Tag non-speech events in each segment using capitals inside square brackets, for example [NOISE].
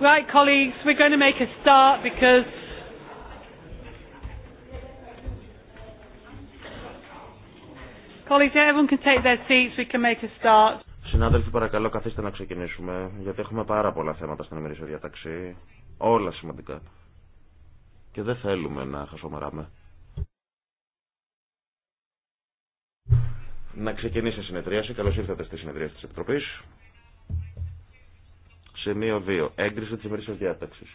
Right, colleagues, we're going to make a start because colleagues, everyone can take their seats. We can make a start. Συνάδελφοι, παρακαλώ, καθίστε να ξεκινήσουμε, γιατί έχουμε πάρα πολλά θέματα στην ημερήσια διαταξή, όλα σημαντικά. Και δεν θέλουμε να χασομεράμε. Να ξεκινήσει η συνεδρίαση. Καλώς ήρθατε στη συνεδρίαση της Επιτροπής. Σημείο 2. Έγκριση τη ημερήσια διάταξη.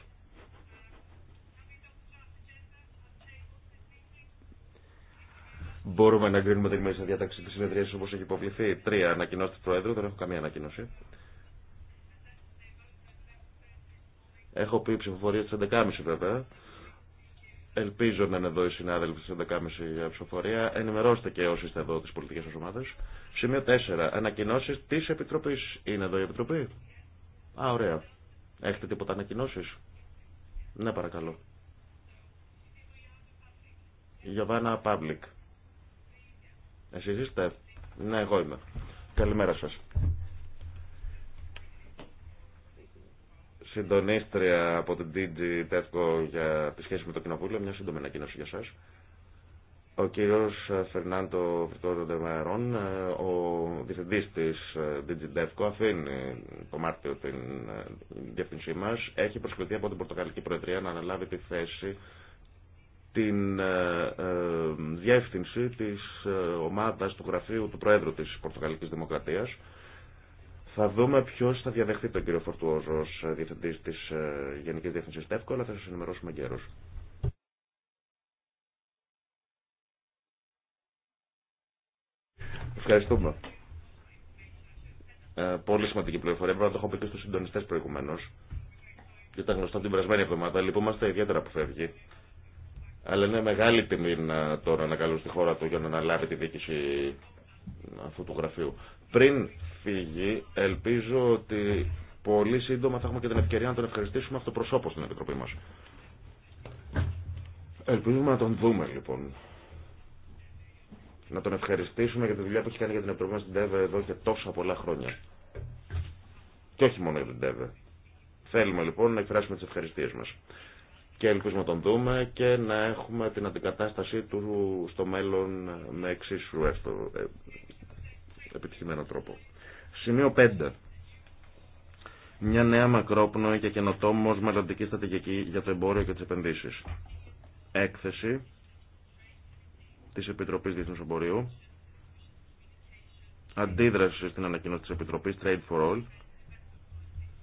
Μπορούμε να εγκρίνουμε την ημερήσια διάταξη τη συνεδρία όπω έχει υποβληθεί. Τρία ανακοινώσει του Προέδρου. Δεν έχω καμία ανακοίνωση. Έχω πει ψηφοφορία τη 11.30 βέβαια. Ελπίζω να είναι εδώ οι συνάδελφοι στι 11.30 για ψηφοφορία. Ενημερώστε και όσοι είστε εδώ τι πολιτικέ ομάδε. Σημείο 4. Ανακοινώσει τη Επιτροπή. Είναι εδώ η Επιτροπή. Α, ωραία. Έχετε τίποτα ανακοινώσεις. Ναι, παρακαλώ. Γιωβάνα Παύλικ. Εσείς είστε. Ναι, εγώ είμαι. Καλημέρα σας. Συντονίστρια από την DG Τεύκο e για τη σχέση με το Κοινοβούλιο. Μια σύντομη ανακοίνωση για σας. Ο κύριος Φερνάντο Φρυτόρο Ντεμαερών, ε, ο διευθυντής της ε, DigiDevco, αφήνει το Μάρτιο την ε, διευθυνσή μας. Έχει προσκληθεί από την Πορτοκαλική Προεδρία να αναλάβει τη θέση την διεύθυνση της ομάδας του γραφείου του Προέδρου της Πορτοκαλικής Δημοκρατίας. Θα δούμε ποιο θα διαδεχθεί τον κύριο Φορτουόζο ω διευθυντή τη Γενική Διεύθυνση ΤΕΦΚΟ, αλλά θα σα ενημερώσουμε καιρό. Ευχαριστούμε. Ε, πολύ σημαντική πληροφορία. Πρέπει να το έχω πει και στου συντονιστέ προηγουμένω. Και ήταν γνωστό την περασμένη εβδομάδα. Λυπούμαστε ιδιαίτερα που φεύγει. Αλλά είναι μεγάλη τιμή ε, να τον ανακαλούν στη χώρα του για να αναλάβει τη διοίκηση ε, αυτού του γραφείου. Πριν φύγει, ελπίζω ότι πολύ σύντομα θα έχουμε και την ευκαιρία να τον ευχαριστήσουμε αυτοπροσώπως στην Επιτροπή μα. Ελπίζουμε να τον δούμε λοιπόν να τον ευχαριστήσουμε για τη δουλειά που έχει κάνει για την Επιτροπή στην ΤΕΒΕ εδώ και τόσα πολλά χρόνια. Και όχι μόνο για την ΤΕΒΕ. Θέλουμε λοιπόν να εκφράσουμε τις ευχαριστίες μας. Και ελπίζουμε να τον δούμε και να έχουμε την αντικατάστασή του στο μέλλον με εξίσου έστω ε, επιτυχημένο τρόπο. Σημείο 5. Μια νέα μακρόπνοη και καινοτόμω μελλοντική στρατηγική για το εμπόριο και τις επενδύσεις. Έκθεση της Επιτροπής Διεθνούς Εμπορίου, αντίδραση στην ανακοίνωση της Επιτροπής Trade for All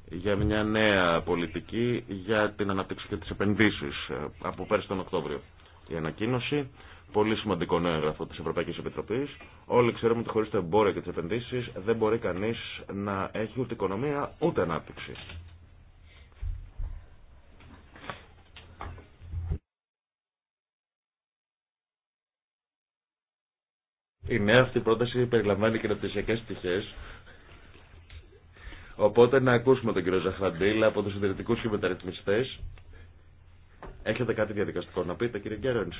για μια νέα πολιτική για την αναπτύξη και τις επενδύσεις ε, από πέρσι τον Οκτώβριο. Η ανακοίνωση, πολύ σημαντικό νέο έγγραφο της Ευρωπαϊκής Επιτροπής. Όλοι ξέρουμε ότι χωρίς το εμπόριο και τις επενδύσεις δεν μπορεί κανείς να έχει ούτε οικονομία ούτε ανάπτυξη. Η νέα αυτή πρόταση περιλαμβάνει και πτυχέ. Οπότε να ακούσουμε τον κύριο Ζαχραντήλα από του συντηρητικού και μεταρρυθμιστέ. Έχετε κάτι διαδικαστικό να πείτε, κύριε Γκέρεντ.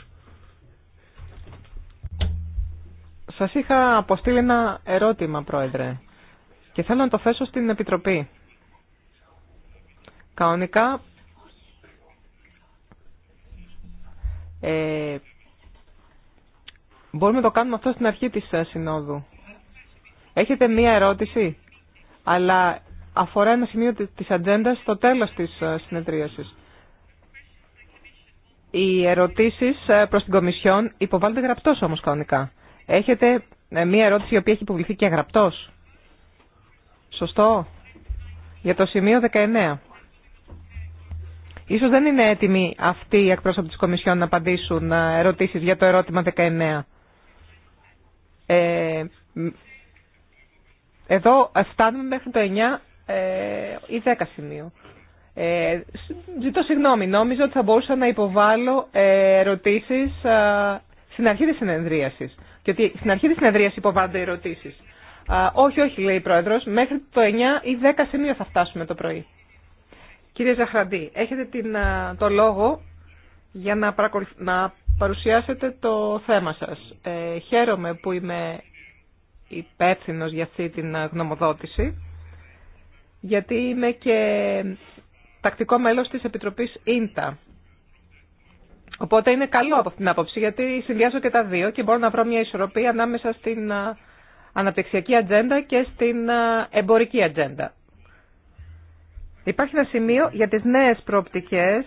Σας είχα αποστείλει ένα ερώτημα, Πρόεδρε, και θέλω να το θέσω στην Επιτροπή. Κανονικά, ε, Μπορούμε να το κάνουμε αυτό στην αρχή της ε, συνόδου. Έχετε μία ερώτηση, αλλά αφορά ένα σημείο της ατζέντα στο τέλος της ε, συνεδρίασης. Οι ερωτήσεις ε, προς την Κομισιόν υποβάλλονται γραπτός όμως κανονικά. Έχετε μία ερώτηση η οποία έχει υποβληθεί και γραπτός. Σωστό. Για το σημείο 19. Ίσως δεν είναι έτοιμοι αυτοί οι εκπρόσωποι της Κομισιόν να απαντήσουν ερωτήσεις για το ερώτημα 19. Ε, εδώ φτάνουμε μέχρι το 9 ε, ή 10 σημείο. Ε, ζητώ συγγνώμη, νόμιζα ότι θα μπορούσα να υποβάλω ε, ερωτήσεις ε, στην αρχή της συνεδρίασης. Και ότι στην αρχή της συνεδρίασης υποβάλλονται ερωτήσεις. όχι, όχι, λέει η Πρόεδρος, μέχρι το 9 ή 10 σημείο θα φτάσουμε το πρωί. Κύριε Ζαχραντή, έχετε την, το λόγο για να, να παρουσιάσετε το θέμα σας. Ε, χαίρομαι που είμαι υπεύθυνο για αυτή την γνωμοδότηση, γιατί είμαι και τακτικό μέλος της Επιτροπής ΙΝΤΑ. Οπότε είναι καλό από αυτήν την άποψη, γιατί συνδυάζω και τα δύο και μπορώ να βρω μια ισορροπία ανάμεσα στην ε, αναπτυξιακή ατζέντα και στην ε, εμπορική ατζέντα. Υπάρχει ένα σημείο για τις νέες προοπτικές,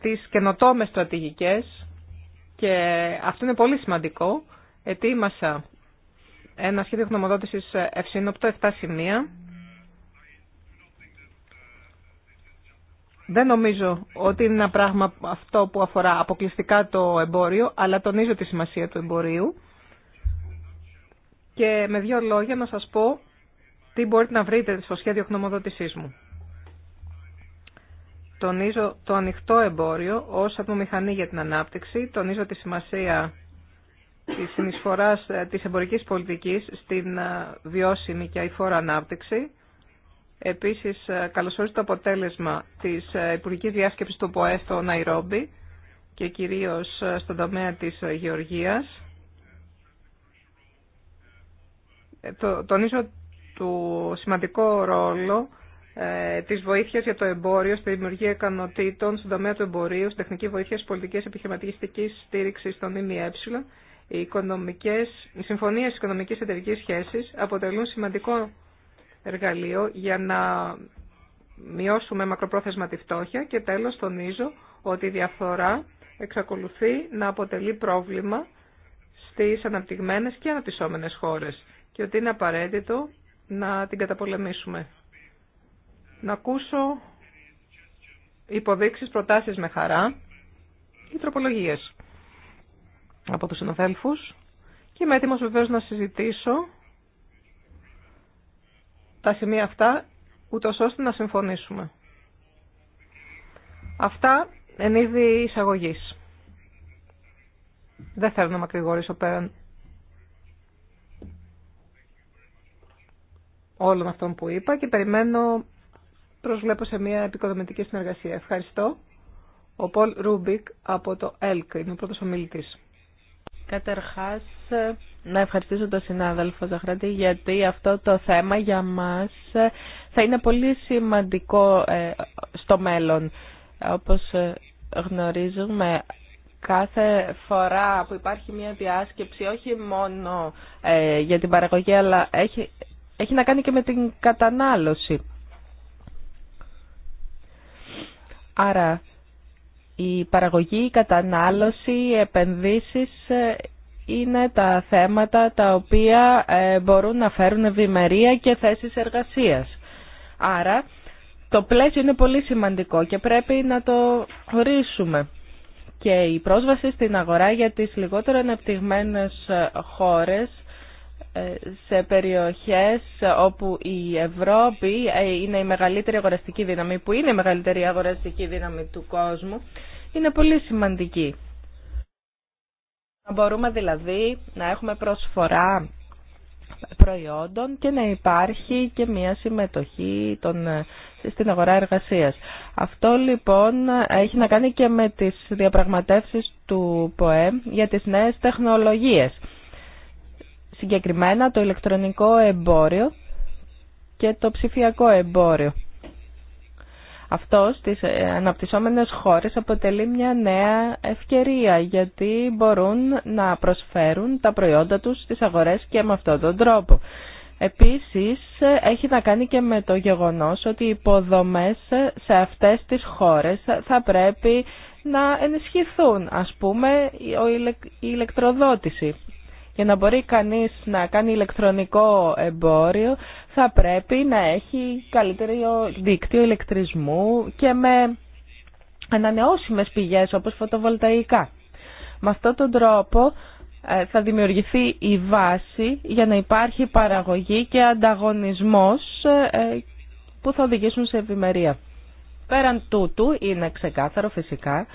τις καινοτόμες στρατηγικές και αυτό είναι πολύ σημαντικό. Ετοίμασα ένα σχέδιο γνωμοδότηση ευσύνοπτο, 7 σημεία. Δεν νομίζω ότι είναι ένα πράγμα αυτό που αφορά αποκλειστικά το εμπόριο, αλλά τονίζω τη σημασία του εμπορίου. Και με δύο λόγια να σας πω τι μπορείτε να βρείτε στο σχέδιο γνωμοδότησής μου. Τονίζω το ανοιχτό εμπόριο ως απομηχανή για την ανάπτυξη. Τονίζω τη σημασία της συνεισφοράς ε, της εμπορικής πολιτικής στην ε, βιώσιμη και αηφόρα ανάπτυξη. Επίσης, ε, καλωσορίζω το αποτέλεσμα της Υπουργικής Διάσκεψης του ΠΟΕ στο Ναϊρόμπι και κυρίως στον τομέα της γεωργίας. Τονίζω το σημαντικό ρόλο ε, τη βοήθεια για το εμπόριο, στη δημιουργία ικανοτήτων στον τομέα του εμπορίου, στη τεχνική βοήθεια τη πολιτική επιχειρηματική στήριξη των ΙΜΕ, οι, οι συμφωνίε οικονομική εταιρικής σχέσης αποτελούν σημαντικό εργαλείο για να μειώσουμε μακροπρόθεσμα τη φτώχεια και τέλος τονίζω ότι η διαφθορά εξακολουθεί να αποτελεί πρόβλημα στις αναπτυγμένες και αναπτυσσόμενες χώρες και ότι είναι απαραίτητο να την καταπολεμήσουμε να ακούσω υποδείξεις, προτάσεις με χαρά ή τροπολογίες από τους συναδέλφους και είμαι έτοιμος βεβαίως να συζητήσω τα σημεία αυτά ούτω ώστε να συμφωνήσουμε. Αυτά εν είδη εισαγωγής. Δεν θέλω να μακρηγορήσω πέραν όλων αυτών που είπα και περιμένω προσβλέπω σε μια επικοδομητική συνεργασία. Ευχαριστώ. Ο Πολ Ρούμπικ από το ΕΛΚ είναι ο πρώτος ομιλητής. Καταρχά να ευχαριστήσω τον συνάδελφο Ζαχράτη γιατί αυτό το θέμα για μας θα είναι πολύ σημαντικό ε, στο μέλλον. Όπως ε, γνωρίζουμε, κάθε φορά που υπάρχει μια διάσκεψη, όχι μόνο ε, για την παραγωγή, αλλά έχει, έχει να κάνει και με την κατανάλωση. Άρα η παραγωγή, η κατανάλωση, οι επενδύσεις ε, είναι τα θέματα τα οποία ε, μπορούν να φέρουν ευημερία και θέσεις εργασίας. Άρα το πλαίσιο είναι πολύ σημαντικό και πρέπει να το χωρίσουμε. Και η πρόσβαση στην αγορά για τις λιγότερο αναπτυγμένες ε, χώρες ε, σε περιοχές όπου η Ευρώπη ε, είναι η μεγαλύτερη αγοραστική δύναμη, που είναι η μεγαλύτερη αγοραστική δύναμη του κόσμου, είναι πολύ σημαντική. Μπορούμε δηλαδή να έχουμε προσφορά προϊόντων και να υπάρχει και μια συμμετοχή των, ε, στην αγορά εργασίας. Αυτό λοιπόν έχει να κάνει και με τις διαπραγματεύσεις του ΠΟΕ για τις νέες τεχνολογίες συγκεκριμένα το ηλεκτρονικό εμπόριο και το ψηφιακό εμπόριο. Αυτό στις ε, αναπτυσσόμενες χώρες αποτελεί μια νέα ευκαιρία γιατί μπορούν να προσφέρουν τα προϊόντα τους στις αγορές και με αυτόν τον τρόπο. Επίσης έχει να κάνει και με το γεγονός ότι οι υποδομές σε αυτές τις χώρες θα πρέπει να ενισχυθούν, ας πούμε, η ηλεκτροδότηση. Για να μπορεί κανείς να κάνει ηλεκτρονικό εμπόριο θα πρέπει να έχει καλύτερο δίκτυο ηλεκτρισμού και με ανανεώσιμες πηγές όπως φωτοβολταϊκά. Με αυτόν τον τρόπο ε, θα δημιουργηθεί η βάση για να υπάρχει παραγωγή και ανταγωνισμός ε, ε, που θα οδηγήσουν σε ευημερία. Πέραν τούτου είναι ξεκάθαρο φυσικά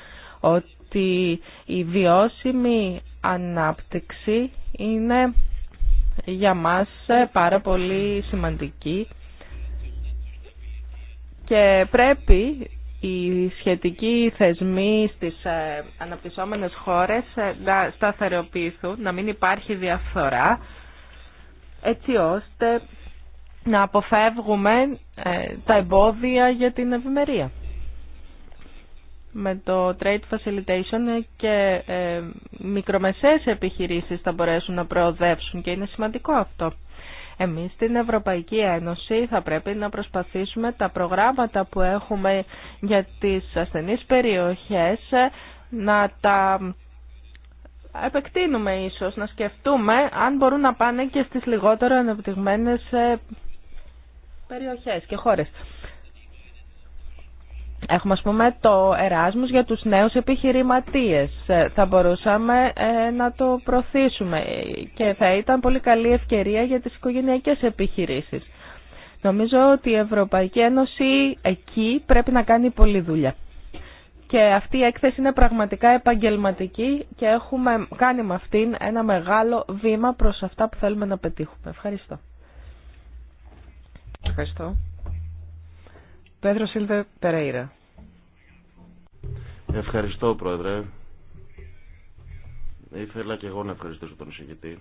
ότι η βιώσιμη ανάπτυξη είναι για μας πάρα πολύ σημαντική και πρέπει οι σχετικοί θεσμοί στις ε, αναπτυσσόμενες χώρες ε, να σταθεροποιηθούν, να μην υπάρχει διαφθορά, έτσι ώστε να αποφεύγουμε ε, τα εμπόδια για την ευημερία με το Trade Facilitation και ε, μικρομεσαίες επιχειρήσεις θα μπορέσουν να προοδεύσουν και είναι σημαντικό αυτό. Εμείς στην Ευρωπαϊκή Ένωση θα πρέπει να προσπαθήσουμε τα προγράμματα που έχουμε για τις ασθενείς περιοχές να τα επεκτείνουμε ίσως, να σκεφτούμε αν μπορούν να πάνε και στις λιγότερο ανεπτυγμένες ε, περιοχές και χώρες. Έχουμε, ας πούμε, το Εράσμους για τους νέους επιχειρηματίες. Ε, θα μπορούσαμε ε, να το προωθήσουμε και θα ήταν πολύ καλή ευκαιρία για τις οικογενειακές επιχειρήσεις. Νομίζω ότι η Ευρωπαϊκή Ένωση εκεί πρέπει να κάνει πολλή δουλειά. Και αυτή η έκθεση είναι πραγματικά επαγγελματική και έχουμε κάνει με αυτήν ένα μεγάλο βήμα προς αυτά που θέλουμε να πετύχουμε. Ευχαριστώ. Ευχαριστώ. Πέδρο Σίλβε Περέιρα. Ευχαριστώ, Πρόεδρε. Ήθελα και εγώ να ευχαριστήσω τον συγκητή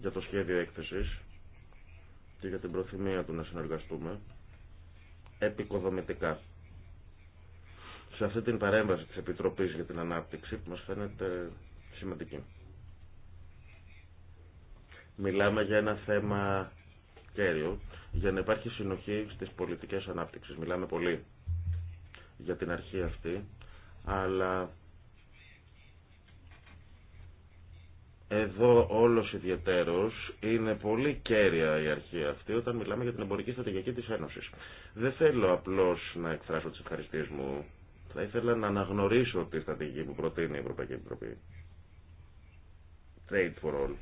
για το σχέδιο έκθεσης και για την προθυμία του να συνεργαστούμε επικοδομητικά. Σε αυτή την παρέμβαση της Επιτροπής για την Ανάπτυξη που μας φαίνεται σημαντική. Μιλάμε για ένα θέμα κέριο για να υπάρχει συνοχή στις πολιτικές ανάπτυξης. Μιλάμε πολύ για την αρχή αυτή, αλλά εδώ όλος ιδιαιτέρως είναι πολύ κέρια η αρχή αυτή όταν μιλάμε για την εμπορική στρατηγική της Ένωσης. Δεν θέλω απλώς να εκφράσω τις ευχαριστίες μου. Θα ήθελα να αναγνωρίσω τη στρατηγική που προτείνει η Ευρωπαϊκή Επιτροπή. Trade for all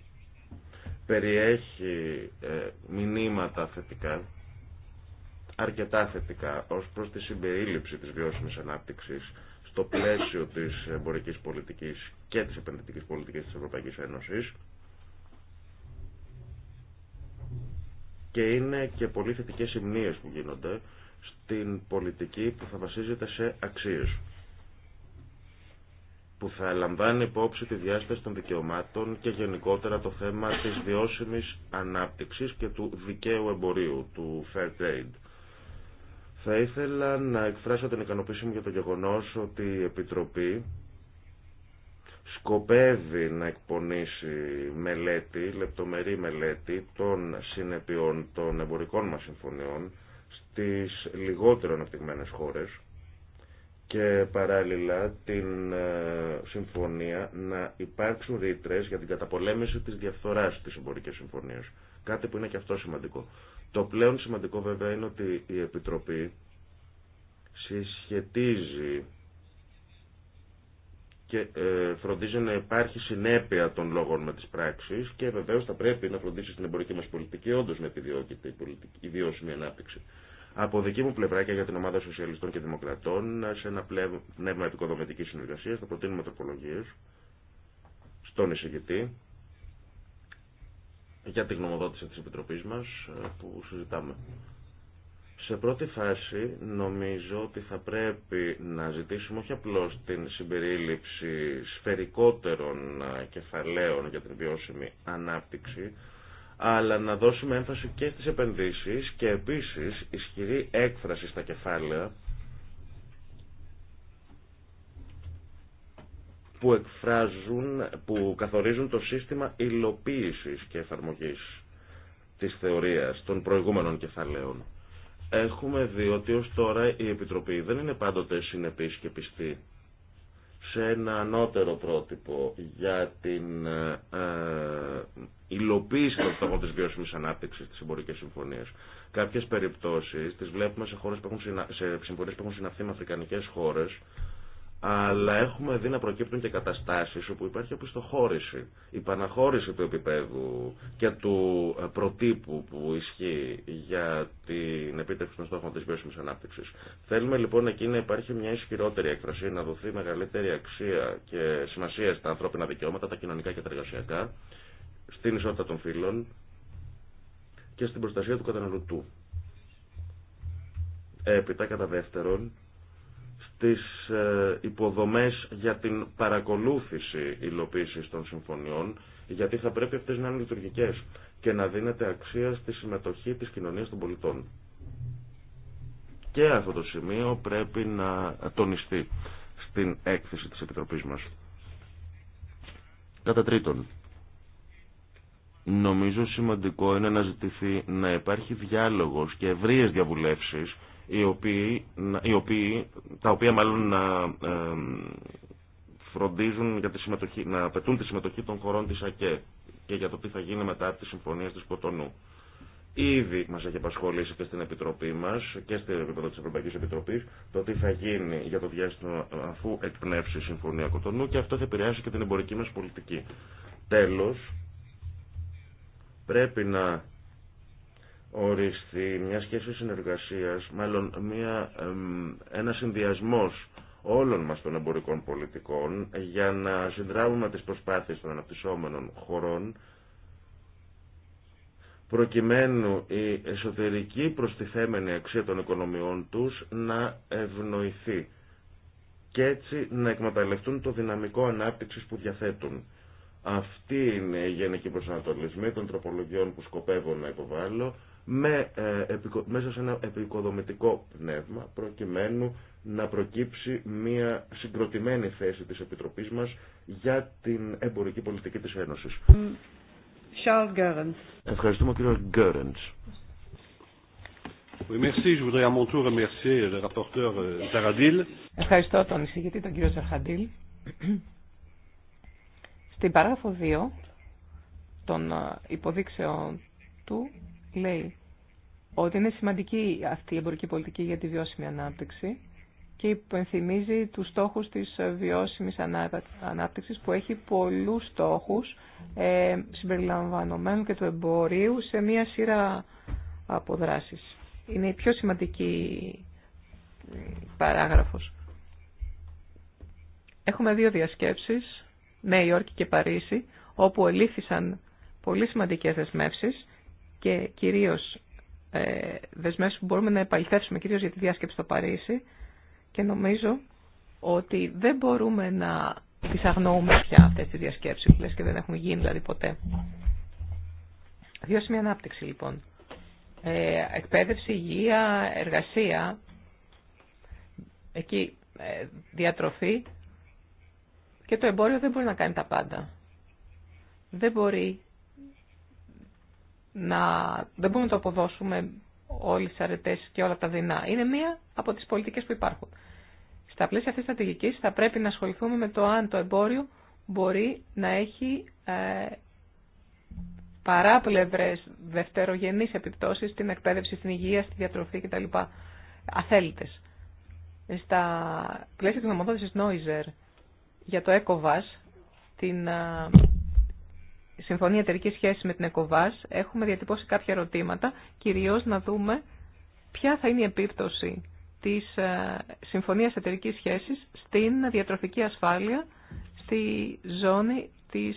περιέχει ε, μηνύματα θετικά, αρκετά θετικά, ως προς τη συμπερίληψη της βιώσιμης ανάπτυξης στο πλαίσιο της εμπορικής πολιτικής και της επενδυτικής πολιτικής της Ευρωπαϊκής Ένωσης. Και είναι και πολύ θετικές σημείες που γίνονται στην πολιτική που θα βασίζεται σε αξίες που θα λαμβάνει υπόψη τη διάσταση των δικαιωμάτων και γενικότερα το θέμα της βιώσιμης ανάπτυξης και του δικαίου εμπορίου, του fair trade. Θα ήθελα να εκφράσω την ικανοποίησή μου για το γεγονός ότι η Επιτροπή σκοπεύει να εκπονήσει μελέτη, λεπτομερή μελέτη των συνεπειών των εμπορικών μας συμφωνιών στις λιγότερο αναπτυγμένες χώρες και παράλληλα την ε, συμφωνία να υπάρξουν ρήτρε για την καταπολέμηση της διαφθοράς της εμπορικής συμφωνίας. Κάτι που είναι και αυτό σημαντικό. Το πλέον σημαντικό βέβαια είναι ότι η Επιτροπή συσχετίζει και ε, φροντίζει να υπάρχει συνέπεια των λόγων με τις πράξεις και βεβαίως θα πρέπει να φροντίσει στην εμπορική μας πολιτική όντως να επιδιώκεται η, πολιτική, ανάπτυξη. Από δική μου πλευρά και για την ομάδα Σοσιαλιστών και Δημοκρατών, σε ένα πνεύμα επικοδομητική συνεργασία, θα προτείνουμε τροπολογίε στον εισηγητή για τη γνωμοδότηση τη επιτροπή μας ε, που συζητάμε. Σε πρώτη φάση νομίζω ότι θα πρέπει να ζητήσουμε όχι απλώς την συμπερίληψη σφαιρικότερων ε, κεφαλαίων για την βιώσιμη ανάπτυξη, αλλά να δώσουμε έμφαση και στις επενδύσεις και επίσης ισχυρή έκφραση στα κεφάλαια που εκφράζουν, που καθορίζουν το σύστημα υλοποίησης και εφαρμογής της θεωρίας των προηγούμενων κεφαλαίων. Έχουμε δει ότι ως τώρα η Επιτροπή δεν είναι πάντοτε συνεπής και πιστή σε ένα ανώτερο πρότυπο για την ε, υλοποίηση των στόχων τη βιώσιμη ανάπτυξη τη εμπορική συμφωνία. Κάποιε περιπτώσει τι βλέπουμε σε, χώρες που σε συμφωνίε που έχουν συναυθεί με αφρικανικέ χώρε, αλλά έχουμε δει να προκύπτουν και καταστάσει όπου υπάρχει οπισθοχώρηση, η παναχώρηση του επίπεδου και του ε, προτύπου που ισχύει για την επίτευξη των στόχων τη βιώσιμη ανάπτυξη. Θέλουμε λοιπόν εκεί να υπάρχει μια ισχυρότερη έκφραση, να δοθεί μεγαλύτερη αξία και σημασία στα ανθρώπινα δικαιώματα, τα κοινωνικά και τα εργασιακά στην ισότητα των φύλων και στην προστασία του καταναλωτού. Έπειτα, κατά δεύτερον, στις ε, υποδομές για την παρακολούθηση υλοποίησης των συμφωνιών, γιατί θα πρέπει αυτές να είναι λειτουργικές και να δίνεται αξία στη συμμετοχή της κοινωνίας των πολιτών. Και αυτό το σημείο πρέπει να τονιστεί στην έκθεση της Επιτροπής μας. Κατά τρίτον, Νομίζω σημαντικό είναι να ζητηθεί να υπάρχει διάλογος και ευρύες διαβουλεύσεις οι οποίοι, οι οποίοι, τα οποία μάλλον να φροντίζουν για τη συμμετοχή, να απαιτούν τη συμμετοχή των χωρών της ΑΚΕ και για το τι θα γίνει μετά τη συμφωνία της Κοτονού. Ήδη μας έχει απασχολήσει και στην Επιτροπή μας και στην επίπεδο της Ευρωπαϊκής Επιτροπής το τι θα γίνει για το διάστημα αφού εκπνεύσει η Συμφωνία Κοτονού και αυτό θα επηρεάσει και την εμπορική μας πολιτική. Τέλος, πρέπει να οριστεί μια σχέση συνεργασίας, μάλλον μια, ένα συνδυασμός όλων μας των εμπορικών πολιτικών για να συνδράμουμε τις προσπάθειες των αναπτυσσόμενων χωρών προκειμένου η εσωτερική προστιθέμενη αξία των οικονομιών τους να ευνοηθεί και έτσι να εκμεταλλευτούν το δυναμικό ανάπτυξης που διαθέτουν. Αυτή είναι η γενική προσανατολισμή των τροπολογιών που σκοπεύω να υποβάλω με, ε, μέσα σε ένα επικοδομητικό πνεύμα προκειμένου να προκύψει μια συγκροτημένη θέση της Επιτροπής μας για την εμπορική πολιτική της Ένωσης. Ευχαριστούμε κύριο Γκέρεντς. Euh, Ευχαριστώ τον εισηγητή τον κύριο Ζαχαντήλ. Στην παράγραφο 2 των ε, υποδείξεων του λέει ότι είναι σημαντική αυτή η εμπορική πολιτική για τη βιώσιμη ανάπτυξη και υπενθυμίζει τους στόχους της ε, βιώσιμης ανάπτυξης που έχει πολλούς στόχους ε, συμπεριλαμβανομένου και του εμπορίου σε μία σειρά αποδράσεις. Είναι η πιο σημαντική ε, παράγραφος. Έχουμε δύο διασκέψεις Νέα Υόρκη και Παρίσι, όπου ελήφθησαν πολύ σημαντικές δεσμεύσεις και κυρίως ε, δεσμεύσεις που μπορούμε να επαληθεύσουμε κυρίως για τη διάσκεψη στο Παρίσι και νομίζω ότι δεν μπορούμε να τις αγνοούμε πια αυτές τις διασκέψεις που λες και δεν έχουν γίνει δηλαδή ποτέ. Δύο σημεία ανάπτυξη λοιπόν. Ε, εκπαίδευση, υγεία, εργασία, εκεί ε, διατροφή και το εμπόριο δεν μπορεί να κάνει τα πάντα. Δεν μπορεί να... Δεν μπορούμε να το αποδώσουμε όλες τις αρετές και όλα τα δεινά. Είναι μία από τις πολιτικές που υπάρχουν. Στα πλαίσια αυτής της στρατηγικής θα πρέπει να ασχοληθούμε με το αν το εμπόριο μπορεί να έχει ε, παράπλευρες δευτερογενείς επιπτώσεις στην εκπαίδευση, στην υγεία, στη διατροφή κτλ. Αθέλητες. Στα πλαίσια της νομοδότησης Νόιζερ για το ΕΚΟΒΑΣ, την Συμφωνία Εταιρικής Σχέσης με την ΕΚΟΒΑΣ, έχουμε διατυπώσει κάποια ερωτήματα, κυρίως να δούμε ποια θα είναι η επίπτωση της Συμφωνίας Εταιρικής Σχέσης στην διατροφική ασφάλεια στη ζώνη της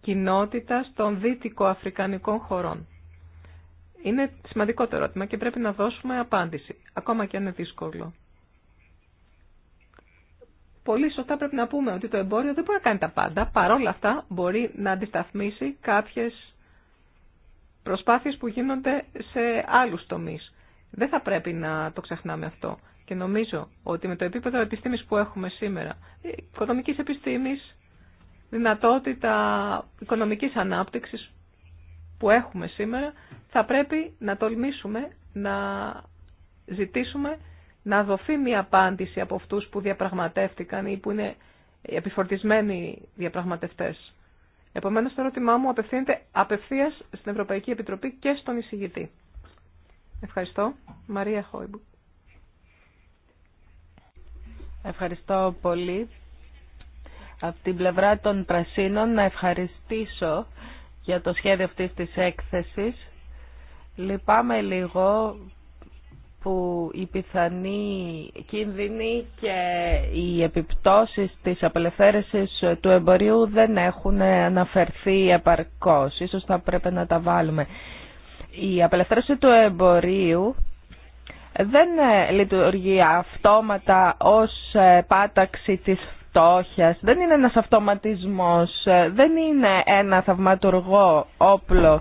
κοινότητας των δυτικοαφρικανικών χωρών. Είναι σημαντικό το ερώτημα και πρέπει να δώσουμε απάντηση, ακόμα και αν είναι δύσκολο πολύ σωστά πρέπει να πούμε ότι το εμπόριο δεν μπορεί να κάνει τα πάντα. Παρόλα αυτά μπορεί να αντισταθμίσει κάποιες προσπάθειες που γίνονται σε άλλους τομείς. Δεν θα πρέπει να το ξεχνάμε αυτό. Και νομίζω ότι με το επίπεδο επιστήμης που έχουμε σήμερα, οικονομικής επιστήμης, δυνατότητα οικονομική ανάπτυξης που έχουμε σήμερα, θα πρέπει να τολμήσουμε να ζητήσουμε να δοθεί μια απάντηση από αυτούς που διαπραγματεύτηκαν ή που είναι επιφορτισμένοι διαπραγματευτές. Επομένως, το ερώτημά μου απευθύνεται απευθείας στην Ευρωπαϊκή Επιτροπή και στον εισηγητή. Ευχαριστώ. Μαρία Χόιμπου. Ευχαριστώ πολύ. Από την πλευρά των Πρασίνων να ευχαριστήσω για το σχέδιο αυτής της έκθεσης. Λυπάμαι λίγο που οι πιθανοί κίνδυνοι και οι επιπτώσεις της απελευθέρωσης του εμπορίου δεν έχουν αναφερθεί επαρκώς. Ίσως θα πρέπει να τα βάλουμε. Η απελευθέρωση του εμπορίου δεν λειτουργεί αυτόματα ως πάταξη της φτώχειας. Δεν είναι ένας αυτοματισμός. Δεν είναι ένα θαυματουργό όπλο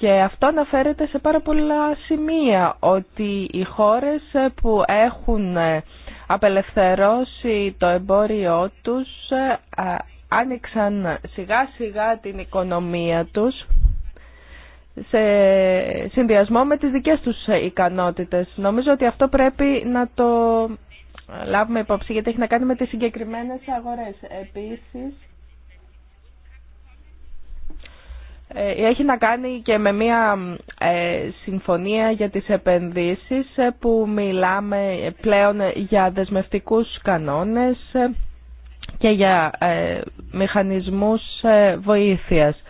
και αυτό αναφέρεται σε πάρα πολλά σημεία, ότι οι χώρες που έχουν απελευθερώσει το εμπόριό τους ε, άνοιξαν σιγά σιγά την οικονομία τους σε συνδυασμό με τις δικές τους ικανότητες. Νομίζω ότι αυτό πρέπει να το λάβουμε υπόψη γιατί έχει να κάνει με τις συγκεκριμένες αγορές. Επίσης, Ε, έχει να κάνει και με μια ε, συμφωνία για τις επενδύσεις ε, που μιλάμε πλέον για δεσμευτικούς κανόνες και για μηχανισμούς βοήθειας.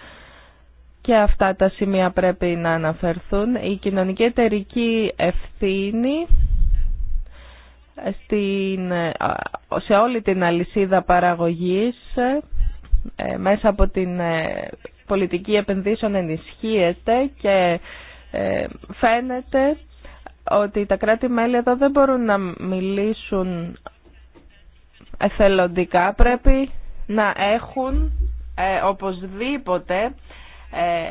Και αυτά τα σημεία πρέπει να αναφερθούν. Η κοινωνική εταιρική ευθύνη στην, σε όλη την αλυσίδα παραγωγής μέσα από την πολιτική επενδύσεων ενισχύεται και ε, φαίνεται ότι τα κράτη-μέλη εδώ δεν μπορούν να μιλήσουν εθελοντικά. Πρέπει να έχουν ε, οπωσδήποτε ε,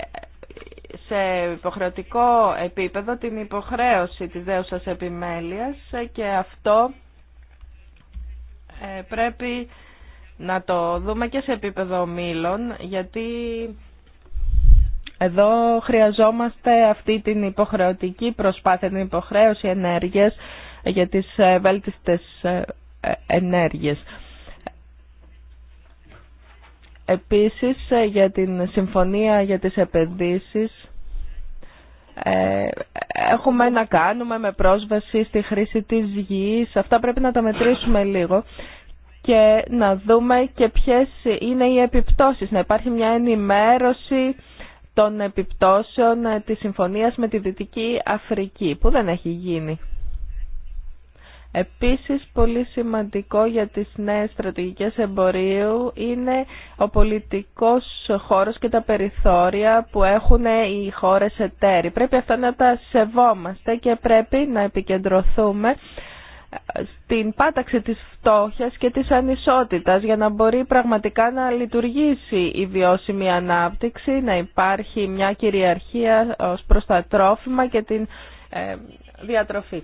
σε υποχρεωτικό επίπεδο την υποχρέωση της δέουσας επιμέλειας και αυτό πρέπει να το δούμε και σε επίπεδο ομίλων, γιατί εδώ χρειαζόμαστε αυτή την υποχρεωτική προσπάθεια, την υποχρέωση ενέργειας για τις ε, βέλτιστες ε, ε, ενέργειες. Επίσης για την συμφωνία για τις επενδύσεις έχουμε να κάνουμε με πρόσβαση στη χρήση της γης. Αυτά πρέπει να τα μετρήσουμε λίγο και να δούμε και ποιες είναι οι επιπτώσεις. Να υπάρχει μια ενημέρωση των επιπτώσεων της συμφωνίας με τη Δυτική Αφρική που δεν έχει γίνει. Επίσης πολύ σημαντικό για τις νέες στρατηγικές εμπορίου είναι ο πολιτικός χώρος και τα περιθώρια που έχουν οι χώρες εταίροι. Πρέπει αυτά να τα σεβόμαστε και πρέπει να επικεντρωθούμε στην πάταξη της φτώχειας και της ανισότητας για να μπορεί πραγματικά να λειτουργήσει η βιώσιμη ανάπτυξη, να υπάρχει μια κυριαρχία ως προς τα τρόφιμα και την ε, διατροφή.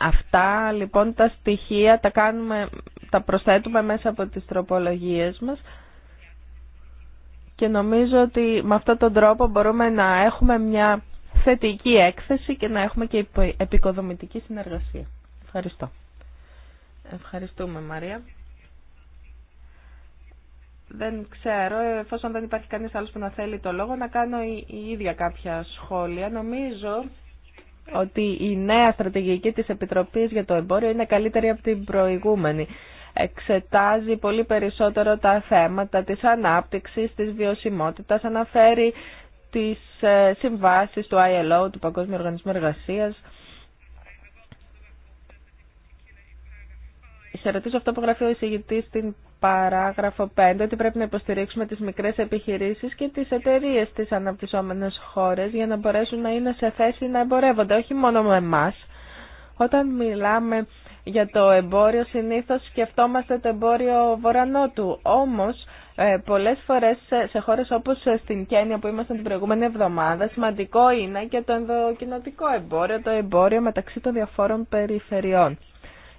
Αυτά λοιπόν τα στοιχεία τα, κάνουμε, τα προσθέτουμε μέσα από τις τροπολογίες μας και νομίζω ότι με αυτόν τον τρόπο μπορούμε να έχουμε μια θετική έκθεση και να έχουμε και επικοδομητική συνεργασία. Ευχαριστώ. Ευχαριστούμε Μαρία. Δεν ξέρω, εφόσον δεν υπάρχει κανείς άλλος που να θέλει το λόγο, να κάνω η ίδια κάποια σχόλια. Νομίζω ότι η νέα στρατηγική της Επιτροπής για το εμπόριο είναι καλύτερη από την προηγούμενη. Εξετάζει πολύ περισσότερο τα θέματα της ανάπτυξης, της βιωσιμότητας, αναφέρει τις ε, συμβάσεις του ILO, του Παγκόσμιου Οργανισμού Εργασίας χαιρετίζω αυτό που γράφει ο εισηγητή στην παράγραφο 5 ότι πρέπει να υποστηρίξουμε τι μικρέ επιχειρήσει και τι εταιρείε τη αναπτυσσόμενες χώρε για να μπορέσουν να είναι σε θέση να εμπορεύονται, όχι μόνο με εμά. Όταν μιλάμε για το εμπόριο συνήθω σκεφτόμαστε το εμπόριο βορανότου, όμως ε, πολλέ φορέ, σε χώρε όπω στην Κένια που ήμασταν την προηγούμενη εβδομάδα σημαντικό είναι και το κοινοτικό εμπόριο, το εμπόριο μεταξύ των διαφόρων περιφερειών.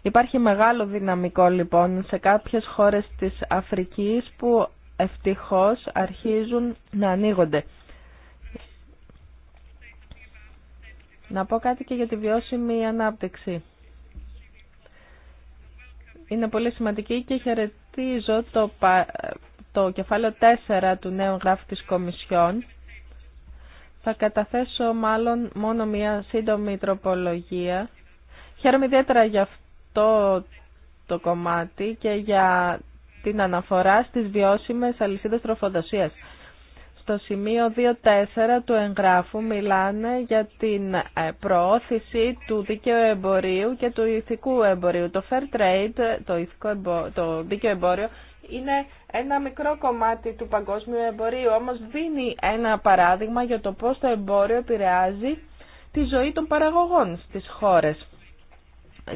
Υπάρχει μεγάλο δυναμικό λοιπόν σε κάποιες χώρες της Αφρικής που ευτυχώς αρχίζουν να ανοίγονται. Να πω κάτι και για τη βιώσιμη ανάπτυξη. Είναι πολύ σημαντική και χαιρετίζω το, το κεφάλαιο 4 του νέου γράφου της Κομισιόν. Θα καταθέσω μάλλον μόνο μία σύντομη τροπολογία. Χαίρομαι ιδιαίτερα για αυτό αυτό το κομμάτι και για την αναφορά στις βιώσιμες αλυσίδες τροφοδοσίας. Στο σημείο 2.4 του εγγράφου μιλάνε για την ε, προώθηση του δίκαιου εμπορίου και του ηθικού εμπορίου. Το fair trade, το, ηθικό το δίκαιο εμπόριο, είναι ένα μικρό κομμάτι του παγκόσμιου εμπορίου, όμως δίνει ένα παράδειγμα για το πώς το εμπόριο επηρεάζει τη ζωή των παραγωγών στις χώρες.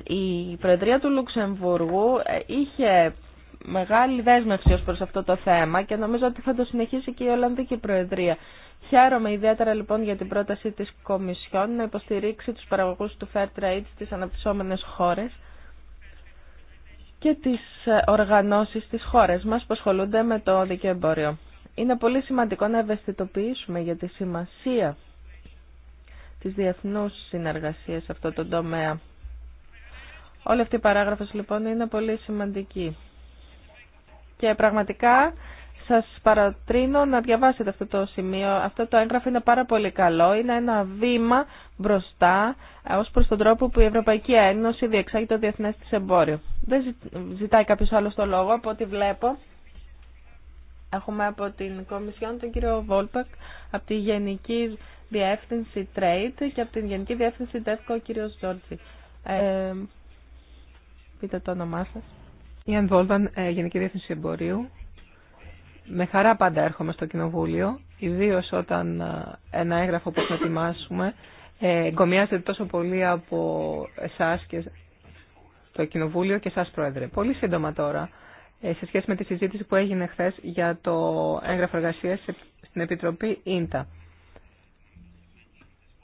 Η Προεδρία του Λουξεμβούργου ε, είχε μεγάλη δέσμευση ως προς αυτό το θέμα και νομίζω ότι θα το συνεχίσει και η Ολλανδική Προεδρία. Χαίρομαι ιδιαίτερα λοιπόν για την πρόταση της Κομισιόν να υποστηρίξει τους παραγωγούς του Fair Trade στις αναπτυσσόμενες χώρες και τις ε, οργανώσεις της χώρας μας που ασχολούνται με το δίκαιο εμπόριο. Είναι πολύ σημαντικό να ευαισθητοποιήσουμε για τη σημασία της διεθνούς συνεργασίας σε αυτό το τομέα. Όλη αυτή η παράγραφος λοιπόν είναι πολύ σημαντική. Και πραγματικά σας παρατρύνω να διαβάσετε αυτό το σημείο. Αυτό το έγγραφο είναι πάρα πολύ καλό. Είναι ένα βήμα μπροστά ε, ως προς τον τρόπο που η Ευρωπαϊκή Ένωση διεξάγει το διεθνές της εμπόριο. Δεν ζητάει κάποιος άλλο το λόγο από ό,τι βλέπω. Έχουμε από την Κομισιόν τον κύριο Βόλπακ, από τη Γενική Διεύθυνση Trade και από την Γενική Διεύθυνση ΤΕΦΚΟ ο κύριο Τζόρτζη. Ε, πείτε το όνομά σας. Ιαν Βόλβαν, ε, Γενική Διεύθυνση Εμπορίου. Με χαρά πάντα έρχομαι στο Κοινοβούλιο, ιδίω όταν ε, ένα έγγραφο που θα ετοιμάσουμε ε, εγκομιάζεται τόσο πολύ από εσά και το Κοινοβούλιο και εσά, Πρόεδρε. Πολύ σύντομα τώρα, σε σχέση με τη συζήτηση που έγινε χθε για το έγγραφο εργασία στην Επιτροπή ΙΝΤΑ.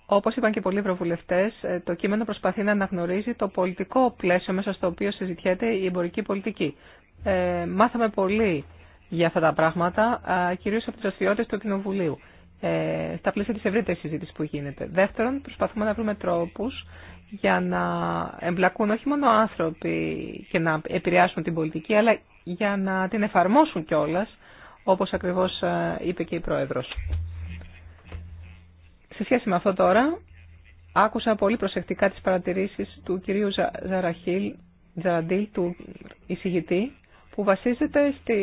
Όπω είπαν και πολλοί ευρωβουλευτέ, ε, το κείμενο προσπαθεί να αναγνωρίζει το πολιτικό πλαίσιο μέσα στο οποίο συζητιέται η εμπορική πολιτική. Ε, μάθαμε πολύ για αυτά τα πράγματα, κυρίω από τις δραστηριότητε του Κοινοβουλίου, ε, στα πλαίσια τη ευρύτερη συζήτηση που γίνεται. Δεύτερον, προσπαθούμε να βρούμε τρόπου για να εμπλακούν όχι μόνο άνθρωποι και να επηρεάσουν την πολιτική, αλλά για να την εφαρμόσουν κιόλα, όπω ακριβώ ε, είπε και η πρόεδρο. Σε σχέση με αυτό τώρα, άκουσα πολύ προσεκτικά τις παρατηρήσεις του κυρίου Ζαραχίλ, Ζαραντήλ, του εισηγητή, που βασίζεται στη,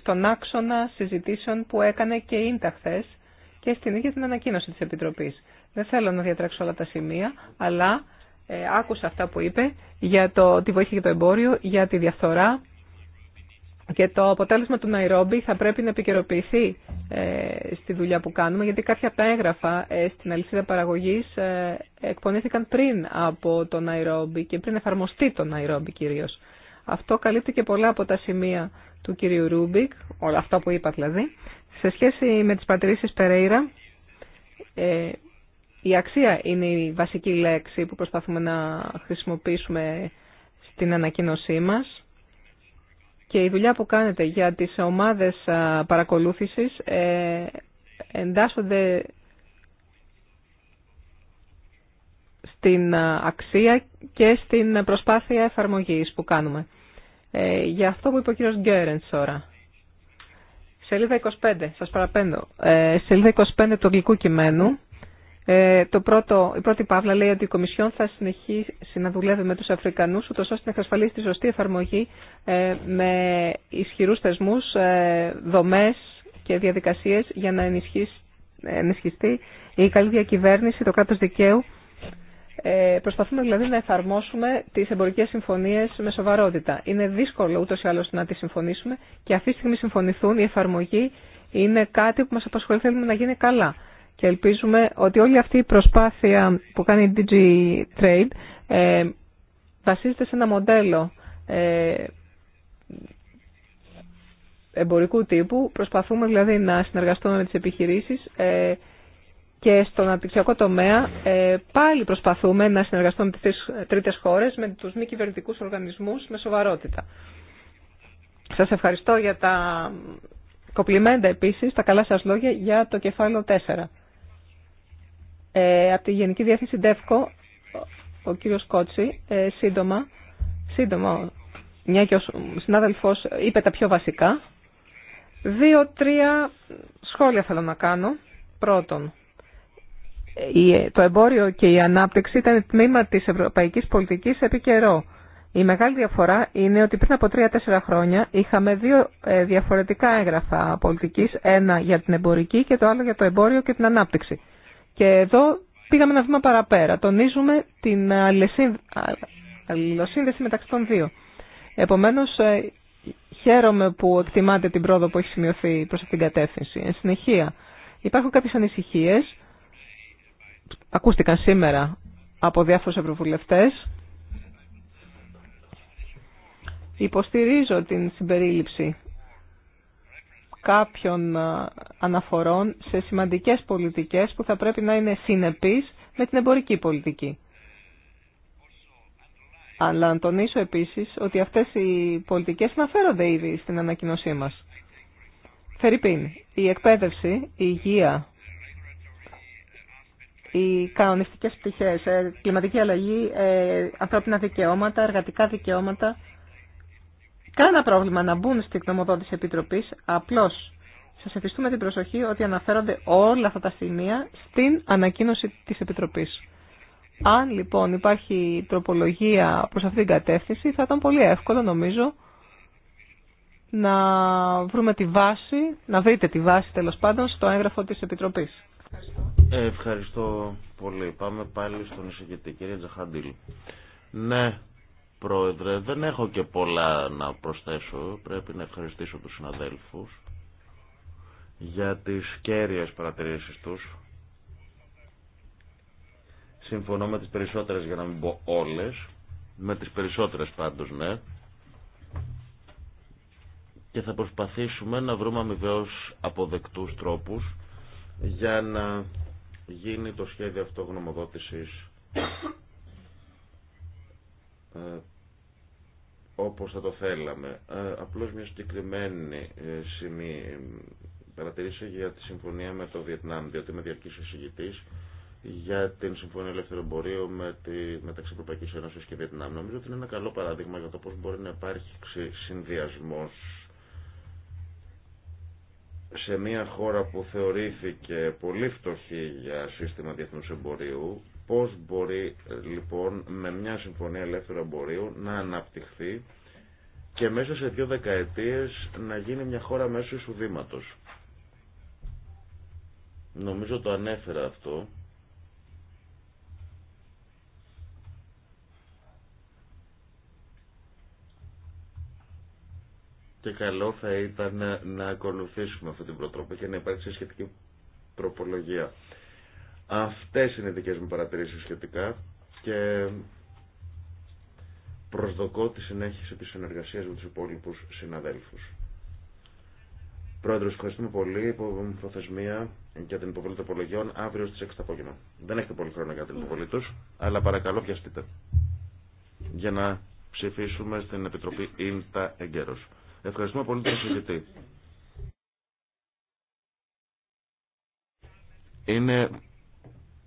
στον άξονα συζητήσεων που έκανε και η ίντα και στην ίδια την ανακοίνωση της Επιτροπής. Δεν θέλω να διατρέξω όλα τα σημεία, αλλά ε, άκουσα αυτά που είπε για το, τη βοήθεια για το εμπόριο, για τη διαφθορά, και το αποτέλεσμα του Ναϊρόμπι θα πρέπει να επικαιροποιηθεί ε, στη δουλειά που κάνουμε, γιατί κάποια από τα έγγραφα ε, στην αλυσίδα παραγωγής ε, εκπονήθηκαν πριν από το Ναϊρόμπι και πριν εφαρμοστεί το Ναϊρόμπι κυρίως. Αυτό καλύπτει και πολλά από τα σημεία του κυρίου Ρούμπικ, όλα αυτά που είπα δηλαδή. Σε σχέση με τις Πατρίσει Περέιρα, η αξία είναι η βασική λέξη που προσπαθούμε να χρησιμοποιήσουμε στην ανακοίνωσή μας και η δουλειά που κάνετε για τις ομάδες παρακολούθησης ε, εντάσσονται στην αξία και στην προσπάθεια εφαρμογής που κάνουμε. Ε, για αυτό που είπε ο κύριος Γκέρεντς τώρα. Σελίδα 25, σας παραπέμπω. Ε, σελίδα 25 του αγγλικού κειμένου ε, το πρώτο, η πρώτη παύλα λέει ότι η Κομισιόν θα συνεχίσει να δουλεύει με τους Αφρικανούς, ούτως ώστε να εξασφαλίσει τη σωστή εφαρμογή ε, με ισχυρούς θεσμούς, ε, δομές και διαδικασίες για να ε, ενισχυστεί η καλή διακυβέρνηση, το κράτος δικαίου. Ε, προσπαθούμε δηλαδή να εφαρμόσουμε τις εμπορικές συμφωνίες με σοβαρότητα. Είναι δύσκολο ούτως ή άλλως να τις συμφωνήσουμε και αυτή τη στιγμή συμφωνηθούν η εφαρμογή είναι κάτι που μας απασχολεί θέλουμε να γίνει καλά και ελπίζουμε ότι όλη αυτή η προσπάθεια που κάνει η DG Trade ε, βασίζεται σε ένα μοντέλο ε, εμπορικού τύπου. Προσπαθούμε δηλαδή να συνεργαστούμε με τις επιχειρήσεις ε, και στον αναπτυξιακό τομέα ε, πάλι προσπαθούμε να συνεργαστούμε με τις τρίτες χώρες, με τους μη κυβερνητικού οργανισμούς με σοβαρότητα. Σας ευχαριστώ για τα κοπλιμέντα επίσης, τα καλά σας λόγια για το κεφάλαιο 4. Ε, από τη Γενική Διεύθυνση ΔΕΦΚΟ, ο κύριος Κότσι, ε, σύντομα, σύντομα, μια και ο συνάδελφος είπε τα πιο βασικά. Δύο-τρία σχόλια θέλω να κάνω. Πρώτον, το εμπόριο και η ανάπτυξη ήταν τμήμα της ευρωπαϊκής πολιτικής επί καιρό. Η μεγάλη διαφορά είναι ότι πριν από τρία-τέσσερα χρόνια είχαμε δύο ε, διαφορετικά έγγραφα πολιτικής, ένα για την εμπορική και το άλλο για το εμπόριο και την ανάπτυξη. Και εδώ πήγαμε ένα βήμα παραπέρα. Τονίζουμε την αλληλοσύνδεση μεταξύ των δύο. Επομένως, ε, χαίρομαι που εκτιμάτε την πρόοδο που έχει σημειωθεί προς αυτήν την κατεύθυνση. Εν συνεχεία, υπάρχουν κάποιες ανησυχίες, ακούστηκαν σήμερα από διάφορους ευρωβουλευτές. Υποστηρίζω την συμπερίληψη κάποιων ε, αναφορών σε σημαντικές πολιτικές που θα πρέπει να είναι συνεπείς με την εμπορική πολιτική. Αλλά να τονίσω επίσης ότι αυτές οι πολιτικές αναφέρονται ήδη στην ανακοινωσή μας. Φερρυπίν, η εκπαίδευση, η υγεία, οι κανονιστικές πτυχές, ε, κλιματική αλλαγή, ε, ανθρώπινα δικαιώματα, εργατικά δικαιώματα, Κάνα πρόβλημα να μπουν στην γνωμοδότηση Επιτροπής, απλώς σας ευχαριστούμε την προσοχή ότι αναφέρονται όλα αυτά τα σημεία στην ανακοίνωση της Επιτροπής. Αν λοιπόν υπάρχει τροπολογία προς αυτήν την κατεύθυνση, θα ήταν πολύ εύκολο νομίζω να βρούμε τη βάση, να βρείτε τη βάση τέλος πάντων στο έγγραφο της Επιτροπής. Ευχαριστώ, Ευχαριστώ πολύ. Πάμε πάλι στον εισηγητή. Κυρία Τζαχαντήλ. Ναι, Πρόεδρε, δεν έχω και πολλά να προσθέσω. Πρέπει να ευχαριστήσω τους συναδέλφους για τις κέρυες παρατηρήσεις τους. Συμφωνώ με τις περισσότερες για να μην πω όλες. Με τις περισσότερες πάντως, ναι. Και θα προσπαθήσουμε να βρούμε αμοιβαίως αποδεκτούς τρόπους για να γίνει το σχέδιο αυτογνωμοδότησης ε, όπως θα το θέλαμε. Ε, απλώς μια συγκεκριμένη ε, σημεία παρατηρήσε για τη συμφωνία με το Βιετνάμ, διότι είμαι διαρκής εισηγητής για την Συμφωνία Ελεύθερου Εμπορίου με τη, μεταξύ Ευρωπαϊκή Ένωση και Βιετνάμ. Νομίζω ότι είναι ένα καλό παράδειγμα για το πώς μπορεί να υπάρχει συνδυασμό σε μια χώρα που θεωρήθηκε πολύ φτωχή για σύστημα διεθνού εμπορίου Πώς μπορεί λοιπόν με μια συμφωνία ελεύθερου εμπορίου να αναπτυχθεί και μέσα σε δύο δεκαετίες να γίνει μια χώρα μέσω εισουδήματος. Νομίζω το ανέφερα αυτό. Και καλό θα ήταν να, να ακολουθήσουμε αυτή την προτροπή και να υπάρξει σχετική προπολογία. Αυτές είναι οι δικές μου παρατηρήσεις σχετικά και προσδοκώ τη συνέχιση της συνεργασίας με τους υπόλοιπους συναδέλφους. Πρόεδρος, ευχαριστούμε πολύ που προθεσμία για την υποβολή των απολογιών αύριο στις 6 το απόγευμα. Δεν έχετε πολύ χρόνο για την υποβολή τους, αλλά παρακαλώ πιαστείτε για να ψηφίσουμε στην Επιτροπή Ίντα Εγκαίρος. Ευχαριστούμε πολύ τον συζητητή. Είναι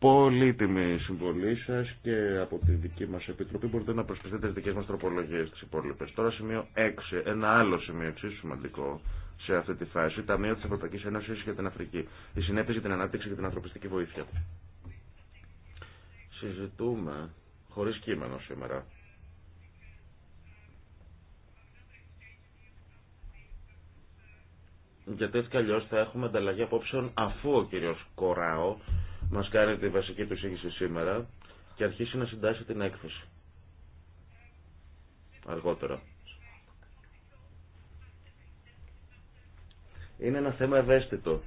πολύτιμη συμβολή σα και από τη δική μα επιτροπή μπορείτε να προσθέσετε τι δικέ μα τροπολογίε τι υπόλοιπε. Τώρα σημείο 6. Ένα άλλο σημείο εξίσου σημαντικό σε αυτή τη φάση. Ταμείο τη Ευρωπαϊκή Ένωση για την Αφρική. Η συνέπειε για την ανάπτυξη και την ανθρωπιστική βοήθεια. Συζητούμε χωρί κείμενο σήμερα. Γιατί έτσι κι αλλιώ θα έχουμε ανταλλαγή απόψεων αφού ο κύριο Κοράο μας κάνει τη βασική του σύγχυση σήμερα και αρχίσει να συντάσσει την έκθεση. Αργότερα. Είναι ένα θέμα ευαίσθητο.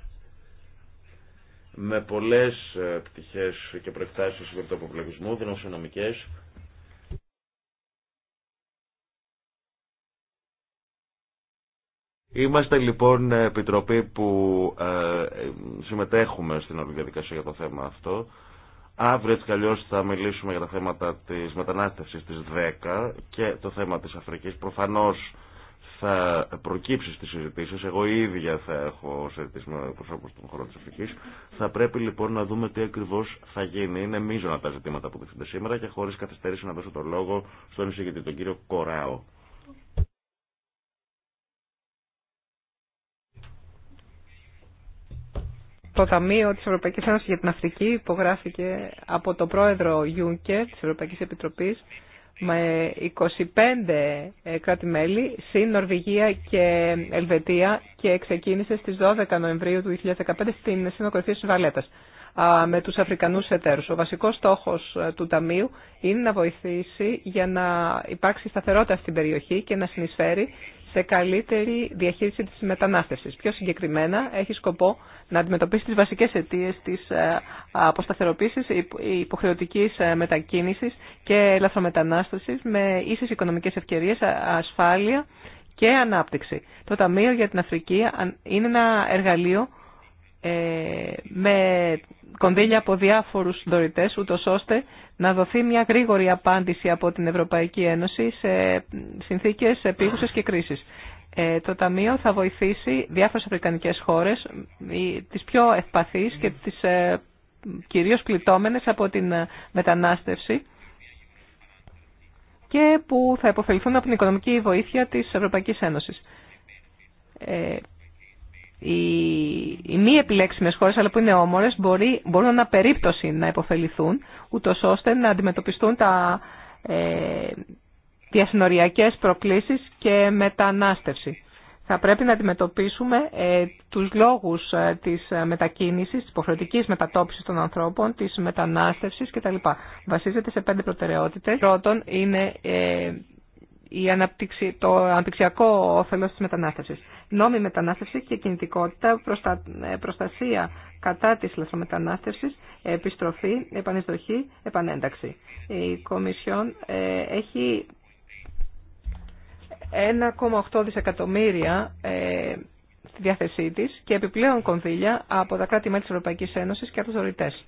Με πολλές ε, πτυχές και προεκτάσεις του αποπλεγισμού, δημοσιονομικές, Είμαστε λοιπόν επιτροπή που ε, συμμετέχουμε στην όλη διαδικασία για το θέμα αυτό. Αύριο έτσι αλλιώς θα μιλήσουμε για τα θέματα της μετανάστευσης στις 10 και το θέμα της Αφρικής. Προφανώς θα προκύψει στις συζητήσεις, εγώ ίδια θα έχω συζητήσει με προσώπους των χωρών της Αφρικής. Θα πρέπει λοιπόν να δούμε τι ακριβώς θα γίνει. Είναι μείζωνα τα ζητήματα που δείχνονται σήμερα και χωρίς καθυστερήσει να δώσω το λόγο στον εισηγητή, τον κύριο Κοράο. το Ταμείο της Ευρωπαϊκής Ένωσης για την Αφρική υπογράφηκε από τον πρόεδρο Juncker της Ευρωπαϊκής Επιτροπής με 25 ε, κράτη-μέλη, συν Νορβηγία και Ελβετία και ξεκίνησε στις 12 Νοεμβρίου του 2015 στην συνοκορυφή της Βαλέτας με τους Αφρικανούς εταίρους. Ο βασικός στόχος ε, του Ταμείου είναι να βοηθήσει για να υπάρξει σταθερότητα στην περιοχή και να συνεισφέρει σε καλύτερη διαχείριση της μετανάστευσης. Πιο συγκεκριμένα έχει σκοπό να αντιμετωπίσει τις βασικές αιτίες της ε, αποσταθεροποίησης, υποχρεωτικής ε, μετακίνησης και ελαφρομετανάστευσης με ίσες οικονομικές ευκαιρίες, ε, ασφάλεια και ανάπτυξη. Το Ταμείο για την Αφρική είναι ένα εργαλείο ε, με κονδύλια από διάφορους δωρητές, ούτως ώστε να δοθεί μια γρήγορη απάντηση από την Ευρωπαϊκή Ένωση σε συνθήκες επίγουσες και κρίσεις. Ε, το Ταμείο θα βοηθήσει διάφορες αφρικανικές χώρες, ε, τις πιο ευπαθείς και τις ε, κυρίως πληττόμενες από την μετανάστευση και που θα υποφεληθούν από την οικονομική βοήθεια της Ευρωπαϊκής Ένωσης οι, μη επιλέξιμες χώρες αλλά που είναι όμορε μπορούν να περίπτωση να υποφεληθούν ούτω ώστε να αντιμετωπιστούν τα ε, διασυνοριακές προκλήσεις και μετανάστευση. Θα πρέπει να αντιμετωπίσουμε ε, τους λόγους ε, της μετακίνησης, της υποχρεωτικής μετατόπισης των ανθρώπων, της μετανάστευσης κτλ. Βασίζεται σε πέντε προτεραιότητες. Πρώτον είναι ε, η το αναπτυξιακό όφελος της μετανάστευσης. Νόμη μετανάστευση και κινητικότητα, ε, προστασία κατά της λασσομετανάστευσης επιστροφή, επανεισδοχή, επανένταξη. Η Κομισιόν ε, έχει 1,8 δισεκατομμύρια ε, στη διάθεσή της και επιπλέον κονδύλια από τα κράτη-μέλη της Ευρωπαϊκής Ένωσης και από τους δωρητές.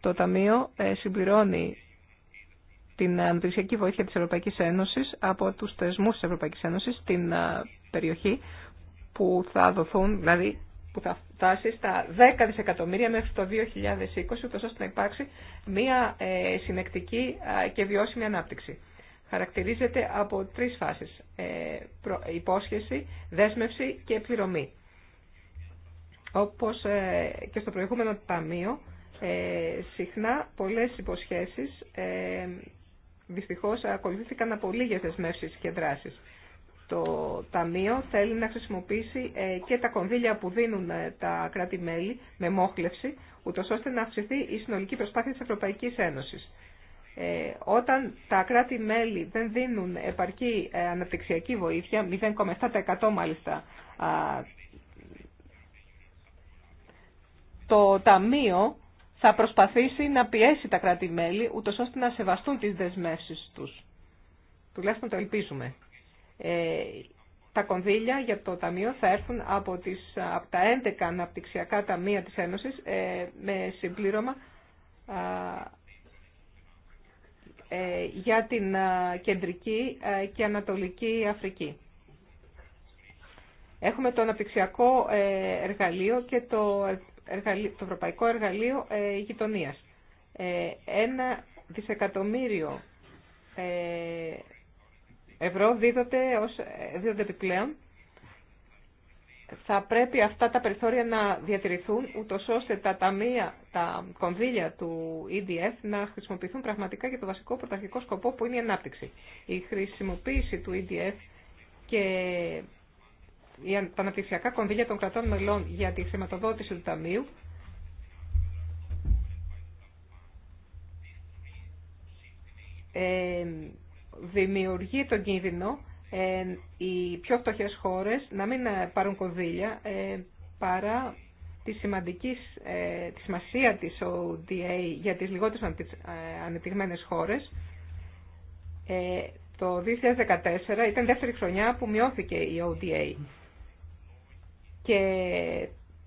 Το Ταμείο συμπληρώνει την ε, αναπτυξιακή βοήθεια της Ευρωπαϊκής Ένωσης από τους θεσμούς της Ευρωπαϊκής Ένωσης στην ε, περιοχή που θα δοθούν, δηλαδή που θα φτάσει στα 10 δισεκατομμύρια μέχρι το 2020, ούτως ώστε να υπάρξει μία ε, συνεκτική και βιώσιμη ανάπτυξη. Χαρακτηρίζεται από τρεις φάσεις. υπόσχεση, δέσμευση και πληρωμή. Όπως και στο προηγούμενο ταμείο, συχνά πολλές υποσχέσεις Δυστυχώ ακολουθήθηκαν από λίγε δεσμεύσει και δράσει. Το Ταμείο θέλει να χρησιμοποιήσει ε, και τα κονδύλια που δίνουν ε, τα κράτη-μέλη με μόχλευση, ούτω ώστε να αυξηθεί η συνολική προσπάθεια της Ευρωπαϊκής Ένωσης. Ε, όταν τα κράτη-μέλη δεν δίνουν επαρκή αναπτυξιακή βοήθεια, 0,7% μάλιστα, το Ταμείο θα προσπαθήσει να πιέσει τα κράτη-μέλη, ούτω ώστε να σεβαστούν τις δεσμεύσεις τους. Τουλάχιστον το ελπίζουμε. Ε, τα κονδύλια για το Ταμείο θα έρθουν από, τις, τα 11 αναπτυξιακά ταμεία της Ένωσης ε, με συμπλήρωμα ε, για την Κεντρική και Ανατολική Αφρική. Έχουμε το αναπτυξιακό ε, εργαλείο και το το Ευρωπαϊκό Εργαλείο ε, Γειτονίας. Ε, ένα δισεκατομμύριο ε, ευρώ δίδονται, ως, ε, δίδονται επιπλέον. Θα πρέπει αυτά τα περιθώρια να διατηρηθούν, ούτω ώστε τα ταμεία, τα κονδύλια του EDF να χρησιμοποιηθούν πραγματικά για το βασικό πρωταρχικό σκοπό που είναι η ανάπτυξη. Η χρησιμοποίηση του EDF και τα αναπτυξιακά κονδύλια των κρατών μελών για τη χρηματοδότηση του Ταμείου δημιουργεί τον κίνδυνο οι πιο φτωχές χώρες να μην ε, πάρουν κονδύλια ε, παρά τη, σημαντική, ε, τη σημασία της ODA για τις λιγότερες ανεπτυγμένες χώρες. το 2014 ήταν δεύτερη χρονιά που μειώθηκε η ODA και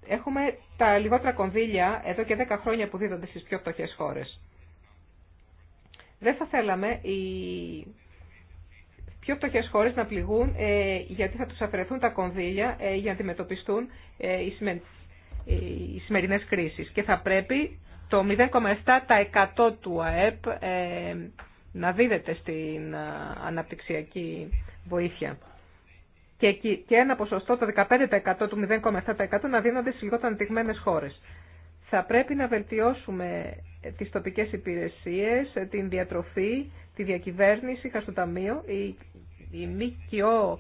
έχουμε τα λιγότερα κονδύλια εδώ και 10 χρόνια που δίδονται στις πιο φτωχές χώρες. Δεν θα θέλαμε οι πιο φτωχέ χώρες να πληγούν ε, γιατί θα τους αφαιρεθούν τα κονδύλια ε, για να αντιμετωπιστούν ε, οι σημερινές κρίσεις. Και θα πρέπει το 0,7% του ΑΕΠ να δίδεται στην αναπτυξιακή βοήθεια και, και ένα ποσοστό το 15% του 0,7% να δίνονται σε λιγότερο αντιγμένες χώρες. Θα πρέπει να βελτιώσουμε τις τοπικές υπηρεσίες, την διατροφή, τη διακυβέρνηση, το ταμείο, η, η ΜΚΟ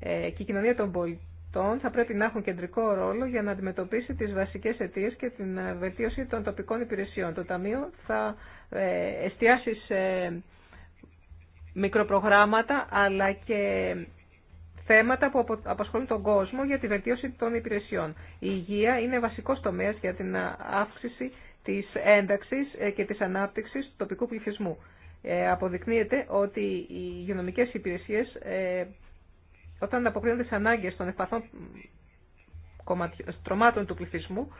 ε, και η κοινωνία των πολιτών θα πρέπει να έχουν κεντρικό ρόλο για να αντιμετωπίσει τι βασικέ αιτίε και την βελτίωση των τοπικών υπηρεσιών. Το Ταμείο θα ε, εστιάσει σε μικροπρογράμματα αλλά και θέματα που απασχολούν τον κόσμο για τη βελτίωση των υπηρεσιών. Η υγεία είναι βασικός τομέας για την αύξηση της ένταξης ε, και της ανάπτυξης του τοπικού πληθυσμού. Ε, αποδεικνύεται ότι οι υγειονομικές υπηρεσίες ε, όταν αποκρίνονται τις ανάγκες των ευπαθών στρωμάτων του πληθυσμού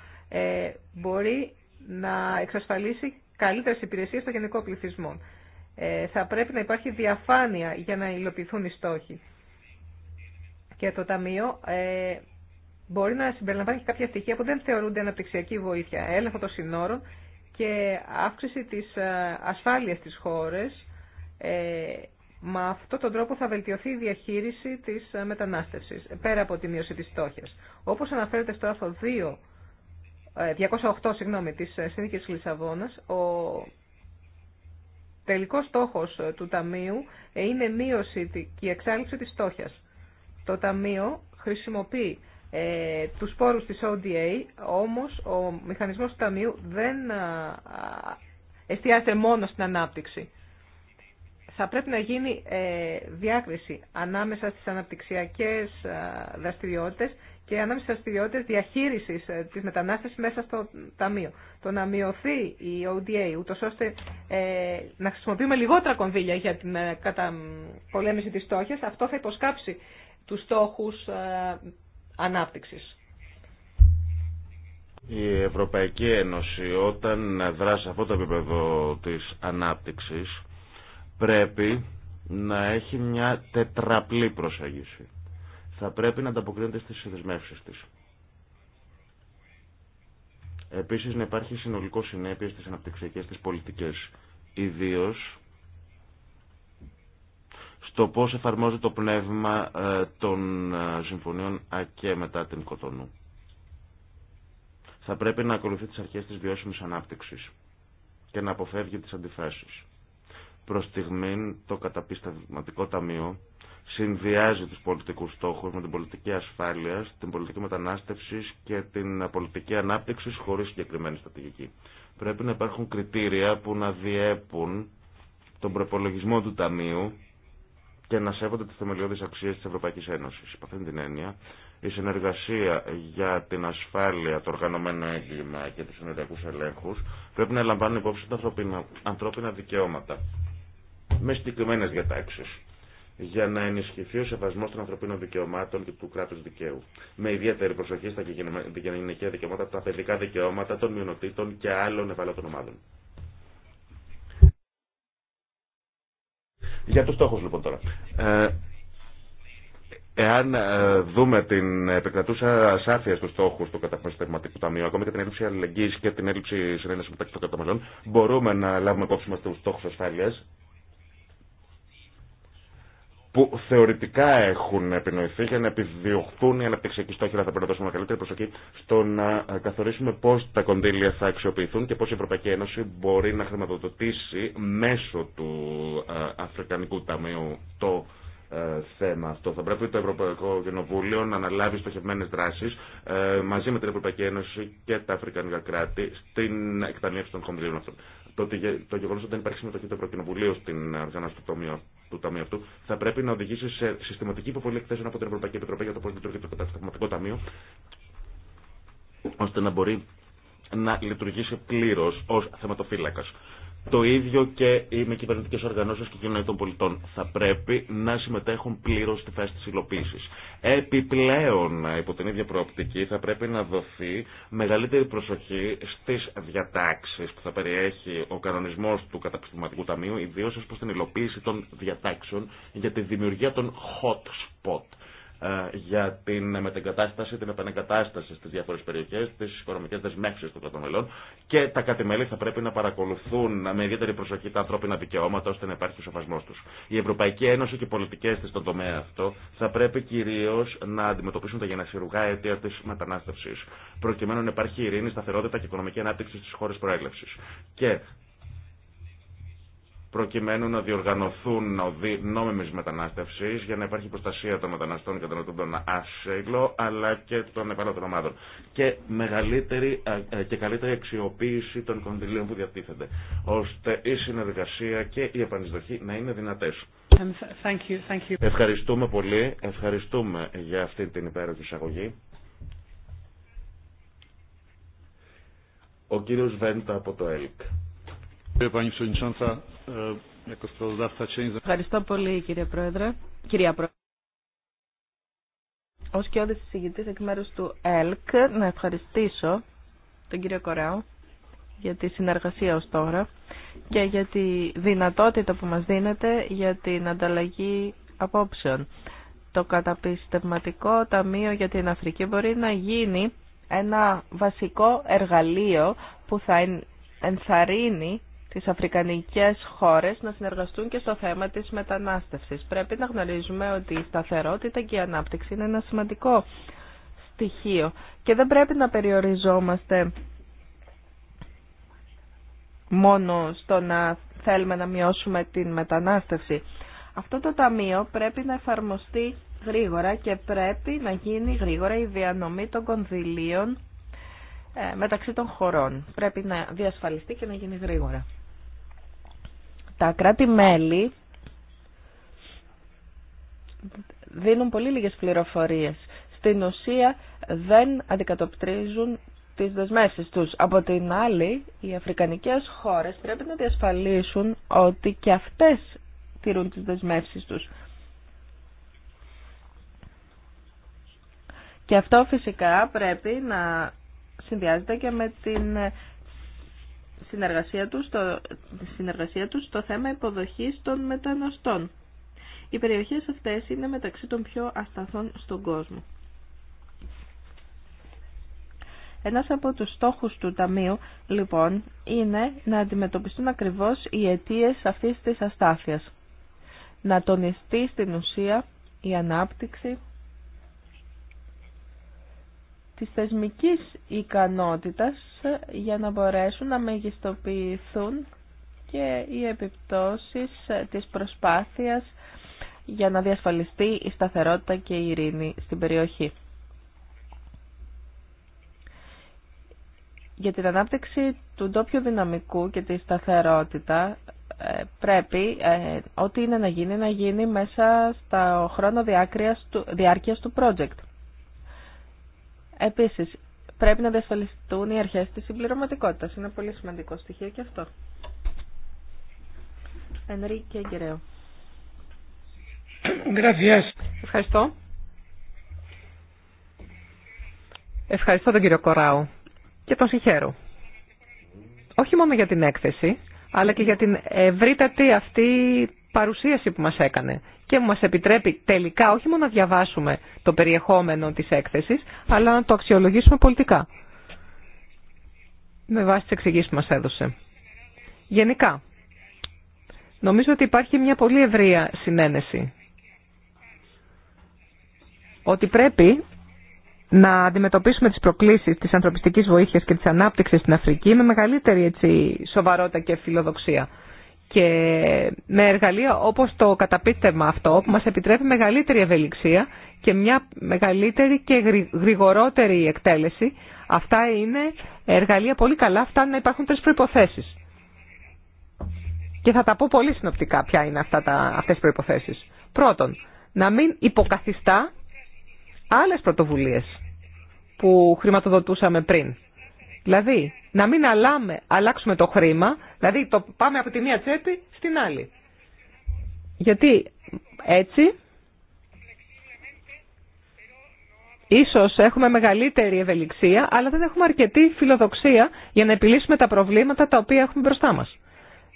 μπορεί να εξασφαλίσει καλύτερες υπηρεσίες στο γενικό πληθυσμό. θα πρέπει να υπάρχει διαφάνεια για να υλοποιηθούν οι στόχοι και το Ταμείο ε, μπορεί να συμπεριλαμβάνει και κάποια στοιχεία που δεν θεωρούνται αναπτυξιακή βοήθεια. Έλεγχο των συνόρων και αύξηση της ε, ασφάλειας της χώρες. Ε, με αυτόν τον τρόπο θα βελτιωθεί η διαχείριση της ε, μετανάστευσης, πέρα από τη μείωση της στόχη. Όπως αναφέρεται στο άρθρο 2, 208 ε, συγγνώμη, της τη Λισαβόνας, ο τελικός στόχος του Ταμείου είναι μείωση και η εξάλληψη της στόχιας. Το Ταμείο χρησιμοποιεί ε, τους πόρους της ODA, όμως ο μηχανισμός του Ταμείου δεν α, εστιάζεται μόνο στην ανάπτυξη. Θα πρέπει να γίνει ε, διάκριση ανάμεσα στις αναπτυξιακές δραστηριότητες και ανάμεσα στις δραστηριότητες διαχείρισης ε, της μετανάστευσης μέσα στο Ταμείο. Το να μειωθεί η ODA, ούτως ώστε ε, να χρησιμοποιούμε λιγότερα κονδύλια για την ε, καταπολέμηση της στόχης, αυτό θα υποσκάψει τους στόχους ε, ανάπτυξης. Η Ευρωπαϊκή Ένωση όταν δράσει αυτό το επίπεδο της ανάπτυξης πρέπει να έχει μια τετραπλή προσέγγιση. Θα πρέπει να ανταποκρίνεται στις συνδεσμεύσεις της. Επίσης να υπάρχει συνολικό συνέπεια στις αναπτυξιακές της πολιτικές, ιδίως στο πώς εφαρμόζει το πνεύμα ε, των ε, συμφωνιών ΑΚΕ μετά την Κοτονού. Θα πρέπει να ακολουθεί τις αρχές της βιώσιμης ανάπτυξης και να αποφεύγει τις αντιφάσεις. Προς στιγμήν το καταπιστευματικό ταμείο συνδυάζει τους πολιτικούς στόχους με την πολιτική ασφάλειας, την πολιτική μετανάστευσης και την πολιτική ανάπτυξη χωρίς συγκεκριμένη στρατηγική. Πρέπει να υπάρχουν κριτήρια που να διέπουν τον προπολογισμό του Ταμείου και να σέβονται τι θεμελιώδει αξίε τη Ευρωπαϊκή Ένωση, Υπ' αυτήν την έννοια, η συνεργασία για την ασφάλεια, το οργανωμένο έγκλημα και του συνοριακούς ελέγχου πρέπει να λαμβάνουν υπόψη τα ανθρωπίνα, ανθρώπινα δικαιώματα με συγκεκριμένε διατάξει για να ενισχυθεί ο σεβασμό των ανθρωπίνων δικαιωμάτων και του κράτου δικαίου. Με ιδιαίτερη προσοχή στα γενικά δικαιώματα, τα παιδικά δικαιώματα των μειονοτήτων και άλλων ευάλωτων ομάδων. Για τους στόχους λοιπόν τώρα. Ε, εάν ε, δούμε την επικρατούσα ασάφεια στους στόχους του θερματικού ταμείου, ακόμη και την έλλειψη αλληλεγγύης και την έλλειψη συνένεση μεταξύ των καταμελών, μπορούμε να λάβουμε υπόψη μας τους στόχους ασφάλειας που θεωρητικά έχουν επινοηθεί για να επιδιωχθούν οι αναπτυξιακοί στόχοι, αλλά θα πρέπει να δώσουμε μεγαλύτερη προσοχή στο να ε, καθορίσουμε πώ τα κονδύλια θα αξιοποιηθούν και πώ η Ευρωπαϊκή Ένωση μπορεί να χρηματοδοτήσει μέσω του ε, Αφρικανικού Ταμείου το ε, θέμα αυτό. Θα πρέπει το Ευρωπαϊκό Κοινοβούλιο να αναλάβει στοχευμένε δράσει μαζί με την Ευρωπαϊκή Ένωση και τα Αφρικανικά κράτη στην εκταμείευση των κονδυλίων αυτών. Το, το γεγονό ότι δεν υπάρχει συμμετοχή του Ευρωκοινοβουλίου στην οργάνωση του Ταμείου αυτού θα πρέπει να οδηγήσει σε συστηματική υποβολή εκθέσεων από την Ευρωπαϊκή Επιτροπή για το πώ λειτουργεί το Καταστατικό Ταμείο, ώστε να μπορεί να λειτουργήσει πλήρω ω θεματοφύλακα. Το ίδιο και οι μη κυβερνητικέ οργανώσει και κοινωνία των πολιτών θα πρέπει να συμμετέχουν πλήρω στη φάση τη υλοποίηση. Επιπλέον, υπό την ίδια προοπτική, θα πρέπει να δοθεί μεγαλύτερη προσοχή στι διατάξει που θα περιέχει ο κανονισμό του Καταπιστηματικού Ταμείου, ιδίω ω προ την υλοποίηση των διατάξεων για τη δημιουργία των hot spot ε, για την μετεγκατάσταση, την επανεγκατάσταση στι διάφορε περιοχέ, τι οικονομικέ δεσμεύσει των κρατομελών και τα κατημέλη θα πρέπει να παρακολουθούν με ιδιαίτερη προσοχή τα ανθρώπινα δικαιώματα ώστε να υπάρχει ο σεβασμό του. Η Ευρωπαϊκή Ένωση και οι πολιτικέ τη στον τομέα αυτό θα πρέπει κυρίω να αντιμετωπίσουν τα γενεσιρουγά αιτία τη μετανάστευση, προκειμένου να υπάρχει ειρήνη, σταθερότητα και οικονομική ανάπτυξη στι χώρε προέλευση. Και προκειμένου να διοργανωθούν νόμιμες μετανάστευση για να υπάρχει προστασία των μεταναστών και των ασύλων, αλλά και των επανώτων ομάδων και μεγαλύτερη ε, και καλύτερη αξιοποίηση των κονδυλίων που διατίθενται ώστε η συνεργασία και η επανεισδοχή να είναι δυνατές. Um, ευχαριστούμε πολύ, ευχαριστούμε για αυτή την υπέροχη εισαγωγή. Ο κύριος Βέντα από το ΕΛΚ. Ευχαριστώ πολύ κύριε Πρόεδρε. Κυρία Πρόεδρε. Ως και όντως εισηγητής εκ μέρους του ΕΛΚ να ευχαριστήσω τον κύριο Κοράου για τη συνεργασία ως τώρα και για τη δυνατότητα που μας δίνεται για την ανταλλαγή απόψεων. Το καταπιστευματικό ταμείο για την Αφρική μπορεί να γίνει ένα βασικό εργαλείο που θα ενθαρρύνει τις αφρικανικές χώρες να συνεργαστούν και στο θέμα της μετανάστευσης. Πρέπει να γνωρίζουμε ότι η σταθερότητα και η ανάπτυξη είναι ένα σημαντικό στοιχείο και δεν πρέπει να περιοριζόμαστε μόνο στο να θέλουμε να μειώσουμε την μετανάστευση. Αυτό το ταμείο πρέπει να εφαρμοστεί γρήγορα και πρέπει να γίνει γρήγορα η διανομή των κονδυλίων ε, μεταξύ των χωρών. Πρέπει να διασφαλιστεί και να γίνει γρήγορα. Τα κράτη-μέλη δίνουν πολύ λίγες πληροφορίες. Στην ουσία δεν αντικατοπτρίζουν τις δεσμεύσεις τους. Από την άλλη, οι αφρικανικές χώρες πρέπει να διασφαλίσουν ότι και αυτές τηρούν τις δεσμεύσεις τους. Και αυτό φυσικά πρέπει να συνδυάζεται και με την συνεργασία τους, το, συνεργασία τους στο θέμα υποδοχής των μεταναστών. Οι περιοχές αυτές είναι μεταξύ των πιο ασταθών στον κόσμο. Ένας από τους στόχους του Ταμείου, λοιπόν, είναι να αντιμετωπιστούν ακριβώς οι αιτίες αυτής της αστάθειας. Να τονιστεί στην ουσία η ανάπτυξη της θεσμικής ικανότητας για να μπορέσουν να μεγιστοποιηθούν και οι επιπτώσεις της προσπάθειας για να διασφαλιστεί η σταθερότητα και η ειρήνη στην περιοχή. Για την ανάπτυξη του ντόπιου δυναμικού και τη σταθερότητα ε, πρέπει ε, ό,τι είναι να γίνει να γίνει μέσα στα χρόνο διάρκειας του project. Επίσης, πρέπει να διασφαλιστούν οι αρχές της συμπληρωματικότητας. Είναι πολύ σημαντικό στοιχείο και αυτό. Ενρή και Ευχαριστώ. Ευχαριστώ τον κύριο Κοράου και τον συγχαίρω. Όχι μόνο για την έκθεση, αλλά και για την ευρύτατη αυτή παρουσίαση που μας έκανε και μας επιτρέπει τελικά όχι μόνο να διαβάσουμε το περιεχόμενο της έκθεσης, αλλά να το αξιολογήσουμε πολιτικά. Με βάση τις εξηγήσεις που μας έδωσε. Γενικά, νομίζω ότι υπάρχει μια πολύ ευρεία συνένεση. Ότι πρέπει να αντιμετωπίσουμε τις προκλήσεις της ανθρωπιστικής βοήθειας και της ανάπτυξης στην Αφρική με μεγαλύτερη έτσι, σοβαρότητα και φιλοδοξία και με εργαλεία όπως το καταπίστευμα αυτό που μας επιτρέπει μεγαλύτερη ευελιξία και μια μεγαλύτερη και γρηγορότερη εκτέλεση. Αυτά είναι εργαλεία πολύ καλά, αυτά να υπάρχουν τρεις προϋποθέσεις. Και θα τα πω πολύ συνοπτικά ποια είναι αυτά τα, αυτές οι προϋποθέσεις. Πρώτον, να μην υποκαθιστά άλλες πρωτοβουλίες που χρηματοδοτούσαμε πριν. Δηλαδή, να μην αλλάμε, αλλάξουμε το χρήμα, δηλαδή το πάμε από τη μία τσέπη στην άλλη. Γιατί έτσι ίσως έχουμε μεγαλύτερη ευελιξία, αλλά δεν έχουμε αρκετή φιλοδοξία για να επιλύσουμε τα προβλήματα τα οποία έχουμε μπροστά μας.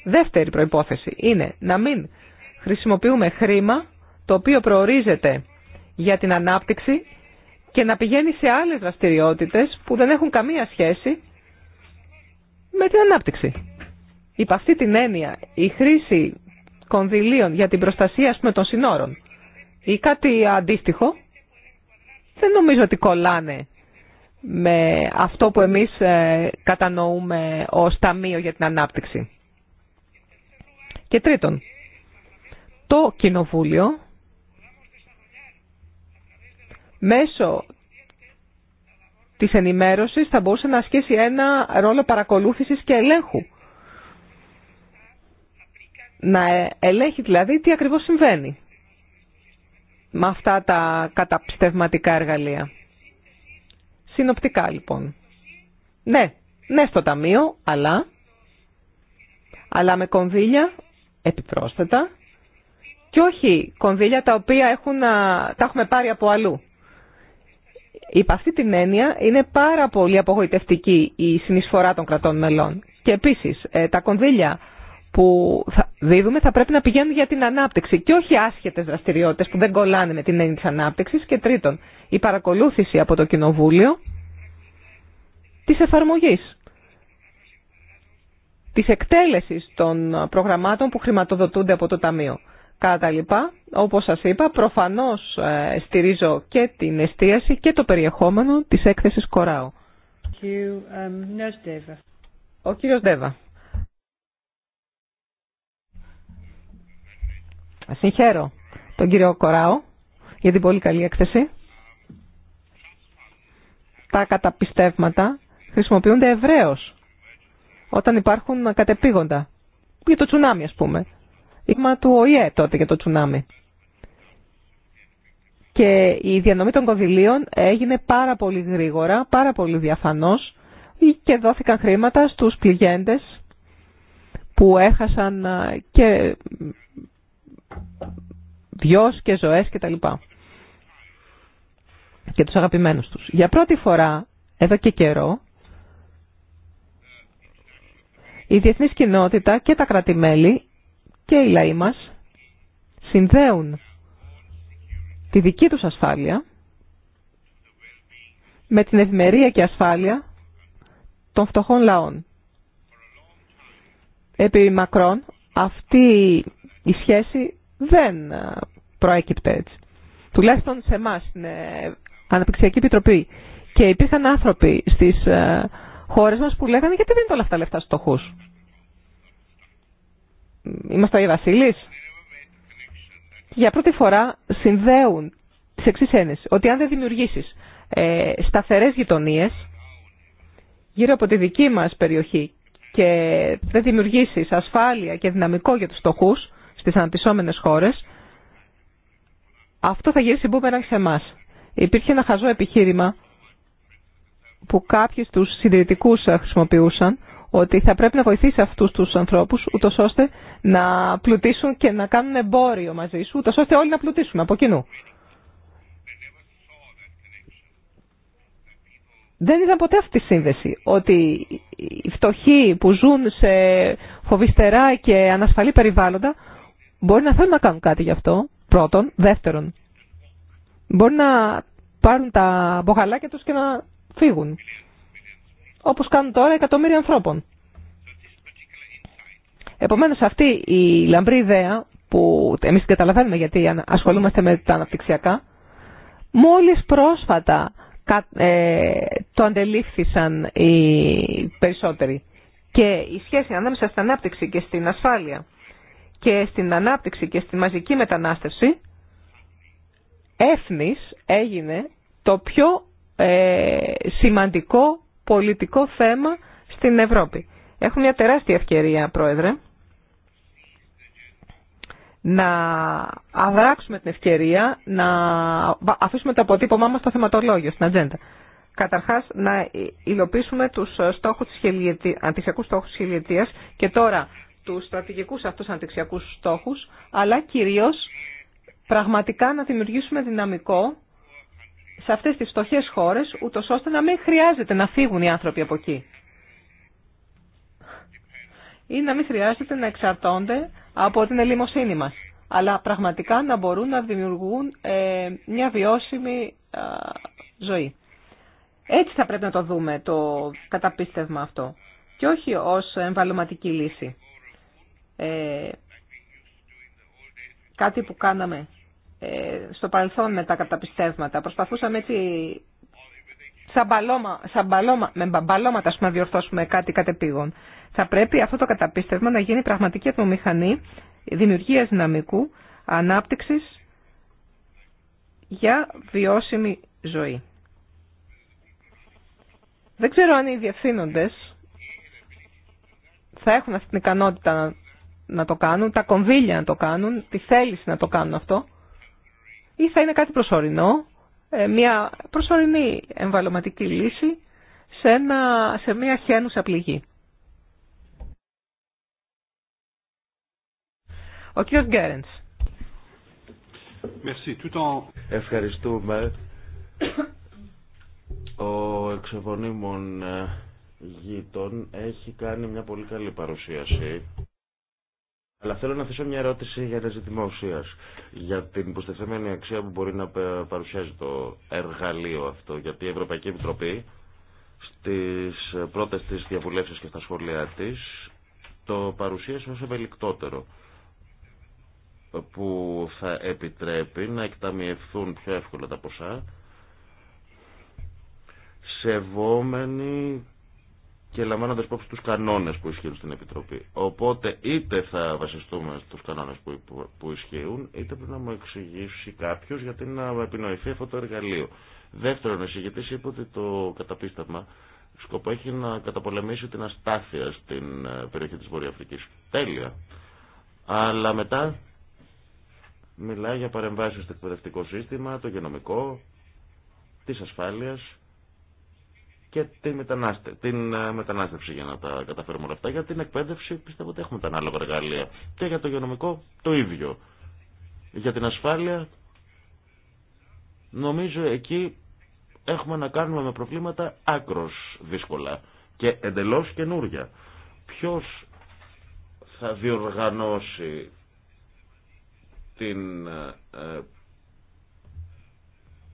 Δεύτερη προϋπόθεση είναι να μην χρησιμοποιούμε χρήμα το οποίο προορίζεται για την ανάπτυξη και να πηγαίνει σε άλλες δραστηριότητες που δεν έχουν καμία σχέση με την ανάπτυξη. Υπ' αυτή την έννοια η χρήση κονδυλίων για την προστασία πούμε, των συνόρων ή κάτι αντίστοιχο δεν νομίζω ότι κολλάνε με αυτό που εμείς ε, κατανοούμε ως ταμείο για την ανάπτυξη. Και τρίτον, το Κοινοβούλιο μέσω της ενημέρωσης θα μπορούσε να ασκήσει ένα ρόλο παρακολούθησης και ελέγχου. Να ε, ελέγχει δηλαδή τι ακριβώς συμβαίνει με αυτά τα καταπιστευματικά εργαλεία. Συνοπτικά λοιπόν. Ναι, ναι στο ταμείο, αλλά, αλλά με κονδύλια επιπρόσθετα και όχι κονδύλια τα οποία έχουν, τα έχουμε πάρει από αλλού. Υπ' αυτή την έννοια είναι πάρα πολύ απογοητευτική η συνεισφορά των κρατών μελών. Και επίσης ε, τα κονδύλια που θα δίδουμε θα πρέπει να πηγαίνουν για την ανάπτυξη και όχι άσχετες δραστηριότητες που δεν κολλάνε με την έννοια της ανάπτυξης. Και τρίτον, η παρακολούθηση από το Κοινοβούλιο της εφαρμογής, της εκτέλεσης των προγραμμάτων που χρηματοδοτούνται από το Ταμείο λοιπά, Όπως σας είπα, προφανώς ε, στηρίζω και την εστίαση και το περιεχόμενο της έκθεσης Κοράου. Ο κύριος Ντέβα. Συγχαίρω τον κύριο Κοράο για την πολύ καλή έκθεση. Τα καταπιστεύματα χρησιμοποιούνται ευρέως όταν υπάρχουν κατεπήγοντα. Για το τσουνάμι ας πούμε δείγμα του ΟΗΕ τότε για το τσουνάμι. Και η διανομή των κονδυλίων έγινε πάρα πολύ γρήγορα, πάρα πολύ διαφανώς και δόθηκαν χρήματα στους πληγέντες που έχασαν ε, και βιός και ζωές κτλ. Και, και τους αγαπημένους τους. Για πρώτη φορά, εδώ και καιρό, η διεθνής κοινότητα και τα κρατημέλη και οι λαοί μας συνδέουν τη δική τους ασφάλεια με την ευημερία και ασφάλεια των φτωχών λαών. Επί μακρόν αυτή η σχέση δεν ε, προέκυπτε έτσι. Τουλάχιστον σε εμά στην ε, Αναπτυξιακή Επιτροπή. Και υπήρχαν άνθρωποι στις ε, χώρες μας που λέγανε γιατί δίνετε όλα αυτά λεφτά στους στοχούς είμαστε οι βασίλεις. Για πρώτη φορά συνδέουν τι εξή έννοιε. ότι αν δεν δημιουργήσει ε, σταθερές γειτονίες γύρω από τη δική μας περιοχή και δεν δημιουργήσει ασφάλεια και δυναμικό για τους στοχούς στις αναπτυσσόμενε χώρες, αυτό θα γυρίσει μπούμεραν σε εμά. Υπήρχε ένα χαζό επιχείρημα που κάποιοι τους συντηρητικούς ε, χρησιμοποιούσαν ότι θα πρέπει να βοηθήσει αυτούς τους ανθρώπους, ούτω ώστε να πλουτίσουν και να κάνουν εμπόριο μαζί σου, ούτω ώστε όλοι να πλουτίσουν από κοινού. Δεν είδα ποτέ αυτή τη σύνδεση, ότι οι φτωχοί που ζουν σε φοβιστερά και ανασφαλή περιβάλλοντα μπορεί να θέλουν να κάνουν κάτι γι' αυτό, πρώτον. Δεύτερον, μπορεί να πάρουν τα μπογαλάκια τους και να φύγουν όπως κάνουν τώρα εκατομμύρια ανθρώπων. Επομένως αυτή η λαμπρή ιδέα που εμείς την καταλαβαίνουμε γιατί ασχολούμαστε με τα αναπτυξιακά, μόλις πρόσφατα ε, το αντελήφθησαν οι περισσότεροι. Και η σχέση ανάμεσα στην ανάπτυξη και στην ασφάλεια και στην ανάπτυξη και στη μαζική μετανάστευση έθνης έγινε το πιο ε, σημαντικό πολιτικό θέμα στην Ευρώπη. Έχουμε μια τεράστια ευκαιρία, Πρόεδρε, να αδράξουμε την ευκαιρία, να αφήσουμε το αποτύπωμά μας στο θεματολόγιο, στην ατζέντα. Καταρχάς, να υλοποιήσουμε τους στόχους της χιλιετία αντιξιακούς στόχους της και τώρα τους στρατηγικούς αυτούς αντιξιακούς στόχους, αλλά κυρίως πραγματικά να δημιουργήσουμε δυναμικό σε αυτές τις φτωχές χώρες, ούτω ώστε να μην χρειάζεται να φύγουν οι άνθρωποι από εκεί. Ή να μην χρειάζεται να εξαρτώνται από την ελλημοσύνη μας. Αλλά πραγματικά να μπορούν να δημιουργούν ε, μια βιώσιμη ζωή. Έτσι θα πρέπει να το δούμε το καταπίστευμα αυτό. Και όχι ως εμβαλωματική λύση. Ε, κάτι που κάναμε ε, στο παρελθόν με τα καταπιστεύματα. Προσπαθούσαμε έτσι σαν μπαλώμα, με μπαλώματα να διορθώσουμε κάτι κατεπήγον. Θα πρέπει αυτό το καταπίστευμα να γίνει πραγματική ατμομηχανή δημιουργία δυναμικού, ανάπτυξη για βιώσιμη ζωή. Δεν ξέρω αν οι διευθύνοντε θα έχουν αυτή την ικανότητα να το κάνουν, τα κονδύλια να το κάνουν, τη θέληση να το κάνουν αυτό ή θα είναι κάτι προσωρινό, ε, μια προσωρινή εμβαλωματική λύση σε, ένα, σε μια χένουσα πληγή. Ο κ. Γκέρεντς. Ευχαριστούμε. Ο εξεφωνήμων ε, γείτον έχει κάνει μια πολύ καλή παρουσίαση αλλά θέλω να θέσω μια ερώτηση για τα ζήτημα ουσία. Για την υποστεθέμενη αξία που μπορεί να παρουσιάζει το εργαλείο αυτό. Γιατί η Ευρωπαϊκή Επιτροπή στι πρώτε τη διαβουλεύσει και στα σχολεία τη το παρουσίασε ω ευελικτότερο που θα επιτρέπει να εκταμιευθούν πιο εύκολα τα ποσά σεβόμενοι και λαμβάνοντα υπόψη του κανόνε που ισχύουν στην Επιτροπή. Οπότε είτε θα βασιστούμε στου κανόνε που, που, ισχύουν, είτε πρέπει να μου εξηγήσει κάποιο γιατί να επινοηθεί αυτό το εργαλείο. Δεύτερον, ο εισηγητή είπε ότι το καταπίστευμα σκοπό έχει να καταπολεμήσει την αστάθεια στην ε, περιοχή τη Βορειοαφρική. Τέλεια. Αλλά μετά μιλάει για παρεμβάσει στο εκπαιδευτικό σύστημα, το γενομικό, τη ασφάλεια και την, μετανάστε, την ε, μετανάστευση για να τα καταφέρουμε όλα αυτά. Για την εκπαίδευση πιστεύω ότι έχουμε τα ανάλογα εργαλεία. Και για το υγειονομικό το ίδιο. Για την ασφάλεια νομίζω εκεί έχουμε να κάνουμε με προβλήματα άκρος δύσκολα και εντελώς καινούρια. Ποιος θα διοργανώσει την ε, ε,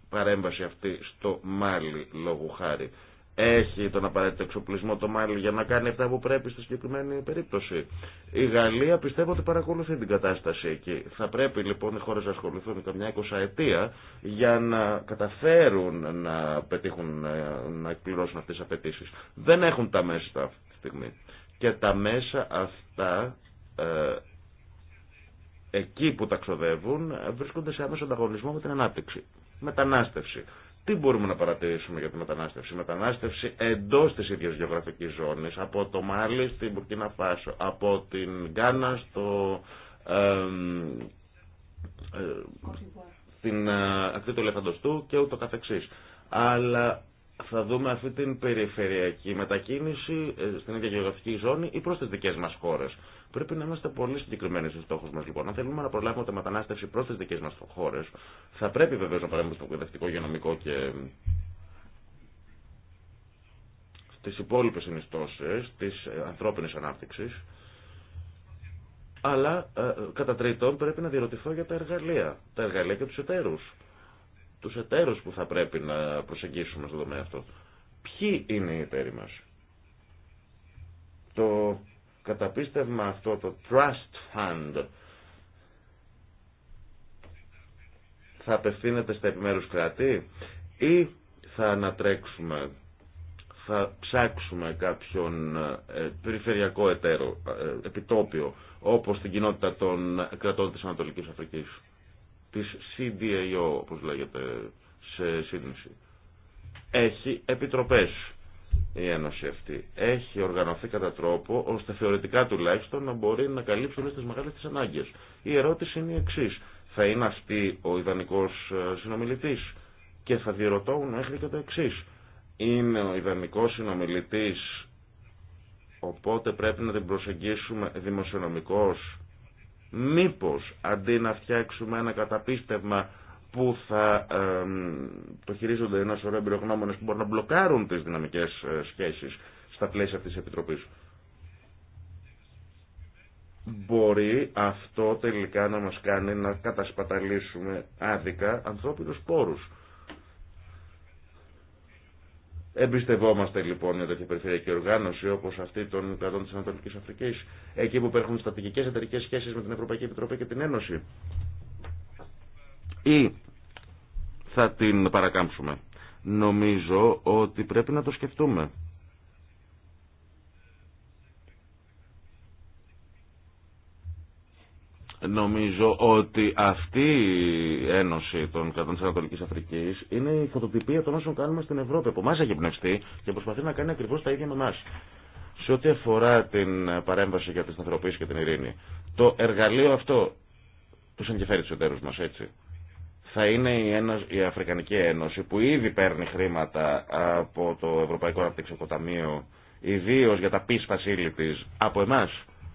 παρέμβαση αυτή στο Μάλι λόγου χάρη έχει τον απαραίτητο εξοπλισμό το Μάλι για να κάνει αυτά που πρέπει στη συγκεκριμένη περίπτωση. Η Γαλλία πιστεύω ότι παρακολουθεί την κατάσταση εκεί. Θα πρέπει λοιπόν οι χώρε να ασχοληθούν καμιά εικοσαετία για να καταφέρουν να πετύχουν ε, να εκπληρώσουν αυτέ τι απαιτήσει. Δεν έχουν τα μέσα αυτή τη στιγμή. Και τα μέσα αυτά ε, εκεί που τα ε, βρίσκονται σε άμεσο ανταγωνισμό με την ανάπτυξη. Μετανάστευση τι μπορούμε να παρατηρήσουμε για τη μετανάστευση. μετανάστευση εντό τη ίδια γεωγραφική ζώνη, από το Μάλι στην Μπουρκίνα Φάσο, από την Γκάνα στο. Ε, ε, στην ε, ακτή του Λεφαντοστού και ούτω καθεξής. Αλλά θα δούμε αυτή την περιφερειακή μετακίνηση ε, στην ίδια γεωγραφική ζώνη ή προς τις δικές μας χώρες. Πρέπει να είμαστε πολύ συγκεκριμένοι στου στόχου μα λοιπόν. Αν θέλουμε να προλάβουμε τη μετανάστευση προ τι δικέ μα χώρε, θα πρέπει βεβαίω να παρέμβουμε στο εκπαιδευτικό, υγειονομικό και στι υπόλοιπε συνιστώσει τη ανθρώπινη ανάπτυξη. Αλλά ε, κατά τρίτον πρέπει να διερωτηθώ για τα εργαλεία. Τα εργαλεία και του εταίρου. Του εταίρου που θα πρέπει να προσεγγίσουμε στον τομέα αυτό. Ποιοι είναι οι εταίροι μα. Το καταπίστευμα αυτό το Trust Fund θα απευθύνεται στα επιμέρους κράτη ή θα ανατρέξουμε, θα ψάξουμε κάποιον ε, περιφερειακό εταίρο, ε, επιτόπιο, όπως την κοινότητα των κρατών της Ανατολικής Αφρικής, της CDAO, όπως λέγεται σε σύνδεση. Έχει επιτροπές η Ένωση αυτή. Έχει οργανωθεί κατά τρόπο ώστε θεωρητικά τουλάχιστον να μπορεί να καλύψει όλε τι μεγάλε τη ανάγκε. Η ερώτηση είναι η εξή. Θα είναι αυτή ο ιδανικό ε, συνομιλητή. Και θα διερωτώ μέχρι και το εξή. Είναι ο ιδανικό συνομιλητή, οπότε πρέπει να την προσεγγίσουμε δημοσιονομικώ. Μήπως αντί να φτιάξουμε ένα καταπίστευμα που θα το χειρίζονται ένα σωρό εμπειρογνώμονες που μπορούν να μπλοκάρουν τις δυναμικές ε, σχέσεις στα πλαίσια της Επιτροπής. Μπορεί αυτό τελικά να μας κάνει να κατασπαταλήσουμε άδικα ανθρώπινους πόρους. Εμπιστευόμαστε λοιπόν μια τέτοια περιφερειακή οργάνωση όπω αυτή των κρατών τη Ανατολική Αφρική, εκεί που υπάρχουν στατικικέ εταιρικέ σχέσει με την Ευρωπαϊκή Επιτροπή και την Ένωση ή θα την παρακάμψουμε. Νομίζω ότι πρέπει να το σκεφτούμε. Νομίζω ότι αυτή η ένωση των κρατών της Ανατολική Αφρική είναι η φωτοτυπία των όσων κάνουμε στην Ευρώπη. που εμά έχει πνευστεί και προσπαθεί να κάνει ακριβώς τα ίδια με εμά. Σε ό,τι αφορά την παρέμβαση για τη σταθεροποίηση και την ειρήνη, το εργαλείο αυτό τους ενδιαφέρει τους εταιρούς μα, έτσι θα είναι η, Ένωση, η Αφρικανική Ένωση που ήδη παίρνει χρήματα από το Ευρωπαϊκό Αναπτυξιακό Ταμείο, ιδίω για τα peace facilities, από εμά.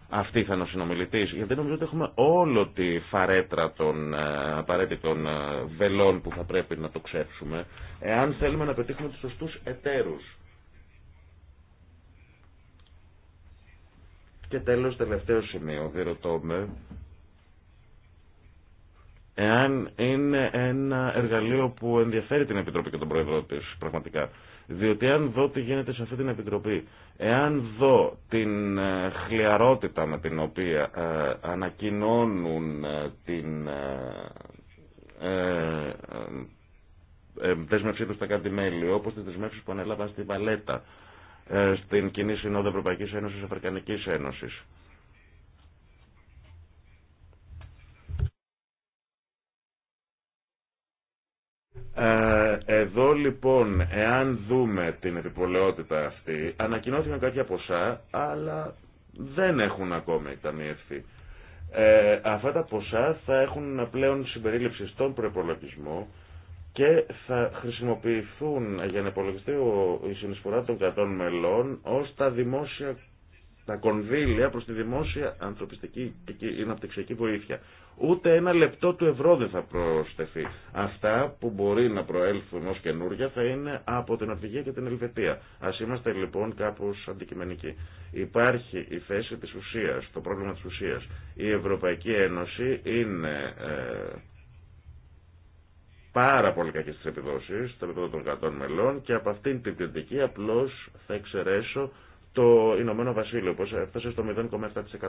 Αυτή θα είναι ο συνομιλητή, γιατί νομίζω ότι έχουμε όλο τη φαρέτρα των ε, απαραίτητων ε, βελών που θα πρέπει να το ξέψουμε, εάν θέλουμε να πετύχουμε του σωστού εταίρου. Και τέλος, τελευταίο σημείο, διερωτώ με, εάν είναι ένα εργαλείο που ενδιαφέρει την Επιτροπή και τον Πρόεδρο τη πραγματικά. Διότι αν δω τι γίνεται σε αυτή την Επιτροπή, εάν δω την ε, χλιαρότητα με την οποία ε, ανακοινώνουν ε, την δέσμευσή του στα κάτι μέλη, όπως τις δεσμεύσεις που ανέλαβαν στη Βαλέτα, στην Κοινή Συνόδο Ευρωπαϊκής Ένωσης Αφρικανικής Ένωσης, Ε, εδώ λοιπόν, εάν δούμε την επιπολαιότητα αυτή, ανακοινώθηκαν κάποια ποσά, αλλά δεν έχουν ακόμη ταμιευθεί. Ε, αυτά τα ποσά θα έχουν πλέον συμπερίληψη στον προπολογισμό και θα χρησιμοποιηθούν για να υπολογιστεί η συνεισφορά των κρατών μελών ως τα δημόσια τα κονδύλια προς τη δημόσια ανθρωπιστική και αναπτυξιακή βοήθεια. Ούτε ένα λεπτό του ευρώ δεν θα προσθεθεί. Αυτά που μπορεί να προέλθουν ως καινούρια θα είναι από την Αφηγία και την Ελβετία. Ας είμαστε λοιπόν κάπως αντικειμενικοί. Υπάρχει η θέση της ουσίας, το πρόβλημα της ουσίας. Η Ευρωπαϊκή Ένωση είναι ε, πάρα πολύ κακή στις επιδόσεις, στο επίπεδο των κρατών μελών και από αυτήν την κριτική απλώς θα εξαιρέσω το Ηνωμένο Βασίλειο, όπω έφτασε στο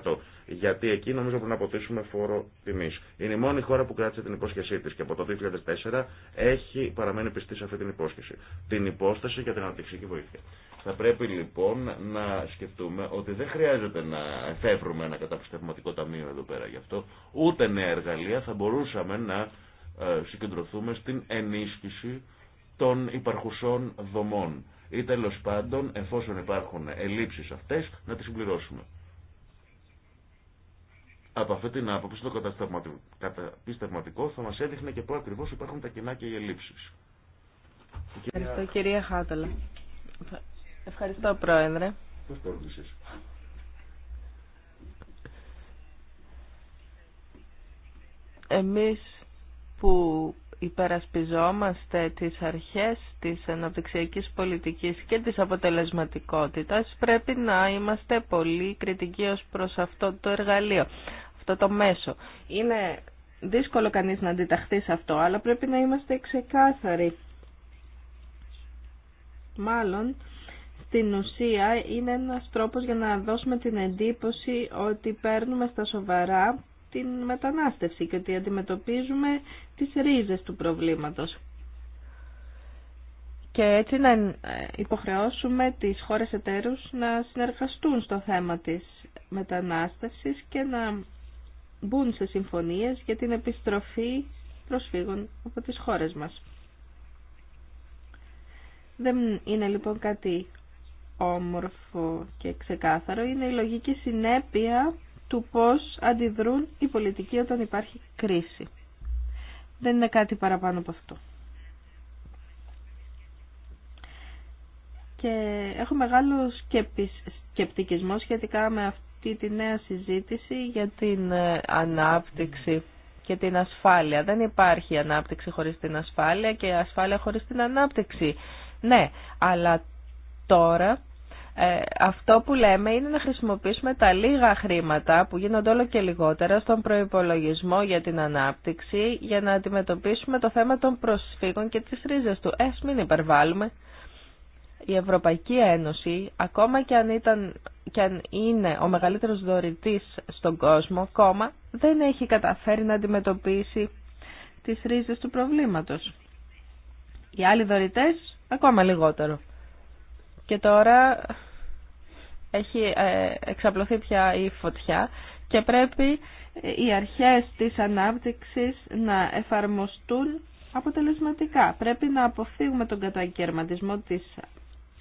0,7%. Γιατί εκεί νομίζω πρέπει να αποτύσσουμε φόρο τιμή. Είναι η μόνη χώρα που κράτησε την υπόσχεσή τη και από το 2004 έχει παραμένει πιστή σε αυτή την υπόσχεση. Την υπόσταση για την αναπτυξική βοήθεια. Θα πρέπει λοιπόν να σκεφτούμε ότι δεν χρειάζεται να εφεύρουμε ένα καταπιστευματικό ταμείο εδώ πέρα γι' αυτό, ούτε νέα εργαλεία θα μπορούσαμε να ε, συγκεντρωθούμε στην ενίσχυση των υπαρχουσών δομών ή τέλο πάντων εφόσον υπάρχουν ελλείψεις αυτές να τις συμπληρώσουμε. Από αυτή την άποψη το καταπιστευματικό θα μας έδειχνε και πού ακριβώς υπάρχουν τα κοινά και οι ελλείψεις. Ευχαριστώ κυρία Χάταλα. Ευχαριστώ πρόεδρε. Πώς Εμείς που υπερασπιζόμαστε τις αρχές της αναπτυξιακής πολιτικής και της αποτελεσματικότητας, πρέπει να είμαστε πολύ κριτικοί ως προς αυτό το εργαλείο, αυτό το μέσο. Είναι δύσκολο κανείς να αντιταχθεί σε αυτό, αλλά πρέπει να είμαστε ξεκάθαροι. Μάλλον, στην ουσία είναι ένας τρόπος για να δώσουμε την εντύπωση ότι παίρνουμε στα σοβαρά την μετανάστευση και ότι αντιμετωπίζουμε τις ρίζες του προβλήματος. Και έτσι να υποχρεώσουμε τις χώρες εταίρους να συνεργαστούν στο θέμα της μετανάστευσης και να μπουν σε συμφωνίες για την επιστροφή προσφύγων από τις χώρες μας. Δεν είναι λοιπόν κάτι όμορφο και ξεκάθαρο, είναι η λογική συνέπεια του πώς αντιδρούν οι πολιτικοί όταν υπάρχει κρίση. Δεν είναι κάτι παραπάνω από αυτό. Και έχω μεγάλο σκεπτικισμό σχετικά με αυτή τη νέα συζήτηση για την ε, ανάπτυξη και την ασφάλεια. Δεν υπάρχει ανάπτυξη χωρίς την ασφάλεια και ασφάλεια χωρίς την ανάπτυξη. Ναι, αλλά τώρα ε, αυτό που λέμε είναι να χρησιμοποιήσουμε τα λίγα χρήματα που γίνονται όλο και λιγότερα στον προϋπολογισμό για την ανάπτυξη για να αντιμετωπίσουμε το θέμα των προσφύγων και τις ρίζες του. Ας μην υπερβάλλουμε. Η Ευρωπαϊκή Ένωση, ακόμα και αν, και αν είναι ο μεγαλύτερος δωρητής στον κόσμο, ακόμα δεν έχει καταφέρει να αντιμετωπίσει τις ρίζες του προβλήματος. Οι άλλοι δωρητές ακόμα λιγότερο. Και τώρα έχει ε, εξαπλωθεί πια η φωτιά και πρέπει οι αρχές της ανάπτυξης να εφαρμοστούν αποτελεσματικά. Πρέπει να αποφύγουμε τον κατακαιρματισμό της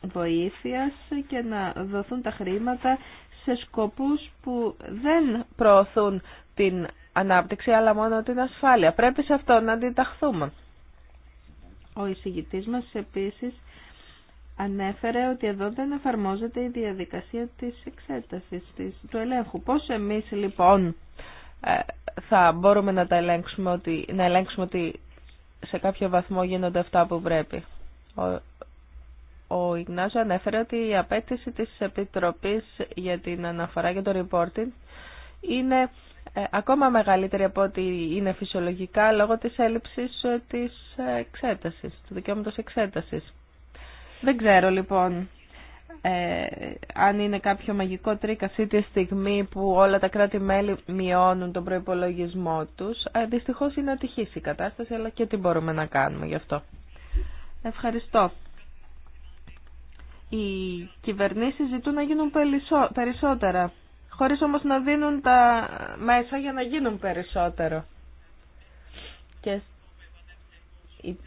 βοήθειας και να δοθούν τα χρήματα σε σκοπούς που δεν προωθούν την ανάπτυξη αλλά μόνο την ασφάλεια. Πρέπει σε αυτό να αντιταχθούμε. Ο εισηγητής μας επίσης ανέφερε ότι εδώ δεν εφαρμόζεται η διαδικασία της εξέτασης της, του ελέγχου. Πώς εμείς λοιπόν ε, θα μπορούμε να τα ελέγξουμε ότι, να ελέγξουμε ότι σε κάποιο βαθμό γίνονται αυτά που πρέπει. Ο, ο Ιγνάζο ανέφερε ότι η απέτηση της Επιτροπής για την αναφορά και το reporting είναι ε, ακόμα μεγαλύτερη από ότι είναι φυσιολογικά λόγω της έλλειψης ε, της εξέτασης, του δικαιώματος εξέτασης. Δεν ξέρω λοιπόν ε, αν είναι κάποιο μαγικό τρίκ αυτή τη στιγμή που όλα τα κράτη-μέλη μειώνουν τον προϋπολογισμό τους. Ε, είναι ατυχής η κατάσταση, αλλά και τι μπορούμε να κάνουμε γι' αυτό. Ευχαριστώ. Οι κυβερνήσεις ζητούν να γίνουν περισσότερα, χωρίς όμως να δίνουν τα μέσα για να γίνουν περισσότερο. Και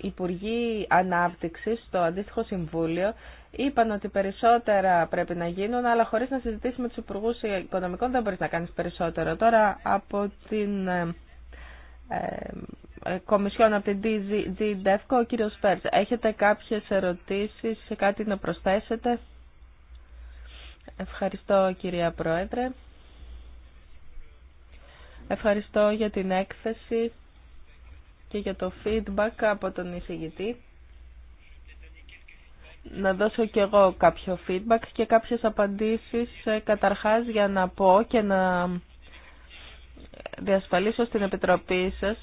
Υπουργοί ανάπτυξη στο αντίστοιχο Συμβούλιο είπαν ότι περισσότερα πρέπει να γίνουν, αλλά χωρί να συζητήσει με του υπουργού Οικονομικών δεν μπορεί να κάνεις περισσότερο. Τώρα από την ε, ε Κομισιόν, από την DG ο κύριος Πέρτς, έχετε κάποιες ερωτήσεις, κάτι να προσθέσετε. Ευχαριστώ κυρία Πρόεδρε. Ευχαριστώ για την έκθεση και για το feedback από τον εισηγητή. Να δώσω και εγώ κάποιο feedback και κάποιες απαντήσεις ε, καταρχάς για να πω και να διασφαλίσω στην Επιτροπή σας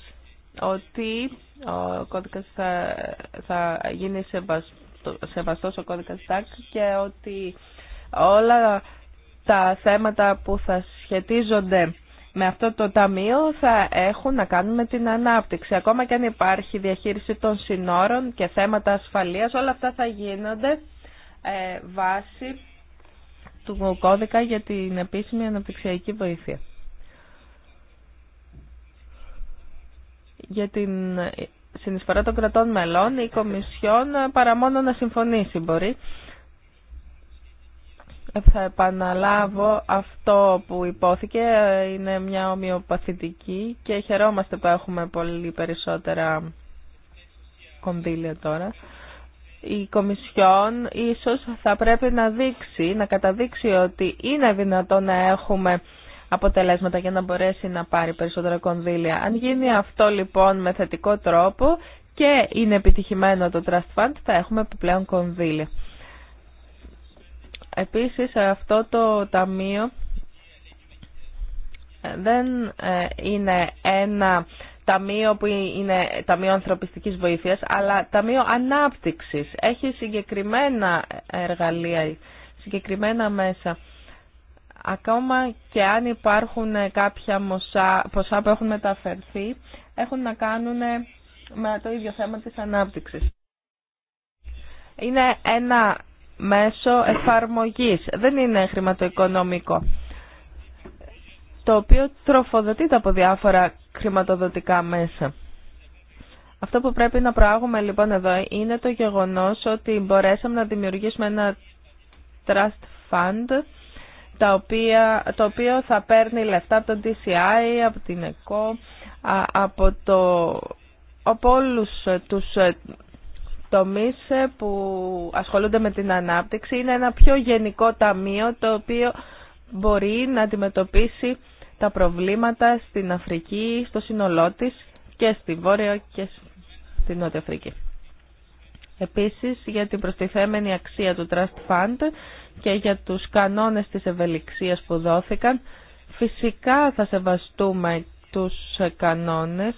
ότι ο κώδικας θα, θα γίνει σεβαστό, σεβαστός ο κώδικας ΤΑΚ και ότι όλα τα θέματα που θα σχετίζονται με αυτό το ταμείο θα έχουν να κάνουν με την ανάπτυξη. Ακόμα και αν υπάρχει διαχείριση των συνόρων και θέματα ασφαλείας, όλα αυτά θα γίνονται ε, βάσει του κώδικα για την επίσημη αναπτυξιακή βοήθεια. Για την συνεισφορά των κρατών μελών, η Κομισιόν παρά μόνο να συμφωνήσει μπορεί θα επαναλάβω αυτό που υπόθηκε. Είναι μια ομοιοπαθητική και χαιρόμαστε που έχουμε πολύ περισσότερα κονδύλια τώρα. Η Κομισιόν ίσως θα πρέπει να δείξει, να καταδείξει ότι είναι δυνατό να έχουμε αποτελέσματα για να μπορέσει να πάρει περισσότερα κονδύλια. Αν γίνει αυτό λοιπόν με θετικό τρόπο και είναι επιτυχημένο το Trust Fund θα έχουμε επιπλέον κονδύλια. Επίσης αυτό το ταμείο δεν ε, είναι ένα ταμείο που είναι ταμείο ανθρωπιστικής βοήθειας, αλλά ταμείο ανάπτυξης. Έχει συγκεκριμένα εργαλεία, συγκεκριμένα μέσα. Ακόμα και αν υπάρχουν κάποια μοσά, ποσά που έχουν μεταφερθεί, έχουν να κάνουν με το ίδιο θέμα της ανάπτυξης. Είναι ένα Μέσω εφαρμογής. Δεν είναι χρηματοοικονομικό. Το οποίο τροφοδοτείται από διάφορα χρηματοδοτικά μέσα. Αυτό που πρέπει να προάγουμε λοιπόν εδώ είναι το γεγονός ότι μπορέσαμε να δημιουργήσουμε ένα trust fund τα οποία, το οποίο θα παίρνει λεφτά από τον DCI, από την ΕΚΟ, από, το, από τους το τομείς ε, που ασχολούνται με την ανάπτυξη. Είναι ένα πιο γενικό ταμείο το οποίο μπορεί να αντιμετωπίσει τα προβλήματα στην Αφρική, στο σύνολό τη και στη Βόρεια και στη Νότια Αφρική. Επίσης για την προστιθέμενη αξία του Trust Fund και για τους κανόνες της ευελιξίας που δόθηκαν, φυσικά θα σεβαστούμε τους κανόνες.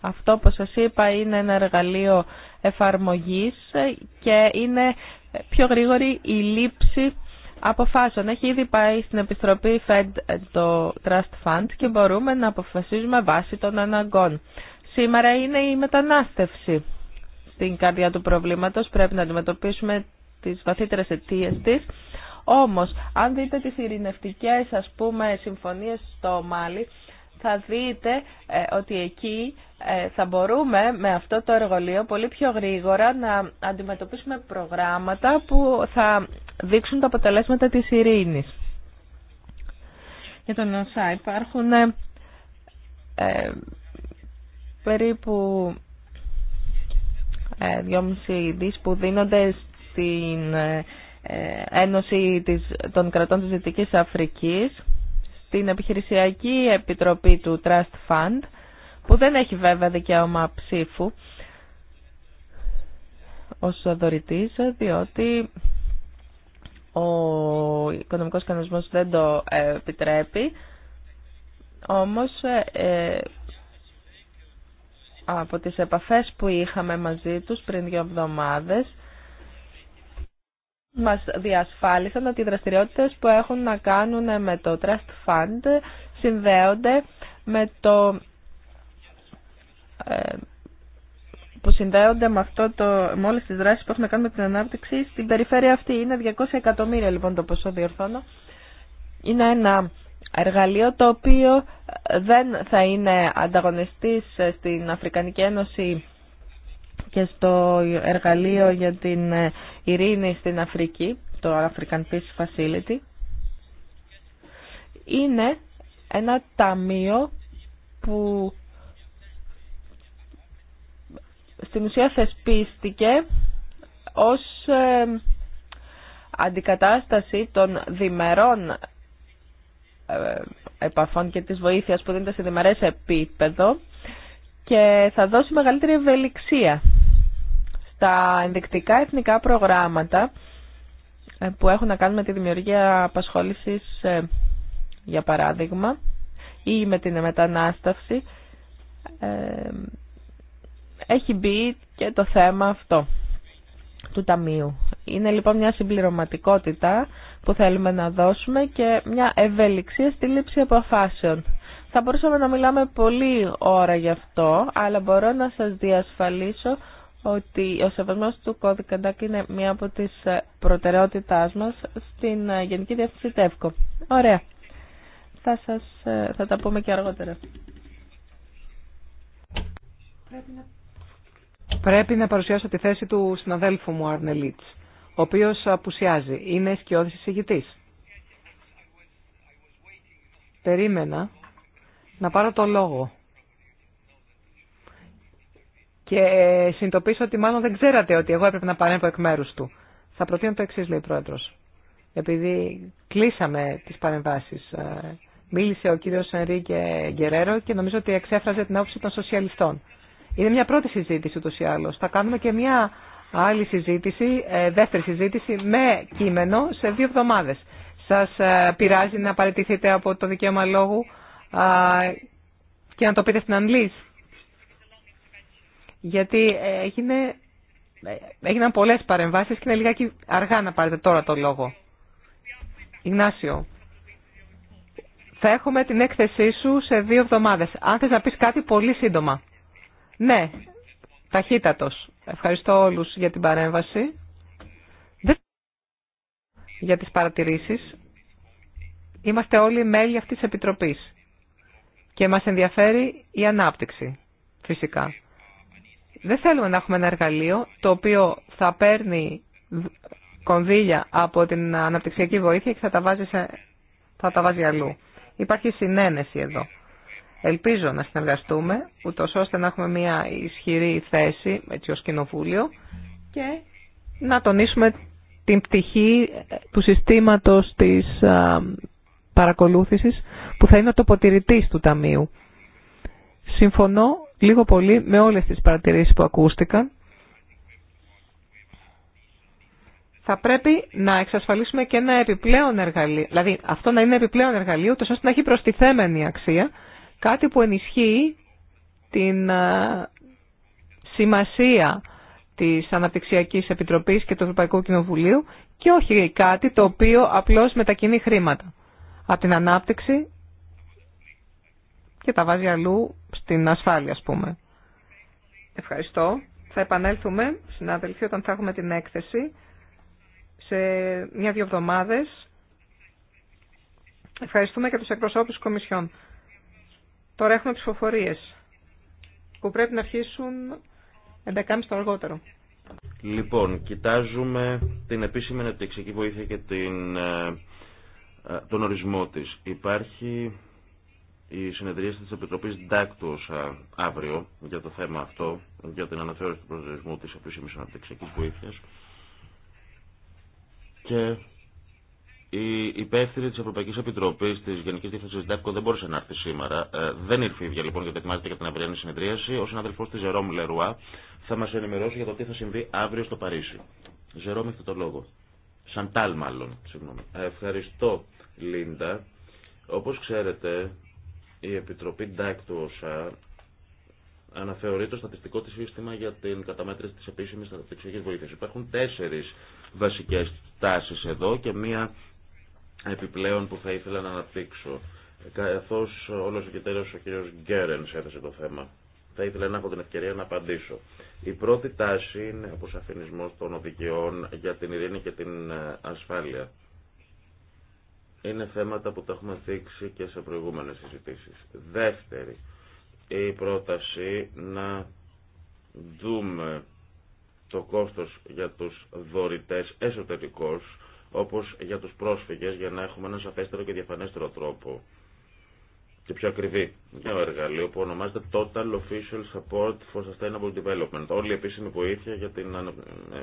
Αυτό που σας είπα είναι ένα εργαλείο εφαρμογής και είναι πιο γρήγορη η λήψη αποφάσεων. Έχει ήδη πάει στην επιστροπή Fed το Trust Fund και μπορούμε να αποφασίζουμε βάση των αναγκών. Σήμερα είναι η μετανάστευση. Στην καρδιά του προβλήματος πρέπει να αντιμετωπίσουμε τις βαθύτερες αιτίε της. Όμως, αν δείτε τις ειρηνευτικές ας πούμε, συμφωνίες στο Μάλι, θα δείτε ε, ότι εκεί ε, θα μπορούμε με αυτό το εργολείο πολύ πιο γρήγορα να αντιμετωπίσουμε προγράμματα που θα δείξουν τα αποτελέσματα της ειρήνης. Για τον ΩΣΑ υπάρχουν ε, ε περίπου ε, 2,5 δις που δίνονται στην Ένωση της, των Κρατών της Δυτικής Αφρικής την Επιχειρησιακή Επιτροπή του Trust Fund, που δεν έχει βέβαια δικαίωμα ψήφου ως δωρητής, διότι ο οικονομικός κανονισμός δεν το ε, επιτρέπει. Όμως, ε, ε, από τις επαφές που είχαμε μαζί τους πριν δύο εβδομάδες, μας διασφάλισαν ότι οι δραστηριότητες που έχουν να κάνουν με το Trust Fund συνδέονται με το ε, που συνδέονται με, αυτό το, με όλες τις δράσεις που έχουν να κάνουν με την ανάπτυξη στην περιφέρεια αυτή. Είναι 200 εκατομμύρια λοιπόν το ποσό διορθώνω. Είναι ένα εργαλείο το οποίο δεν θα είναι ανταγωνιστής στην Αφρικανική Ένωση και στο εργαλείο για την ε, ειρήνη στην Αφρική, το African Peace Facility, είναι ένα ταμείο που στην ουσία θεσπίστηκε ως ε, αντικατάσταση των διμερών ε, επαφών και της βοήθειας που δίνεται σε διμερές επίπεδο και θα δώσει μεγαλύτερη ευελιξία τα ενδεικτικά εθνικά προγράμματα ε, που έχουν να κάνουν με τη δημιουργία απασχόλησης, ε, για παράδειγμα, ή με την μετανάσταση ε, έχει μπει και το θέμα αυτό του Ταμείου. Είναι λοιπόν μια συμπληρωματικότητα που θέλουμε να δώσουμε και μια ευελιξία στη λήψη αποφάσεων. Θα μπορούσαμε να μιλάμε πολύ ώρα γι' αυτό, αλλά μπορώ να σας διασφαλίσω ότι ο σεβασμός του κώδικα ΝΤΑΚ είναι μία από τις ε, προτεραιότητάς μας στην ε, Γενική Διεύθυνση ΤΕΦΚΟ. Ωραία. Θα, σας, ε, θα τα πούμε και αργότερα. Πρέπει να, Πρέπει να παρουσιάσω τη θέση του συναδέλφου μου Αρνελίτς, ο οποίος απουσιάζει. Είναι σκιώδης εισηγητής. Περίμενα να πάρω το λόγο και συνειδητοποίησα ότι μάλλον δεν ξέρατε ότι εγώ έπρεπε να παρέμβω εκ μέρου του. Θα προτείνω το εξή, λέει ο πρόεδρο. Επειδή κλείσαμε τι παρεμβάσει. Ε, μίλησε ο κύριο Ενρίκε Γκερέρο και νομίζω ότι εξέφραζε την άποψη των σοσιαλιστών. Είναι μια πρώτη συζήτηση ούτω ή άλλω. Θα κάνουμε και μια άλλη συζήτηση, ε, δεύτερη συζήτηση με κείμενο σε δύο εβδομάδε. Σα ε, πειράζει να παραιτηθείτε από το δικαίωμα λόγου και να το πείτε στην Ανλή γιατί έγινε, έγιναν πολλές παρεμβάσεις και είναι λιγάκι αργά να πάρετε τώρα το λόγο. Ιγνάσιο, θα έχουμε την έκθεσή σου σε δύο εβδομάδες. Αν θες να πεις κάτι πολύ σύντομα. Ναι, ταχύτατος. Ευχαριστώ όλους για την παρέμβαση. Για τις παρατηρήσεις. Είμαστε όλοι μέλη αυτής της Επιτροπής. Και μας ενδιαφέρει η ανάπτυξη, φυσικά. Δεν θέλουμε να έχουμε ένα εργαλείο το οποίο θα παίρνει κονδύλια από την αναπτυξιακή βοήθεια και θα τα βάζει, θα τα βάζει αλλού. Υπάρχει συνένεση εδώ. Ελπίζω να συνεργαστούμε, ούτω ώστε να έχουμε μια ισχυρή θέση, έτσι ως κοινοβούλιο, και να τονίσουμε την πτυχή ε, του συστήματος της παρακολούθησης, που θα είναι ο τοποτηρητής του Ταμείου. Συμφωνώ λίγο πολύ με όλες τις παρατηρήσεις που ακούστηκαν. Θα πρέπει να εξασφαλίσουμε και ένα επιπλέον εργαλείο, δηλαδή αυτό να είναι επιπλέον εργαλείο, τόσο ώστε να έχει προστιθέμενη αξία, κάτι που ενισχύει την ε, σημασία της Αναπτυξιακής Επιτροπής και του Ευρωπαϊκού Κοινοβουλίου και όχι κάτι το οποίο απλώς μετακινεί χρήματα από την ανάπτυξη και τα βάζει αλλού στην ασφάλεια, α πούμε. Ευχαριστώ. Θα επανέλθουμε, συνάδελφοι, όταν θα έχουμε την έκθεση σε μια-δυο εβδομάδε. Ευχαριστούμε και τους εκπροσώπους της Κομισιόν. Τώρα έχουμε ψηφοφορίε που πρέπει να αρχίσουν 11.30 το αργότερο. Λοιπόν, κοιτάζουμε την επίσημη ανεπτυξιακή βοήθεια και την, ε, ε, τον ορισμό της. Υπάρχει η συνεδρίαση της Επιτροπής Ντάκτου αύριο για το θέμα αυτό, για την αναθεώρηση του προσδιορισμού της επίσημης αναπτυξιακής βοήθειας και η υπεύθυνη τη Ευρωπαϊκή Επιτροπή τη Γενική Διεύθυνση ΔΕΠΚΟ δεν μπορούσε να έρθει σήμερα. Ε, δεν ήρθε η ίδια λοιπόν γιατί ετοιμάζεται για την αυριανή συνεδρίαση. Ο συναδελφό τη Ζερόμ Λερουά θα μα ενημερώσει για το τι θα συμβεί αύριο στο Παρίσι. Ζερόμ, έχετε το λόγο. Σαντάλ, μάλλον. Συγγνώμη. Ε, ευχαριστώ, Λίντα. Όπω ξέρετε, η Επιτροπή ΝΤΑΚ του αναθεωρεί το στατιστικό τη σύστημα για την καταμέτρηση τη επίσημη αναπτυξιακή βοήθεια. Υπάρχουν τέσσερι βασικέ τάσει εδώ και μία επιπλέον που θα ήθελα να αναπτύξω. Καθώ όλο ο ο κ. Γκέρεν έθεσε το θέμα. Θα ήθελα να έχω την ευκαιρία να απαντήσω. Η πρώτη τάση είναι ο των οδηγιών για την ειρήνη και την ε, ασφάλεια είναι θέματα που τα έχουμε δείξει και σε προηγούμενες συζητήσεις. Δεύτερη, η πρόταση να δούμε το κόστος για τους δωρητές εσωτερικώς, όπως για τους πρόσφυγες, για να έχουμε έναν σαφέστερο και διαφανέστερο τρόπο και πιο ακριβή για εργαλείο που ονομάζεται Total Official Support for Sustainable Development, όλη η επίσημη βοήθεια για την ε,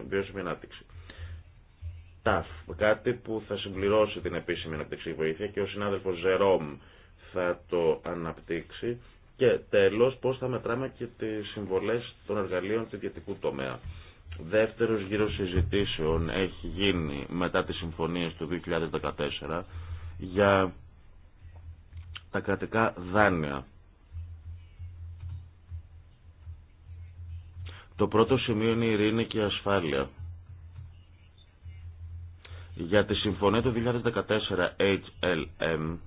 βιώσιμη ανάπτυξη. ΤΑΦ, κάτι που θα συμπληρώσει την επίσημη αναπτυξιακή βοήθεια και ο συνάδελφος Ζερόμ θα το αναπτύξει και τέλος πώς θα μετράμε και τις συμβολές των εργαλείων του ιδιωτικού τομέα. Δεύτερος γύρος συζητήσεων έχει γίνει μετά τις συμφωνίες του 2014 για τα κρατικά δάνεια. Το πρώτο σημείο είναι η ειρήνη και η ασφάλεια. Για τη συμφωνία του 2014 HLM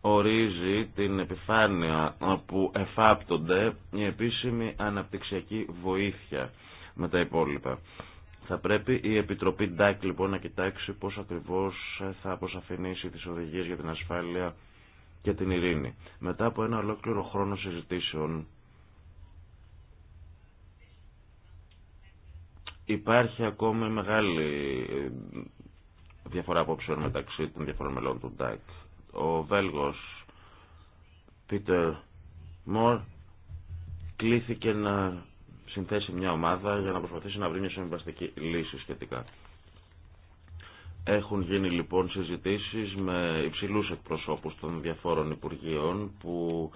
ορίζει την επιφάνεια που εφάπτονται η επίσημη αναπτυξιακή βοήθεια με τα υπόλοιπα. Θα πρέπει η Επιτροπή ΝΤΑΚ λοιπόν να κοιτάξει πώς ακριβώς θα αποσαφηνίσει τις οδηγίες για την ασφάλεια και την ειρήνη. Μετά από ένα ολόκληρο χρόνο συζητήσεων Υπάρχει ακόμη μεγάλη ε, διαφορά απόψεων μεταξύ των διαφορών μελών του ΝΤΑΚ. Ο Βέλγος Πίτερ Μορ κλήθηκε να συνθέσει μια ομάδα για να προσπαθήσει να βρει μια συμβαστική λύση σχετικά. Έχουν γίνει λοιπόν συζητήσεις με υψηλούς εκπροσώπους των διαφόρων υπουργείων που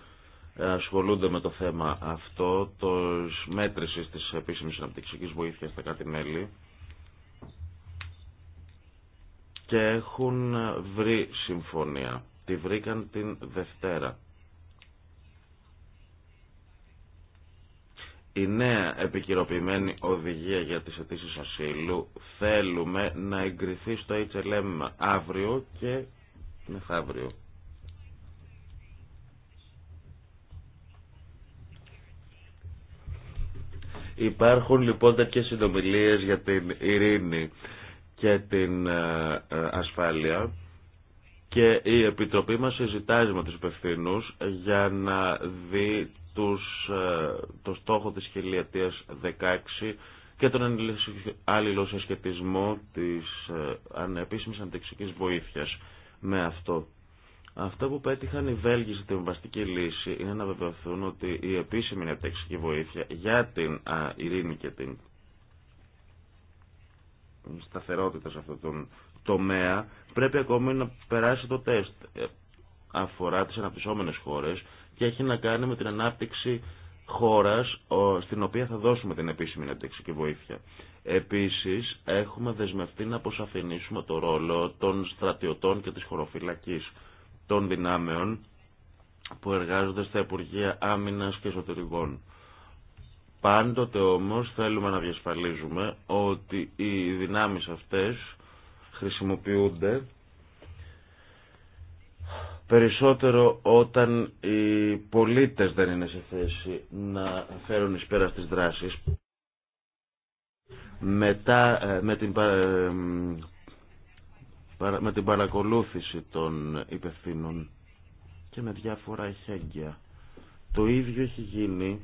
ασχολούνται με το θέμα αυτό, το μέτρηση της επίσημης συναπτυξικής βοήθειας στα κάτι μέλη και έχουν βρει συμφωνία. Τη βρήκαν την Δευτέρα. Η νέα επικυροποιημένη οδηγία για τις αιτήσει ασύλου θέλουμε να εγκριθεί στο HLM αύριο και μεθαύριο. Υπάρχουν λοιπόν τέτοιες συνομιλίε για την ειρήνη και την ε, ε, ασφάλεια και η Επιτροπή μας συζητάζει με τους υπευθύνους για να δει τους, ε, το στόχο της χιλιατίας 16 και τον άλληλο συσχετισμό της ανεπίσημης αντεξικής βοήθειας με αυτό αυτό που πέτυχαν οι Βέλγοι στη βασική λύση είναι να βεβαιωθούν ότι η επίσημη αναπτυξική βοήθεια για την α, ειρήνη και την σταθερότητα σε αυτόν τον τομέα πρέπει ακόμη να περάσει το τεστ. Ε, αφορά τις αναπτυσσόμενες χώρες και έχει να κάνει με την ανάπτυξη χώρας στην οποία θα δώσουμε την επίσημη αναπτυξική βοήθεια. Επίσης, έχουμε δεσμευτεί να αποσαφηνίσουμε το ρόλο των στρατιωτών και της χωροφυλακής των δυνάμεων που εργάζονται στα Υπουργεία Άμυνας και Εσωτερικών. Πάντοτε όμως θέλουμε να διασφαλίζουμε ότι οι δυνάμεις αυτές χρησιμοποιούνται περισσότερο όταν οι πολίτες δεν είναι σε θέση να φέρουν εις πέρα στι δράσεις. Μετά ε, με την ε, με την παρακολούθηση των υπευθύνων και με διάφορα εχέγγυα. Το ίδιο έχει γίνει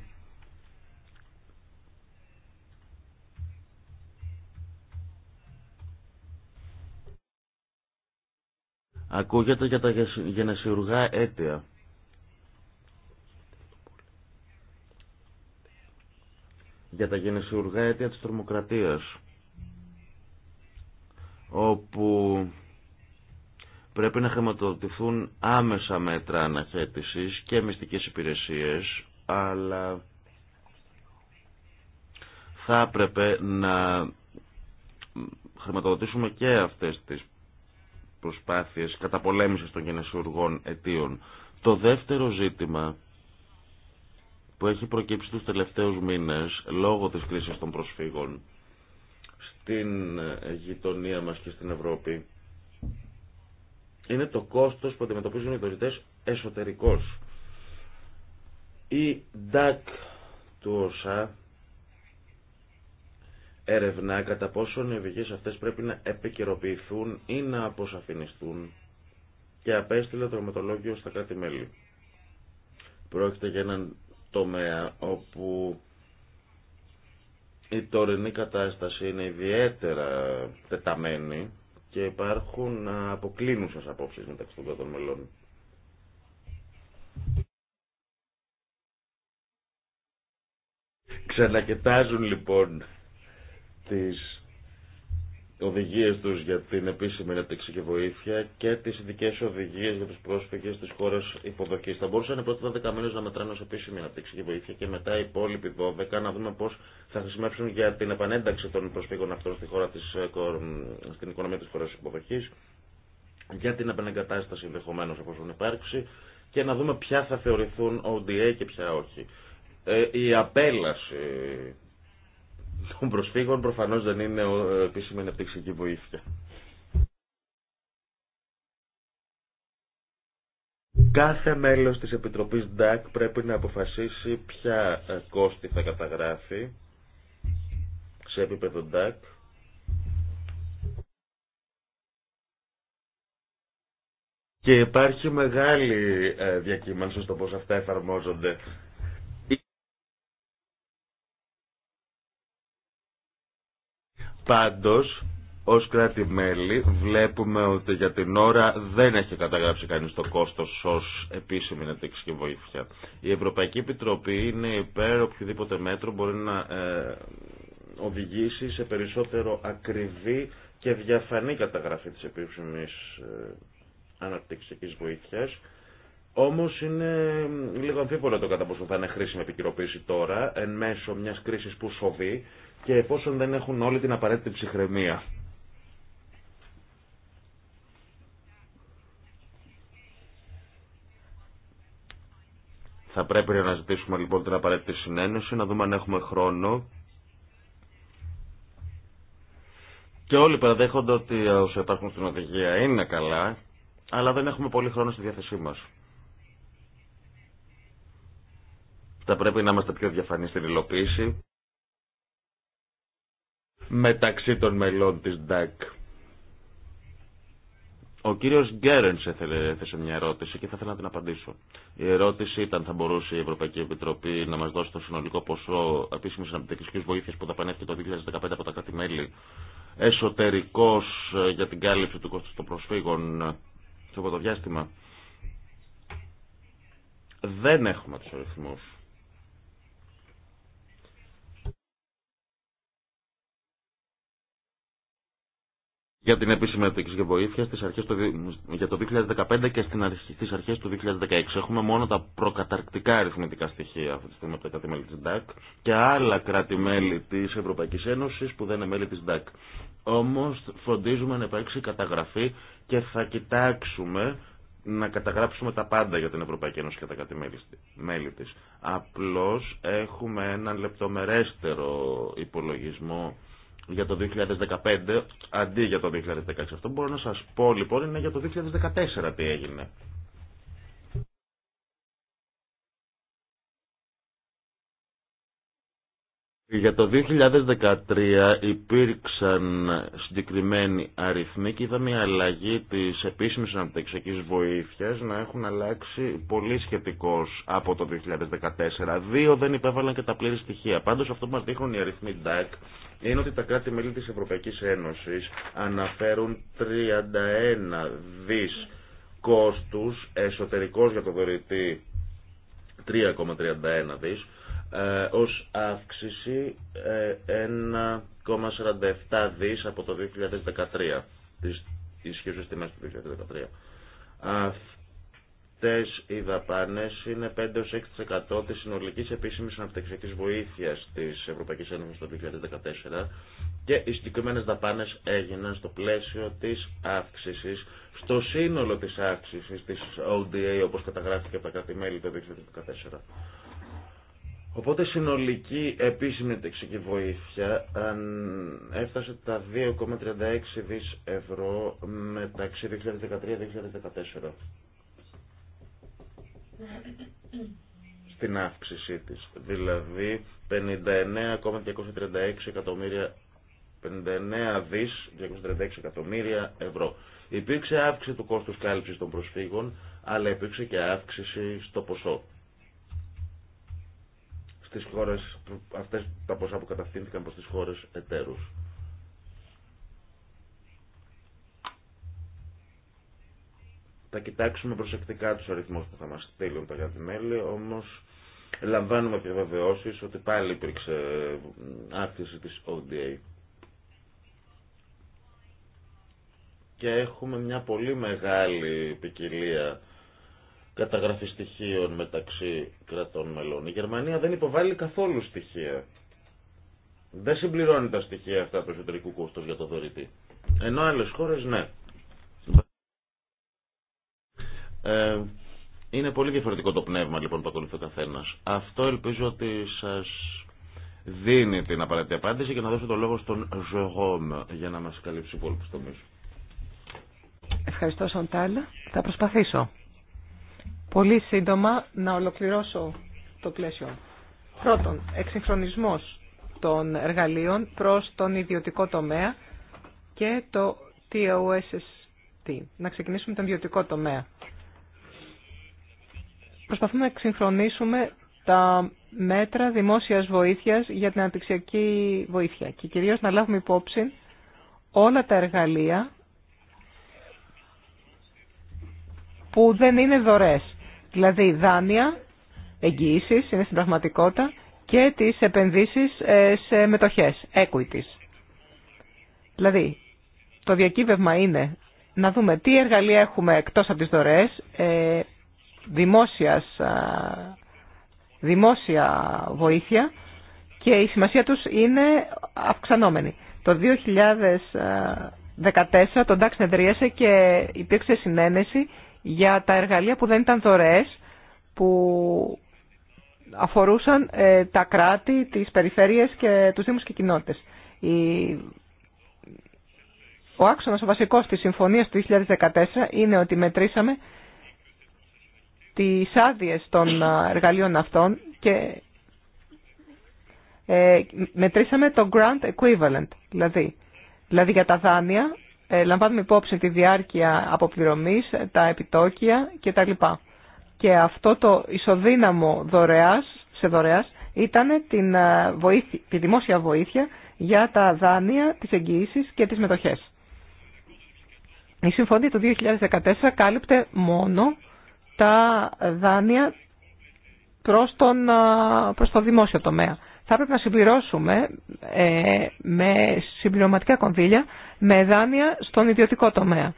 Ακούγεται για τα γενεσιουργά αίτια. Για τα γενεσιουργά αίτια της τρομοκρατίας. Όπου Πρέπει να χρηματοδοτηθούν άμεσα μέτρα αναθέτησης και μυστικές υπηρεσίες, αλλά θα έπρεπε να χρηματοδοτήσουμε και αυτές τις προσπάθειες καταπολέμησης των γενεσιουργών αιτίων. Το δεύτερο ζήτημα που έχει προκύψει τους τελευταίους μήνες λόγω της κρίσης των προσφύγων στην γειτονία μας και στην Ευρώπη είναι το κόστος που αντιμετωπίζουν οι δωρητές εσωτερικώς. Η DAC του ΩΣΑ έρευνα κατά πόσο οι οδηγίες αυτές πρέπει να επικαιροποιηθούν ή να αποσαφινιστούν και απέστειλε το μετολόγιο στα κράτη-μέλη. Πρόκειται για έναν τομέα όπου η τωρινή κατάσταση είναι ιδιαίτερα τεταμένη και υπάρχουν αποκλίνουσες απόψεις μεταξύ των κρατών μελών. Ξανακετάζουν λοιπόν τις οδηγίες τους για την επίσημη ανάπτυξη και βοήθεια και τις ειδικέ οδηγίες για τους πρόσφυγες στις χώρες υποδοχής. Θα μπορούσαν οι πρώτοι μήνες να μετράνε ως επίσημη ανάπτυξη και βοήθεια και μετά οι υπόλοιποι 12 να δούμε πώς θα χρησιμεύσουν για την επανένταξη των προσφύγων αυτών στη χώρα της, ε, στην οικονομία της χώρας υποδοχής, για την επανεγκατάσταση ενδεχομένω όπω έχουν υπάρξει και να δούμε ποια θα θεωρηθούν ODA και ποια όχι. Ε, η απέλαση των προσφύγων προφανώς δεν είναι ε, επίσημη αναπτυξική βοήθεια. Κάθε μέλος της Επιτροπής DAC πρέπει να αποφασίσει ποια ε, κόστη θα καταγράφει σε επίπεδο DAC Και υπάρχει μεγάλη ε, διακύμανση στο πώς αυτά εφαρμόζονται Πάντως, ως κράτη-μέλη βλέπουμε ότι για την ώρα δεν έχει καταγράψει κανείς το κόστος ως επίσημη αναπτύξη και βοήθεια. Η Ευρωπαϊκή Επιτροπή είναι υπέρ οποιοδήποτε μέτρο μπορεί να ε, οδηγήσει σε περισσότερο ακριβή και διαφανή καταγραφή της επίσημης ε, αναπτυξικής βοήθειας. Όμως είναι λίγο αμφίβολο το κατά πόσο θα είναι χρήσιμη επικυροποίηση τώρα, εν μέσω μια κρίσης που σοβεί και εφόσον δεν έχουν όλη την απαραίτητη ψυχραιμία. Θα πρέπει να ζητήσουμε λοιπόν την απαραίτητη συνένωση, να δούμε αν έχουμε χρόνο. Και όλοι παραδέχονται ότι όσοι υπάρχουν στην οδηγία είναι καλά, αλλά δεν έχουμε πολύ χρόνο στη διάθεσή μας. Θα πρέπει να είμαστε πιο διαφανείς στην υλοποίηση μεταξύ των μελών της ΝΤΑΚ. Ο κύριος Γκέρενς έθεσε μια ερώτηση και θα ήθελα να την απαντήσω. Η ερώτηση ήταν θα μπορούσε η Ευρωπαϊκή Επιτροπή να μας δώσει το συνολικό ποσό επίσημης αναπτυξικής βοήθειας που πανέφτει το 2015 από τα κράτη-μέλη εσωτερικός ε, για την κάλυψη του κόστου των προσφύγων ε, σε αυτό το διάστημα. Δεν έχουμε τους αριθμούς για την επίσημη και βοήθεια στις αρχές του, για το 2015 και στις αρχές του 2016. Έχουμε μόνο τα προκαταρκτικά αριθμητικά στοιχεία αυτή τη στιγμή από τα κράτη-μέλη της ΝΤΑΚ και άλλα κράτη-μέλη της Ευρωπαϊκής Ένωσης που δεν είναι μέλη της ΝΤΑΚ. Όμως φροντίζουμε να υπάρξει καταγραφή και θα κοιτάξουμε να καταγράψουμε τα πάντα για την Ευρωπαϊκή Ένωση και τα κρατη μέλη της. Απλώς έχουμε έναν λεπτομερέστερο υπολογισμό για το 2015 αντί για το 2016. Αυτό μπορώ να σας πω λοιπόν είναι για το 2014 τι έγινε. Για το 2013 υπήρξαν συγκεκριμένοι αριθμοί και είδαμε η αλλαγή της επίσημης αναπτυξιακής βοήθειας να έχουν αλλάξει πολύ σχετικώς από το 2014. Δύο δεν υπέβαλαν και τα πλήρη στοιχεία. Πάντως αυτό που μας δείχνουν οι αριθμοί DAC είναι ότι τα κράτη-μέλη της Ευρωπαϊκής Ένωσης αναφέρουν 31 δις κόστους εσωτερικός για το δωρητή 3,31 δις ε, ως αύξηση 1,47 ε, δις από το 2013 τις τιμές του 2013 Αυτές οι δαπάνες είναι 5-6% της συνολικής επίσημης αναπτυξιακής βοήθειας της Ευρωπαϊκής Ένωσης το 2014 και οι συγκεκριμένε δαπάνες έγιναν στο πλαίσιο της αύξησης, στο σύνολο της αύξησης της ODA όπως καταγράφηκε από τα κράτη-μέλη το 2014. Οπότε συνολική επίσημη τεξική βοήθεια έφτασε τα 2,36 δις ευρώ μεταξύ 2013-2014 στην αύξησή της. Δηλαδή 59,236 εκατομμύρια 59 δις 236 εκατομμύρια ευρώ. Υπήρξε αύξηση του κόστους κάλυψης των προσφύγων, αλλά υπήρξε και αύξηση στο ποσό. Στις χώρες, αυτές τα ποσά που κατευθύνθηκαν προς τις χώρες εταίρους. Θα κοιτάξουμε προσεκτικά τους αριθμούς που θα μας στείλουν τα μέλη, όμως λαμβάνουμε βεβαιώσεις ότι πάλι υπήρξε άκρηση της ODA. Και έχουμε μια πολύ μεγάλη ποικιλία καταγραφή στοιχείων μεταξύ κρατών μελών. Η Γερμανία δεν υποβάλλει καθόλου στοιχεία. Δεν συμπληρώνει τα στοιχεία αυτά του εσωτερικού για το δωρητή. Ενώ άλλες χώρες ναι. Ε, είναι πολύ διαφορετικό το πνεύμα λοιπόν που ακολουθεί ο καθένα. Αυτό ελπίζω ότι σα δίνει την απαραίτητη απάντηση και να δώσω το λόγο στον Ζωγόμ για να μα καλύψει υπόλοιπου τομεί. Ευχαριστώ, Σαντάλ. Θα προσπαθήσω πολύ σύντομα να ολοκληρώσω το πλαίσιο. Πρώτον, εξυγχρονισμό των εργαλείων προς τον ιδιωτικό τομέα και το TOSST. Να ξεκινήσουμε τον ιδιωτικό τομέα προσπαθούμε να εξυγχρονίσουμε τα μέτρα δημόσιας βοήθειας για την αναπτυξιακή βοήθεια και κυρίως να λάβουμε υπόψη όλα τα εργαλεία που δεν είναι δωρές. Δηλαδή δάνεια, εγγυήσεις είναι στην πραγματικότητα και τις επενδύσεις ε, σε μετοχές, equity. Δηλαδή, το διακύβευμα είναι να δούμε τι εργαλεία έχουμε εκτός από τις δωρεές, ε, δημόσιας, δημόσια βοήθεια και η σημασία τους είναι αυξανόμενη. Το 2014 τον ΤΑΚ συνεδρίασε και υπήρξε συνένεση για τα εργαλεία που δεν ήταν δωρεές που αφορούσαν ε, τα κράτη, τις περιφέρειες και τους δήμους και κοινότητες. Ο άξονας, ο βασικός της συμφωνίας του 2014 είναι ότι μετρήσαμε τις άδειε των εργαλείων αυτών και ε, μετρήσαμε το grant equivalent, δηλαδή, δηλαδή για τα δάνεια ε, λαμβάνουμε υπόψη τη διάρκεια αποπληρωμής, τα επιτόκια κτλ. Και αυτό το ισοδύναμο δωρεάς, σε δωρεάς ήταν την, βοήθεια, τη δημόσια βοήθεια για τα δάνεια, τις εγγυήσεις και τις μετοχές. Η συμφωνία του 2014 κάλυπτε μόνο τα δάνεια προς, τον, προς το δημόσιο τομέα. Θα πρέπει να συμπληρώσουμε ε, με συμπληρωματικά κονδύλια με δάνεια στον ιδιωτικό τομέα.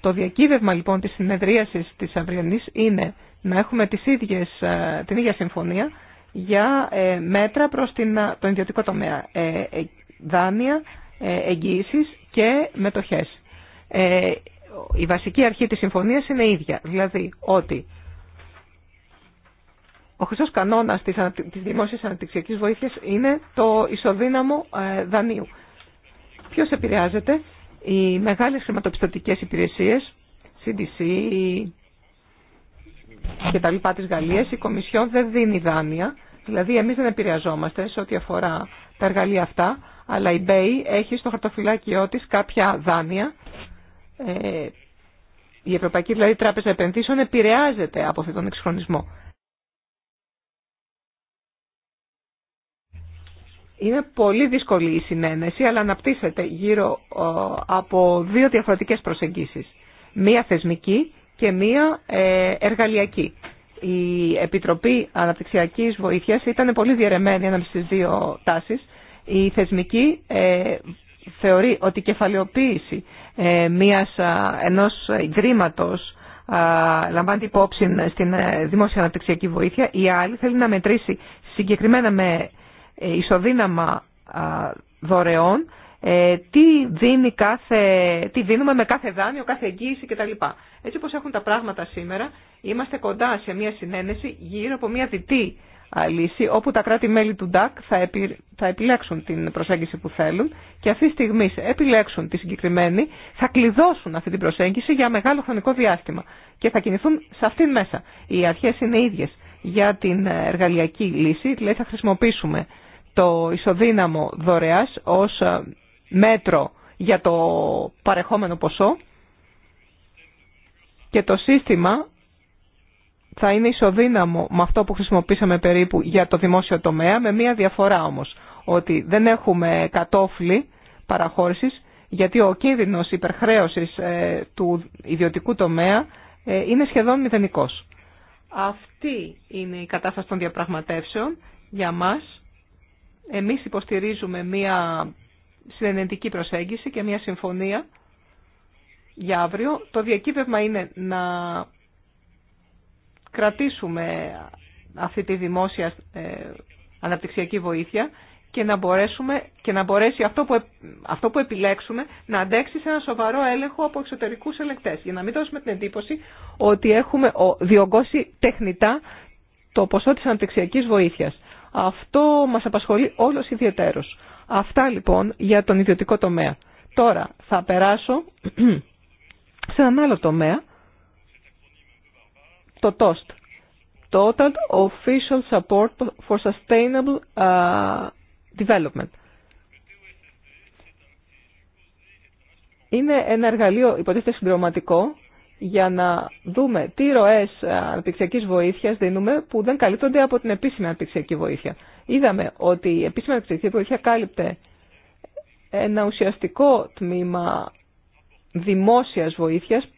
Το διακύβευμα λοιπόν της συνεδρίασης της αυριανής είναι να έχουμε τις ίδιες, ε, την ίδια συμφωνία για ε, μέτρα προς την, τον ιδιωτικό τομέα. Ε, ε δάνεια, εγγύησεις και μετοχές η βασική αρχή της συμφωνίας είναι ίδια. Δηλαδή ότι ο χρυσό κανόνα τη της δημόσια αναπτυξιακή βοήθεια είναι το ισοδύναμο ε, δανείου. Ποιο επηρεάζεται, οι μεγάλε χρηματοπιστωτικέ υπηρεσίε, CDC και τα λοιπά τη Γαλλία, η Κομισιόν δεν δίνει δάνεια. Δηλαδή, εμεί δεν επηρεαζόμαστε σε ό,τι αφορά τα εργαλεία αυτά, αλλά η ΜΠΕΗ έχει στο χαρτοφυλάκιό τη κάποια δάνεια ε, η Ευρωπαϊκή δηλαδή, Τράπεζα Επενδύσεων επηρεάζεται από αυτόν τον εξχρονισμό. Είναι πολύ δύσκολη η συνένεση, αλλά αναπτύσσεται γύρω από δύο διαφορετικές προσεγγίσεις. Μία θεσμική και μία ε, εργαλειακή. Η Επιτροπή Αναπτυξιακής Βοήθειας ήταν πολύ διαιρεμένη ανάμεσα στις δύο τάσεις. Η θεσμική ε, θεωρεί ότι η κεφαλαιοποίηση ε, μιας, ενός εγκρήματος λαμβάνει υπόψη στην ε, δημόσια αναπτυξιακή βοήθεια. Η άλλη θέλει να μετρήσει συγκεκριμένα με ε, ισοδύναμα δωρεών ε, τι, δίνει κάθε, τι δίνουμε με κάθε δάνειο, κάθε εγγύηση κτλ. Έτσι όπως έχουν τα πράγματα σήμερα, είμαστε κοντά σε μια συνένεση γύρω από μια διτή λύση όπου τα κράτη-μέλη του ΝΤΑΚ θα επιλέξουν την προσέγγιση που θέλουν και αυτή τη στιγμή επιλέξουν τη συγκεκριμένη, θα κλειδώσουν αυτή την προσέγγιση για μεγάλο χρονικό διάστημα και θα κινηθούν σε αυτήν μέσα. Οι αρχές είναι ίδιες για την εργαλειακή λύση, δηλαδή θα χρησιμοποιήσουμε το ισοδύναμο δωρεάς ως ε, μέτρο για το παρεχόμενο ποσό και το σύστημα θα είναι ισοδύναμο με αυτό που χρησιμοποίησαμε περίπου για το δημόσιο τομέα, με μία διαφορά όμως, ότι δεν έχουμε κατόφλι παραχώρησης, γιατί ο κίνδυνος υπερχρέωσης ε, του ιδιωτικού τομέα ε, είναι σχεδόν μηδενικός. Αυτή είναι η κατάσταση των διαπραγματεύσεων για μας. Εμείς υποστηρίζουμε μία συνενετική προσέγγιση και μία συμφωνία για αύριο. Το διακύβευμα είναι να κρατήσουμε αυτή τη δημόσια ε, αναπτυξιακή βοήθεια και να, μπορέσουμε, και να μπορέσει αυτό που, ε, αυτό που επιλέξουμε να αντέξει σε ένα σοβαρό έλεγχο από εξωτερικούς ελεκτές Για να μην δώσουμε την εντύπωση ότι έχουμε διωγγώσει τεχνητά το ποσό της αναπτυξιακής βοήθειας. Αυτό μας απασχολεί όλος ιδιαιτέρως. Αυτά λοιπόν για τον ιδιωτικό τομέα. Τώρα θα περάσω [CLEARS THROAT] σε έναν άλλο τομέα το TOST. Total Official Support for Sustainable uh, Development. Είναι ένα εργαλείο υποτίθεται συμπληρωματικό για να δούμε τι ροέ ε, αναπτυξιακή βοήθεια δίνουμε που δεν καλύπτονται από την επίσημη αναπτυξιακή βοήθεια. Είδαμε ότι η επίσημη αναπτυξιακή βοήθεια κάλυπτε ένα ουσιαστικό τμήμα δημόσιας βοήθειας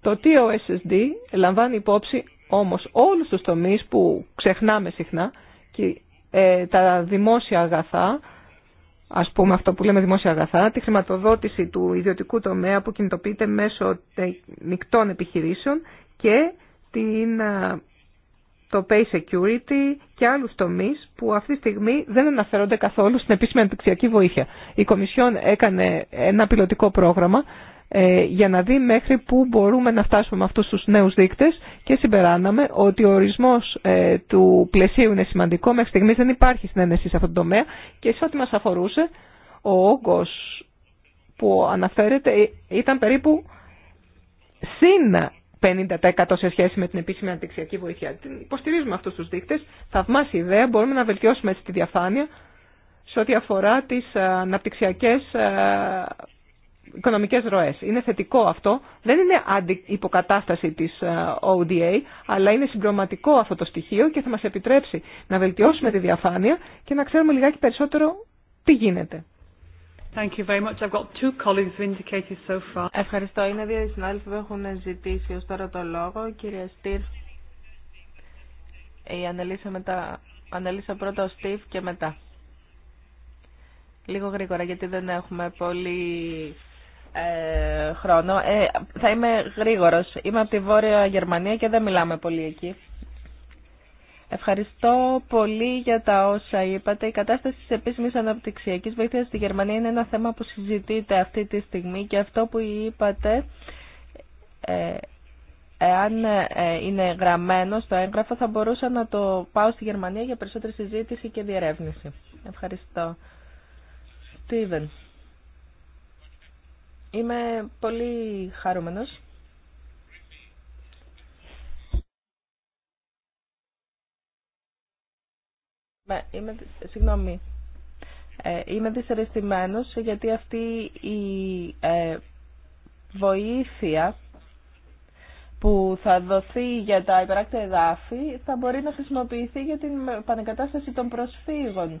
το TOSSD λαμβάνει υπόψη όμως όλους τους τομείς που ξεχνάμε συχνά και ε, τα δημόσια αγαθά, ας πούμε αυτό που λέμε δημόσια αγαθά, τη χρηματοδότηση του ιδιωτικού τομέα που κινητοποιείται μέσω μεικτών επιχειρήσεων και την, ε, το pay security και άλλους τομείς που αυτή τη στιγμή δεν αναφέρονται καθόλου στην επίσημη αναπτυξιακή βοήθεια. Η Κομισιόν έκανε ένα πιλωτικό πρόγραμμα ε, για να δει μέχρι πού μπορούμε να φτάσουμε με αυτούς τους νέους δείκτες και συμπεράναμε ότι ο ορισμός ε, του πλαισίου είναι σημαντικό. Μέχρι στιγμής δεν υπάρχει συνένεση σε αυτό το τομέα και σε ό,τι μας αφορούσε ο όγκος που αναφέρεται ε, ήταν περίπου συν 50% σε σχέση με την επίσημη αναπτυξιακή βοήθεια. Την υποστηρίζουμε αυτούς τους δείκτες. Θαυμάσια ιδέα. Μπορούμε να βελτιώσουμε έτσι τη διαφάνεια σε ό,τι αφορά τις αναπτυξιακές οικονομικές ροές. Είναι θετικό αυτό. Δεν είναι υποκατάσταση της ε, ODA, αλλά είναι συμπληρωματικό αυτό το στοιχείο και θα μας επιτρέψει να βελτιώσουμε τη διαφάνεια και να ξέρουμε λιγάκι περισσότερο τι γίνεται. Thank you very much. I've got two colleagues indicated so far. Ευχαριστώ. Είναι δύο συνάδελφοι που έχουν ζητήσει ως τώρα το λόγο. Κύριε Στυρ, η αναλύσα, πρώτα ο Στίβ και μετά. Λίγο γρήγορα γιατί δεν έχουμε πολύ ε, χρόνο. Ε, θα είμαι γρήγορος. Είμαι από τη Βόρεια Γερμανία και δεν μιλάμε πολύ εκεί. Ευχαριστώ πολύ για τα όσα είπατε. Η κατάσταση τη επίσημη αναπτυξιακής βοήθεια στη Γερμανία είναι ένα θέμα που συζητείται αυτή τη στιγμή και αυτό που είπατε, ε, εάν ε, είναι γραμμένο στο έγγραφο, θα μπορούσα να το πάω στη Γερμανία για περισσότερη συζήτηση και διερεύνηση. Ευχαριστώ. Είμαι πολύ χαρούμενος. Είμαι, συγγνώμη, ε, είμαι δυσαρεστημένος γιατί αυτή η ε, βοήθεια που θα δοθεί για τα υπεράκτα εδάφη θα μπορεί να χρησιμοποιηθεί για την πανεκατάσταση των προσφύγων.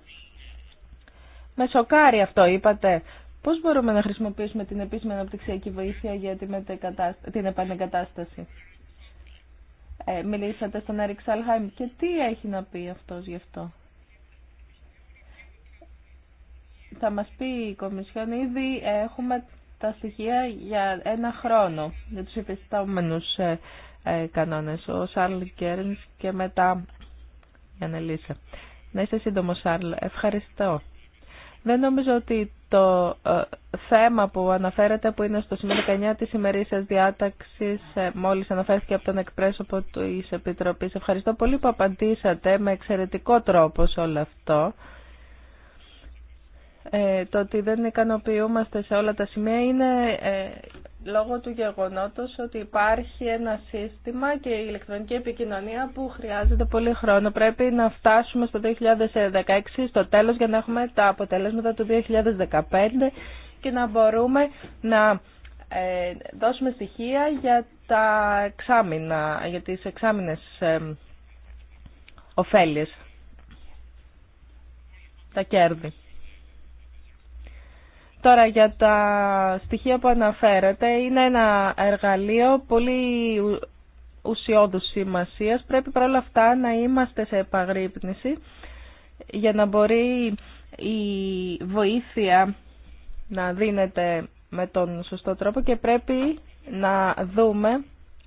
Με σοκάρει αυτό, είπατε. Πώ μπορούμε να χρησιμοποιήσουμε την επίσημη αναπτυξιακή βοήθεια για την επανεγκατάσταση. Ε, μιλήσατε στον Έρικ Σαλχάιμ και τι έχει να πει αυτός γι' αυτό. Θα μας πει η Κομισιόν ήδη έχουμε τα στοιχεία για ένα χρόνο για τους επιστάμενους ε, ε, κανόνες. Ο Σάρλ Κέρνς και μετά η Ανελίσσα. Να είστε σύντομο Σάρλ. Ευχαριστώ. Δεν νομίζω ότι το ε, θέμα που αναφέρετε, που είναι στο σημείο 19 της ημερήσιας διάταξης ε, μόλις αναφέρθηκε από τον εκπρόσωπο της Επιτροπής. Ευχαριστώ πολύ που απαντήσατε με εξαιρετικό τρόπο σε όλο αυτό. Ε, το ότι δεν ικανοποιούμαστε σε όλα τα σημεία είναι ε, λόγω του γεγονότος ότι υπάρχει ένα σύστημα και η ηλεκτρονική επικοινωνία που χρειάζεται πολύ χρόνο. Πρέπει να φτάσουμε στο 2016 στο τέλος για να έχουμε τα αποτελέσματα του 2015 και να μπορούμε να ε, δώσουμε στοιχεία για τα εξαμήνα για τις ε, ωφέλειες, τα κέρδη. Τώρα για τα στοιχεία που αναφέρατε είναι ένα εργαλείο πολύ ουσιώδους σημασίας. Πρέπει πρώτα αυτά να είμαστε σε επαγρύπνηση για να μπορεί η βοήθεια να δίνεται με τον σωστό τρόπο και πρέπει να δούμε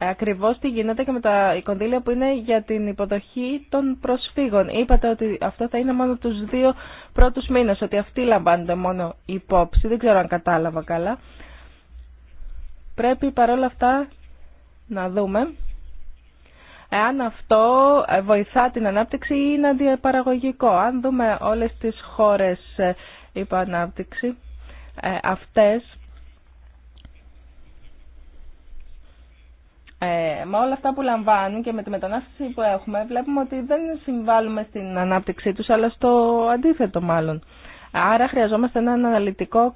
ακριβώς τι γίνεται και με τα κονδύλια που είναι για την υποδοχή των προσφύγων. Είπατε ότι αυτό θα είναι μόνο τους δύο πρώτους μήνες, ότι αυτοί λαμβάνονται μόνο υπόψη. Δεν ξέρω αν κατάλαβα καλά. Πρέπει παρόλα αυτά να δούμε εάν αυτό βοηθά την ανάπτυξη ή είναι αντιπαραγωγικό. Αν δούμε όλες τις χώρες ε, υπό ανάπτυξη, ε, αυτές Ε, με όλα αυτά που λαμβάνουν και με τη μετανάστευση που έχουμε βλέπουμε ότι δεν συμβάλλουμε στην ανάπτυξή τους αλλά στο αντίθετο μάλλον. Άρα χρειαζόμαστε ένα αναλυτικό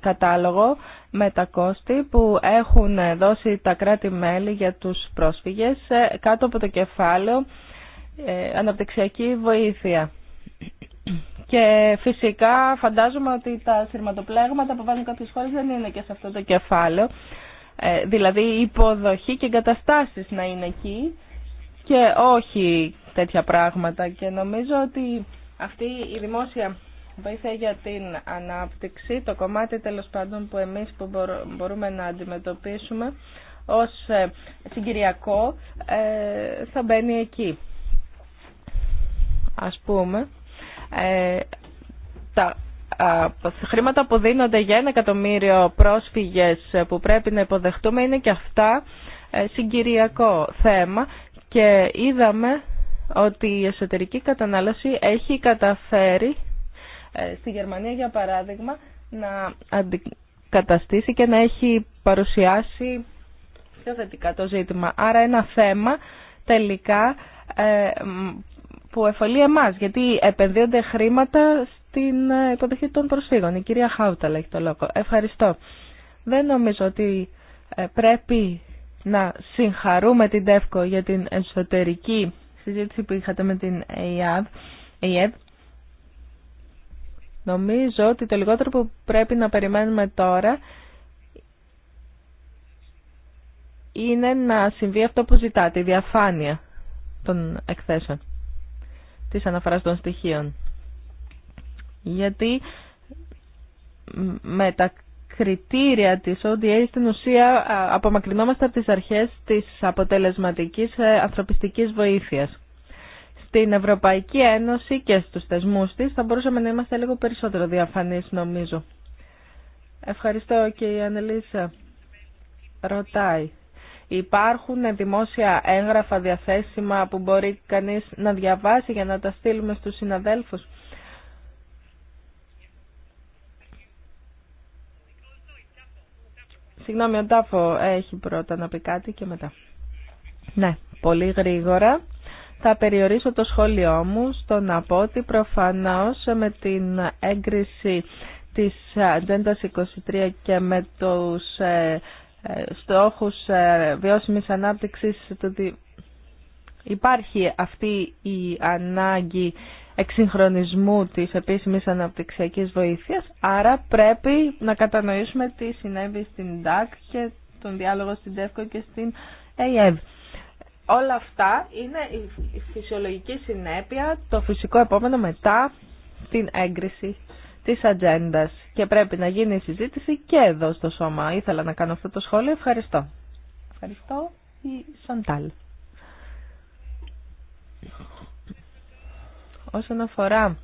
κατάλογο με τα κόστη που έχουν δώσει τα κράτη-μέλη για τους πρόσφυγες ε, κάτω από το κεφάλαιο ε, αναπτυξιακή βοήθεια. Και φυσικά φαντάζομαι ότι τα σειρματοπλέγματα που βάζουν κάποιες χώρες δεν είναι και σε αυτό το κεφάλαιο. Ε, δηλαδή υποδοχή και εγκαταστάσεις να είναι εκεί και όχι τέτοια πράγματα και νομίζω ότι αυτή η δημόσια βοήθεια για την ανάπτυξη, το κομμάτι τέλος πάντων που εμείς που μπορούμε να αντιμετωπίσουμε ως ε, συγκυριακό ε, θα μπαίνει εκεί. Ας πούμε, τα χρήματα που δίνονται για ένα εκατομμύριο πρόσφυγες που πρέπει να υποδεχτούμε είναι και αυτά ε, συγκυριακό θέμα και είδαμε ότι η εσωτερική κατανάλωση έχει καταφέρει ε, στη Γερμανία για παράδειγμα να αντικαταστήσει και να έχει παρουσιάσει πιο θετικά το ζήτημα. Άρα ένα θέμα τελικά ε, που εφαλεί εμάς γιατί επενδύονται χρήματα την ε, υποδοχή των προσφύγων. Η κυρία Χάουτα έχει το λόγο. Ευχαριστώ. Δεν νομίζω ότι ε, πρέπει να συγχαρούμε την ΤΕΦΚΟ για την εσωτερική συζήτηση που είχατε με την ΕΙΑΔ. Νομίζω ότι το λιγότερο που πρέπει να περιμένουμε τώρα είναι να συμβεί αυτό που ζητάτε, η διαφάνεια των εκθέσεων, της αναφοράς των στοιχείων γιατί με τα κριτήρια της ODA στην ουσία απομακρυνόμαστε από τις αρχές της αποτελεσματικής ε, ανθρωπιστικής βοήθειας. Στην Ευρωπαϊκή Ένωση και στους θεσμούς της θα μπορούσαμε να είμαστε λίγο περισσότερο διαφανείς νομίζω. Ευχαριστώ και η Ανελίσσα. Ρωτάει. Υπάρχουν δημόσια έγγραφα διαθέσιμα που μπορεί κανείς να διαβάσει για να τα στείλουμε στους συναδέλφους. Συγγνώμη, ο Ντάφο έχει πρώτα να πει κάτι και μετά. Ναι, πολύ γρήγορα. Θα περιορίσω το σχόλιο μου στο να πω ότι προφανώς με την έγκριση της Agenda 23 και με τους ε, ε, στόχους ε, βιώσιμης ανάπτυξης υπάρχει αυτή η ανάγκη εξυγχρονισμού της επίσημης αναπτυξιακής βοήθειας, άρα πρέπει να κατανοήσουμε τι συνέβη στην ΔΑΚ και τον διάλογο στην ΤΕΦΚΟ και στην ΕΙΕΒ. Όλα αυτά είναι η φυσιολογική συνέπεια, το φυσικό επόμενο μετά την έγκριση της ατζέντα και πρέπει να γίνει η συζήτηση και εδώ στο σώμα. Ήθελα να κάνω αυτό το σχόλιο. Ευχαριστώ. Ευχαριστώ η Σαντάλ. Όσον αφορά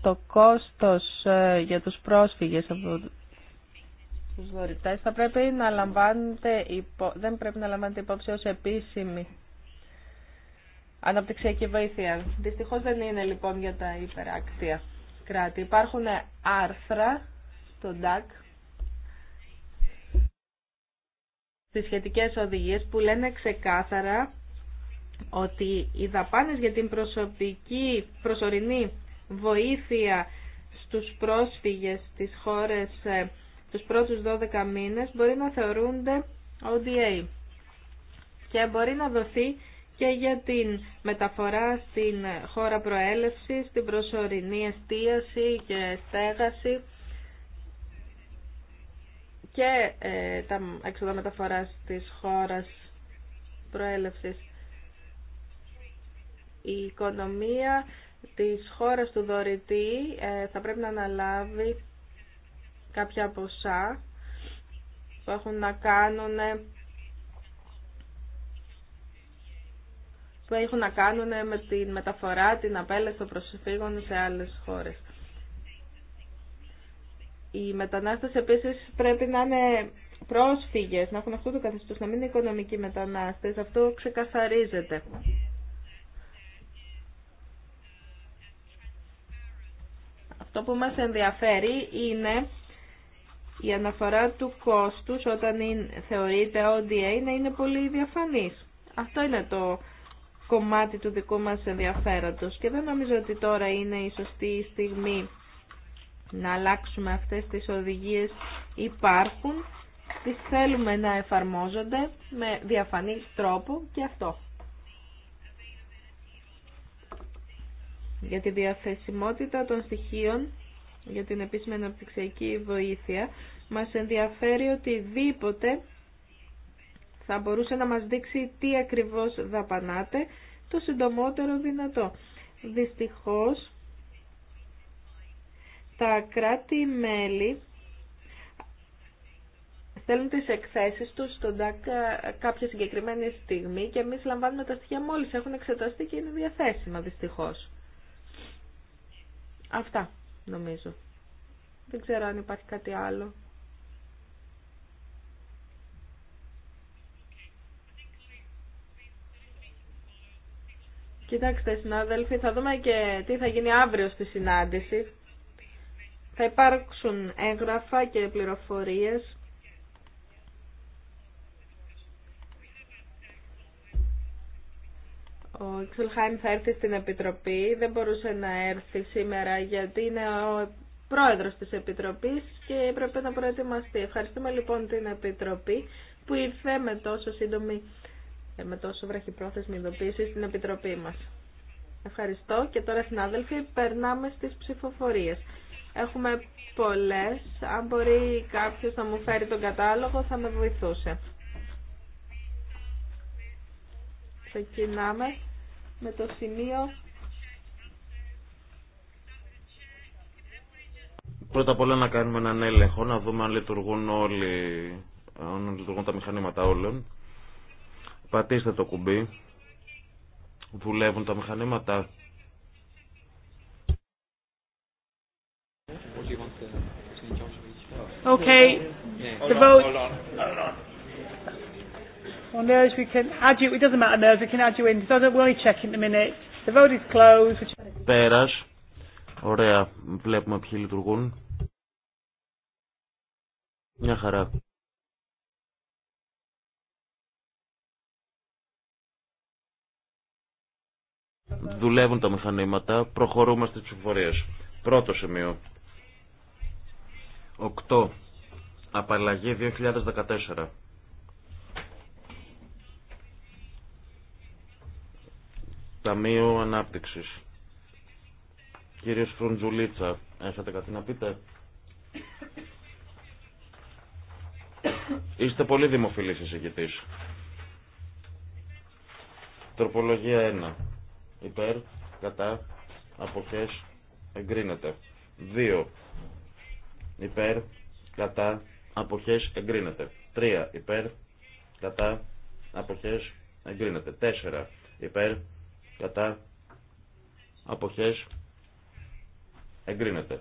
το κόστος ε, για τους πρόσφυγες από τους δωρητές θα πρέπει να λαμβάνετε υπο... δεν πρέπει να λαμβάνετε υπόψη ως επίσημη αναπτυξιακή βοήθεια. Δυστυχώς δεν είναι λοιπόν για τα υπεράκτια κράτη. Υπάρχουν άρθρα στο ΤΑΚ στις σχετικές οδηγίες που λένε ξεκάθαρα ότι οι δαπάνες για την προσωπική προσωρινή βοήθεια στους πρόσφυγες στις χώρες ε, τους πρώτους 12 μήνες μπορεί να θεωρούνται ODA και μπορεί να δοθεί και για την μεταφορά στην χώρα προέλευσης, την προσωρινή εστίαση και στέγαση και ε, τα έξοδα μεταφοράς της χώρας προέλευσης η οικονομία της χώρας του δωρητή ε, θα πρέπει να αναλάβει κάποια ποσά που έχουν να κάνουν που έχουν να κάνουν με τη μεταφορά, την απέλευση των προσφύγων σε άλλες χώρες. Οι μετανάστες επίσης πρέπει να είναι πρόσφυγες, να έχουν αυτό το καθεστώς, να μην είναι οικονομικοί μετανάστες. Αυτό ξεκαθαρίζεται. Το που μας ενδιαφέρει είναι η αναφορά του κόστους όταν θεωρείται ODA να είναι πολύ διαφανής. Αυτό είναι το κομμάτι του δικού μας ενδιαφέροντος και δεν νομίζω ότι τώρα είναι η σωστή στιγμή να αλλάξουμε αυτές τις οδηγίες υπάρχουν, τις θέλουμε να εφαρμόζονται με διαφανή τρόπο και αυτό για τη διαθεσιμότητα των στοιχείων για την επίσημη αναπτυξιακή βοήθεια. Μας ενδιαφέρει οτιδήποτε θα μπορούσε να μας δείξει τι ακριβώς δαπανάτε το συντομότερο δυνατό. Δυστυχώς, τα κράτη-μέλη στέλνουν τις εκθέσεις τους στον ΤΑΚ κάποια συγκεκριμένη στιγμή και εμείς λαμβάνουμε τα στοιχεία μόλις έχουν εξεταστεί και είναι διαθέσιμα δυστυχώς. Αυτά νομίζω. Δεν ξέρω αν υπάρχει κάτι άλλο. Κοιτάξτε συνάδελφοι, θα δούμε και τι θα γίνει αύριο στη συνάντηση. Θα υπάρξουν έγγραφα και πληροφορίες Ο Ξουλχάιν θα έρθει στην Επιτροπή, δεν μπορούσε να έρθει σήμερα γιατί είναι ο πρόεδρος της Επιτροπής και έπρεπε να προετοιμαστεί. Ευχαριστούμε λοιπόν την Επιτροπή που ήρθε με τόσο σύντομη, ε, με τόσο βραχυπρόθεσμη ειδοποίηση στην Επιτροπή μας. Ευχαριστώ και τώρα συνάδελφοι περνάμε στις ψηφοφορίες. Έχουμε πολλές, αν μπορεί κάποιος να μου φέρει τον κατάλογο θα με βοηθούσε. Ξεκινάμε με το σημείο... Πρώτα απ' όλα να κάνουμε έναν έλεγχο, να δούμε αν λειτουργούν όλοι, αν λειτουργούν τα μηχανήματα όλων. Πατήστε το κουμπί. Δουλεύουν τα μηχανήματα. Okay or nerves, we can add you. It doesn't matter, nerves, We can add you in. So don't worry checking the minute. The vote is closed. Πέρας. Ωραία. Βλέπουμε ποιοι λειτουργούν. Μια χαρά. Δουλεύουν τα μηχανήματα. Προχωρούμε στις ψηφοφορίες. Πρώτο σημείο. 8. Απαλλαγή 2014. Ταμείο Ανάπτυξης. Κύριε Φρουντζουλίτσα, έχετε κάτι να πείτε. Είστε πολύ δημοφιλής εισηγητής. Τροπολογία 1. Υπέρ, κατά, αποχές, εγκρίνεται. 2. Υπέρ, κατά, αποχές, εγκρίνεται. 3. Υπέρ, κατά, αποχές, εγκρίνεται. 4. Υπέρ, κατά αποχές εγκρίνεται.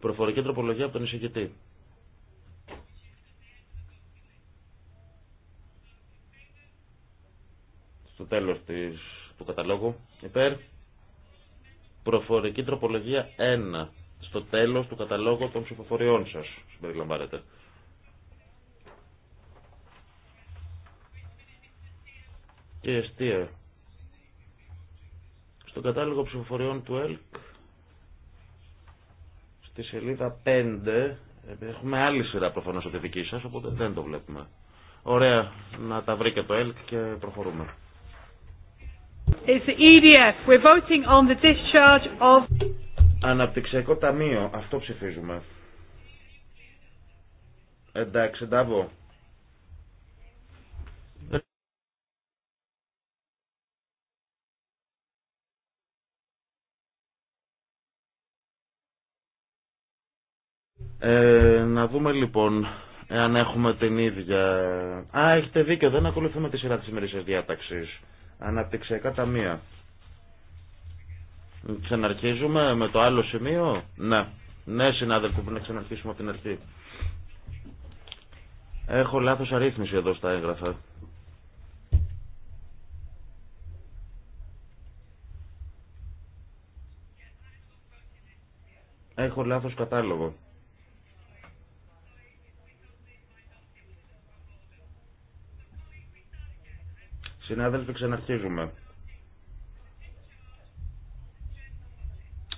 Προφορική τροπολογία από τον εισηγητή. Στο τέλος της, του καταλόγου υπέρ προφορική τροπολογία 1 στο τέλος του καταλόγου των ψηφοφοριών σας συμπεριλαμβάνεται. Και Στία, στο κατάλογο ψηφοφοριών του ΕΛΚ, στη σελίδα 5, έχουμε άλλη σειρά προφανώς από τη δική σας, οπότε δεν το βλέπουμε. Ωραία, να τα βρει και το ΕΛΚ και προχωρούμε. E We're voting on the discharge of... Αναπτυξιακό ταμείο, αυτό ψηφίζουμε. Εντάξει, Ντάβο. Ε, να δούμε λοιπόν αν έχουμε την ίδια... Α, έχετε δίκιο, δεν ακολουθούμε τη σειρά της ημερήσιας διάταξης. Αναπτυξιακά ταμεία. Ξαναρχίζουμε με το άλλο σημείο. Ναι. Ναι, συνάδελφοι, που να ξαναρχίσουμε από την αρχή. Έχω λάθος αρρύθμιση εδώ στα έγγραφα. Έχω λάθος κατάλογο. Συνάδελφοι, ξαναρχίζουμε.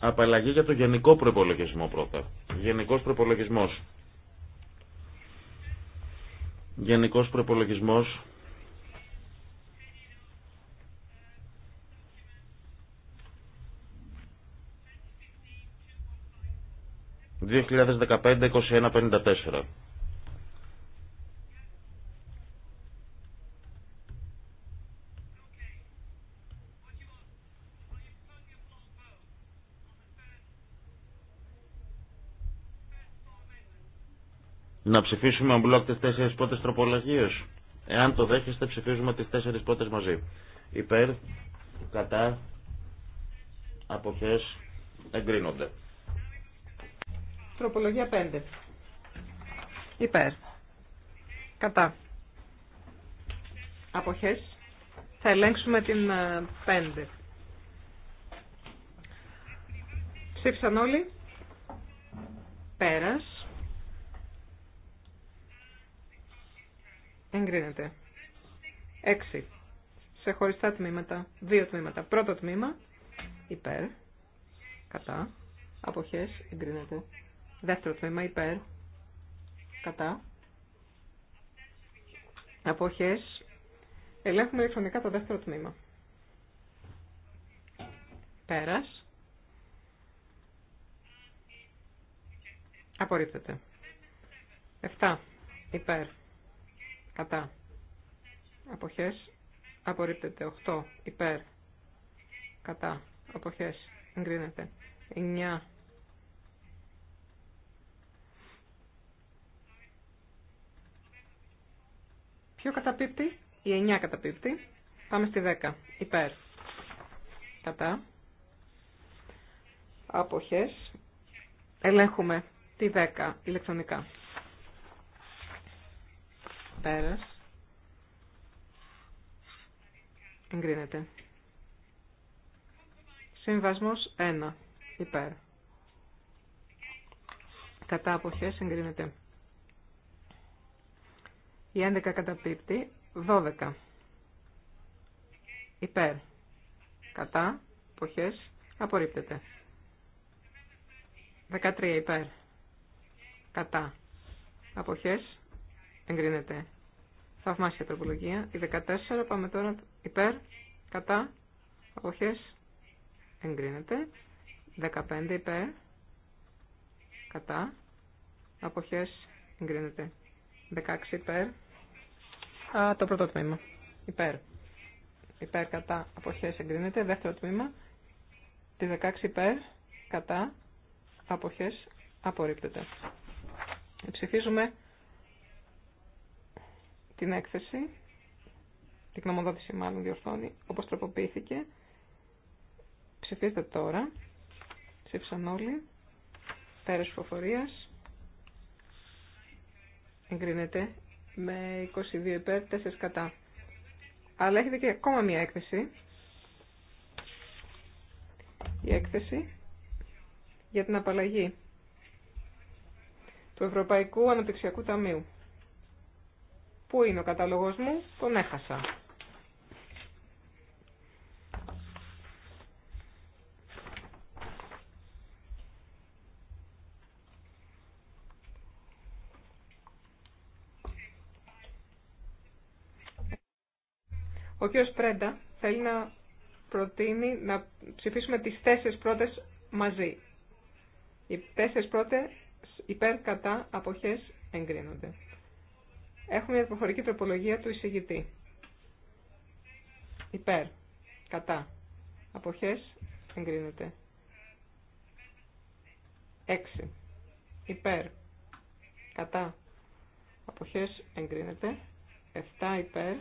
Απαλλαγή για το γενικό προπολογισμό πρώτα. Γενικό προπολογισμός. προπολογισμο προπολογισμός Γενικός 2015-21-54 Να ψηφίσουμε μπλοκ τι τέσσερις πρώτε τροπολογίε. Εάν το δέχεστε ψηφίζουμε τι τέσσερι πρώτε μαζί. Υπέρ, κατά, αποχές, εγκρίνονται. Τροπολογία 5. Υπέρ. Κατά. Αποχές. Θα ελέγξουμε την 5. Ε, Ψήφισαν όλοι. Πέρας. Εγκρίνεται. 6. Σε χωριστά τμήματα. Δύο τμήματα. Πρώτο τμήμα. Υπέρ. Κατά. Αποχές. Εγκρίνεται. Δεύτερο τμήμα. Υπέρ. Κατά. Αποχές. Ελέγχουμε ηλεκτρονικά το δεύτερο τμήμα. Πέρας. Απορρίπτεται. 7. Υπέρ κατά αποχές απορρίπτεται 8 υπέρ κατά αποχές εγκρίνεται 9 Ποιο καταπίπτει? Η 9 καταπίπτει. Πάμε στη 10. Υπέρ. Κατά. Αποχές. Ελέγχουμε τη 10 ηλεκτρονικά. Πέρας. Εγκρίνεται. Συμβασμός 1. Υπέρ. Κατά αποχές εγκρίνεται. Η 11 καταπίπτει. 12. Υπέρ. Κατά. Αποχές. Απορρίπτεται. 13. Υπέρ. Κατά. Αποχές εγκρίνεται. Θαυμάσια τροπολογία. Η 14 πάμε τώρα υπέρ, κατά, αποχές, εγκρίνεται. 15 υπέρ, κατά, αποχές, εγκρίνεται. 16 υπέρ, α, το πρώτο τμήμα, υπέρ. Υπέρ, κατά, αποχές, εγκρίνεται. Δεύτερο τμήμα, τη 16 υπέρ, κατά, αποχές, απορρίπτεται. Ψηφίζουμε την έκθεση, την γνωμοδότηση μάλλον διορθώνει, όπως τροποποιήθηκε. Ψηφίστε τώρα. Ψήφισαν όλοι. Πέρας φοφορίας Εγκρίνεται με 22 υπέρ, 4 κατά. Αλλά έχετε και ακόμα μία έκθεση. Η έκθεση για την απαλλαγή του Ευρωπαϊκού Αναπτυξιακού Ταμείου. Πού είναι ο κατάλογος μου, τον έχασα. Ο κ. Πρέντα θέλει να προτείνει να ψηφίσουμε τις τέσσερις πρώτες μαζί. Οι τέσσερις πρώτες υπέρ κατά αποχές εγκρίνονται. Έχουμε μια προφορική τροπολογία του εισηγητή. Υπέρ. Κατά. Αποχές. Εγκρίνεται. 6. Υπέρ. Κατά. Αποχές. Εγκρίνεται. 7. Υπέρ. Ε,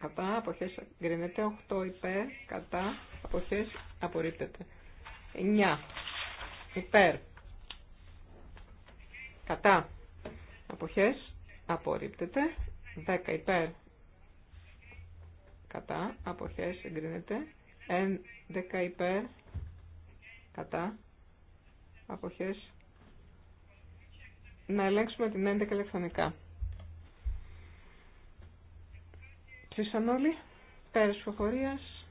κατά. Αποχές. Εγκρίνεται. 8. Υπέρ. Κατά. Αποχές. Απορρίπτεται. 9. Υπέρ. Κατά. Αποχές. Απορρίπτεται. 10 υπέρ. Κατά. Αποχές. Εγκρίνεται. 11 υπέρ. Κατά. Αποχές. Να ελέγξουμε την 11 ηλεκτρονικά. Ψήσαν όλοι. Πέρας φοφορίας.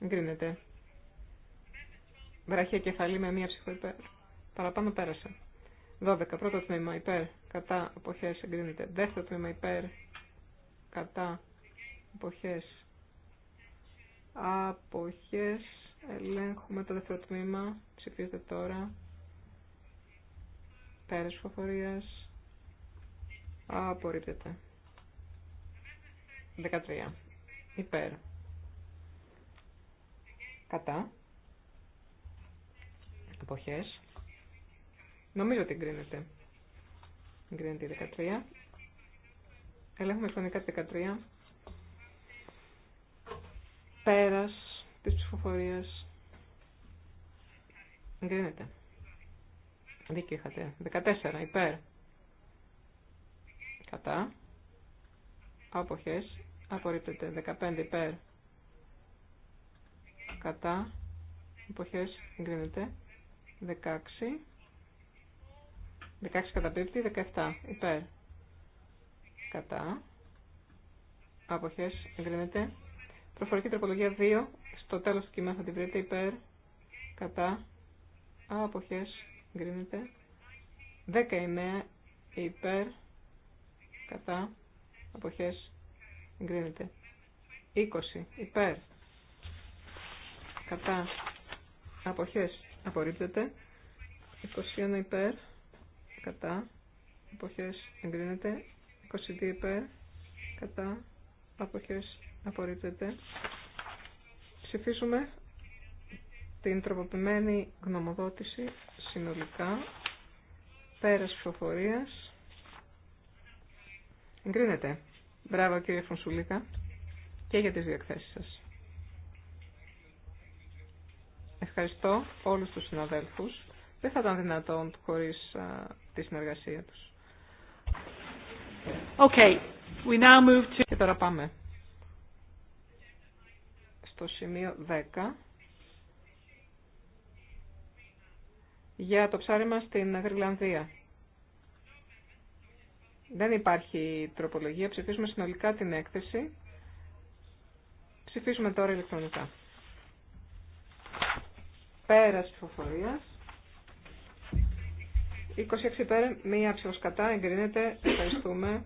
Εγκρίνεται. Βραχία κεφαλή με μία ψυχοϊπέρα Παραπάνω πέρασε. 12. Πρώτο τμήμα υπέρ κατά αποχές εγκρίνεται. Δεύτερο τμήμα υπέρ κατά αποχές. Αποχές. Ελέγχουμε το δεύτερο τμήμα. Ψηφίζεται τώρα. Πέρας φοφορίας. Απορρίπτεται. 13. Υπέρ. Κατά. Εποχές. Νομίζω ότι εγκρίνεται. Εγκρίνεται η 13. Ελέγχουμε χρονικά τη 13. Πέρας της ψηφοφορίας. Εγκρίνεται. Δίκιο είχατε. 14. Υπέρ. Κατά. Άποχες. Απορρίπτεται. 15. Υπέρ. Κατά. Εποχές εγκρίνεται. 16. 16 καταπίπτει, 17 υπέρ. Κατά. Αποχές εγκρίνεται. Προφορική τροπολογία 2. Στο τέλος του κειμένου θα την βρείτε υπέρ. Κατά. Αποχές εγκρίνεται. 19 υπέρ. Κατά. Αποχές εγκρίνεται. 20 υπέρ. Κατά. Αποχές απορρίπτεται. 21 υπέρ κατά, αποχές εγκρίνεται, 22 υπέρ, κατά, αποχές απορρίπτεται. Ψηφίσουμε την τροποποιημένη γνωμοδότηση συνολικά, πέρας ψηφοφορίας, εγκρίνεται. Μπράβο κύριε Φωνσουλίκα και για τις διεκθέσεις σας. Ευχαριστώ όλους τους συναδέλφους. Δεν θα ήταν δυνατόν χωρίς τη συνεργασία τους. Okay. We now move Και τώρα πάμε στο σημείο 10 για το μας στην Γρυλανδία. Δεν υπάρχει τροπολογία. Ψηφίσουμε συνολικά την έκθεση. Ψηφίσουμε τώρα ηλεκτρονικά. Πέρας ψηφοφορίας. 26 υπέρ, μία ψήφος κατά, εγκρίνεται, ευχαριστούμε.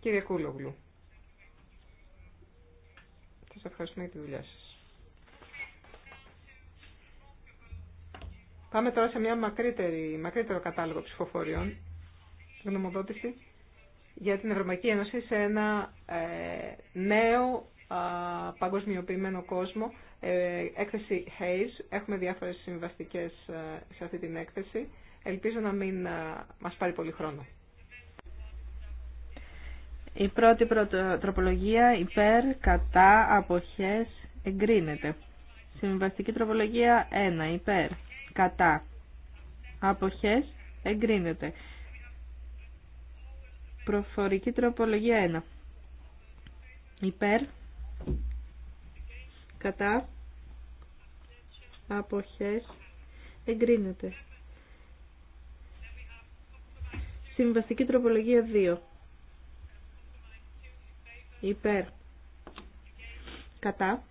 Κύριε Κούλογλου, σας ευχαριστούμε για τη δουλειά σας. Πάμε τώρα σε μια μακρύτερη, μακρύτερο κατάλογο ψηφοφοριών, γνωμοδότηση για την Ευρωπαϊκή Ένωση σε ένα ε, νέο παγκοσμιοποιημένο κόσμο, ε, έκθεση Hayes. Έχουμε διάφορες συμβαστικές ε, σε αυτή την έκθεση. Ελπίζω να μην ε, μας πάρει πολύ χρόνο. Η πρώτη τροπολογία υπέρ, κατά, αποχές, εγκρίνεται. Συμβαστική τροπολογία 1, υπέρ, κατά, αποχές, εγκρίνεται. Προφορική τροπολογία 1, υπέρ, κατά αποχές εγκρίνεται. Συμβαστική τροπολογία 2. Υπέρ. Κατά.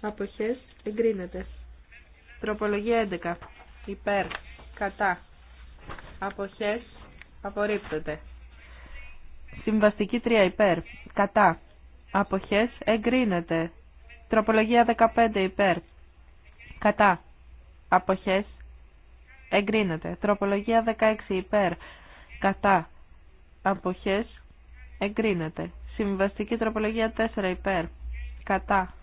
Αποχές εγκρίνεται. Τροπολογία 11. Υπέρ. Κατά. Αποχές απορρίπτεται. Συμβαστική 3. Υπέρ. Κατά. Αποχές εγκρίνεται. Τροπολογία 15 υπέρ. Κατά. Αποχές. Εγκρίνεται. Τροπολογία 16 υπέρ. Κατά. Αποχές. Εγκρίνεται. Συμβαστική τροπολογία 4 υπέρ. Κατά.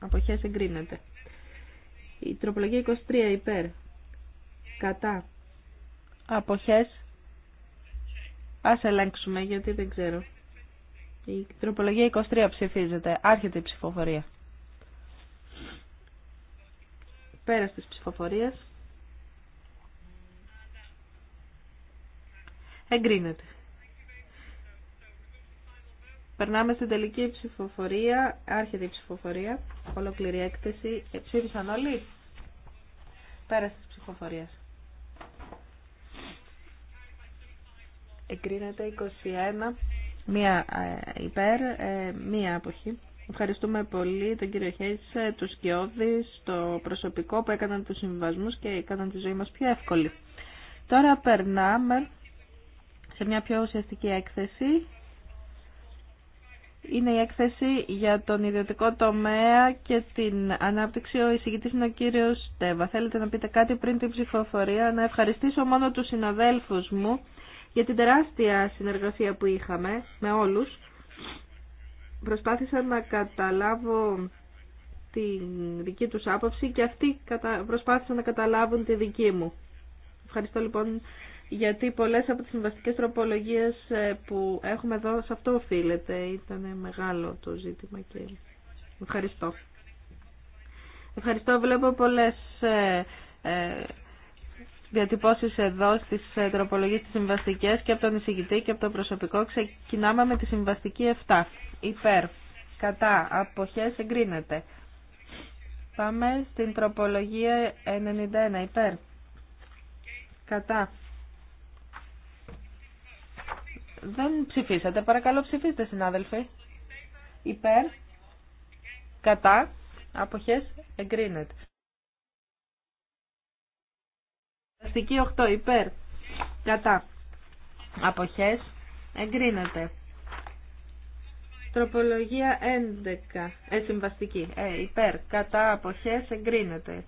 Αποχές εγκρίνεται. Η τροπολογία 23 υπέρ. Κατά. Αποχές. Ας ελέγξουμε γιατί δεν ξέρω. Η τροπολογία 23 ψηφίζεται. Άρχεται η ψηφοφορία. Πέρας της ψηφοφορίας. Εγκρίνεται. Περνάμε στην τελική ψηφοφορία. Άρχεται η ψηφοφορία. Ολοκληρή έκθεση. Ε, ψήφισαν όλοι. Πέρας της ψηφοφορίας. Εγκρίνεται 21 Μία ε, υπέρ, ε, μία αποχή. Ευχαριστούμε πολύ τον κύριο του ε, τους Σκιώδη, το προσωπικό που έκαναν τους συμβασμούς και έκαναν τη ζωή μας πιο εύκολη. Τώρα περνάμε σε μια πιο ουσιαστική έκθεση. Είναι η έκθεση για τον ιδιωτικό τομέα και την ανάπτυξη. Ο εισηγητή είναι ο κύριο Στέβα. Θέλετε να πείτε κάτι πριν την ψηφοφορία. Να ευχαριστήσω μόνο του συναδέλφου μου για την τεράστια συνεργασία που είχαμε με όλους. Προσπάθησα να καταλάβω τη δική τους άποψη και αυτοί προσπάθησαν να καταλάβουν τη δική μου. Ευχαριστώ λοιπόν γιατί πολλές από τις συμβαστικές τροπολογίες ε, που έχουμε εδώ σε αυτό οφείλεται. Ήταν μεγάλο το ζήτημα και ευχαριστώ. Ευχαριστώ. Βλέπω πολλές ε, ε, διατυπώσεις εδώ στις ε, τροπολογίες της συμβαστικές και από τον εισηγητή και από το προσωπικό. Ξεκινάμε με τη συμβαστική 7. Υπέρ. Κατά. Αποχές εγκρίνεται. Πάμε στην τροπολογία 91. Υπέρ. Κατά. Δεν ψηφίσατε. Παρακαλώ ψηφίστε συνάδελφοι. Υπέρ. Κατά. Αποχές εγκρίνεται. Συμβαστική 8 υπέρ. Κατά. Αποχές. Εγκρίνεται. Τροπολογία 11. Ε, συμβαστική. Ε, υπέρ. Κατά. Αποχές. Εγκρίνεται.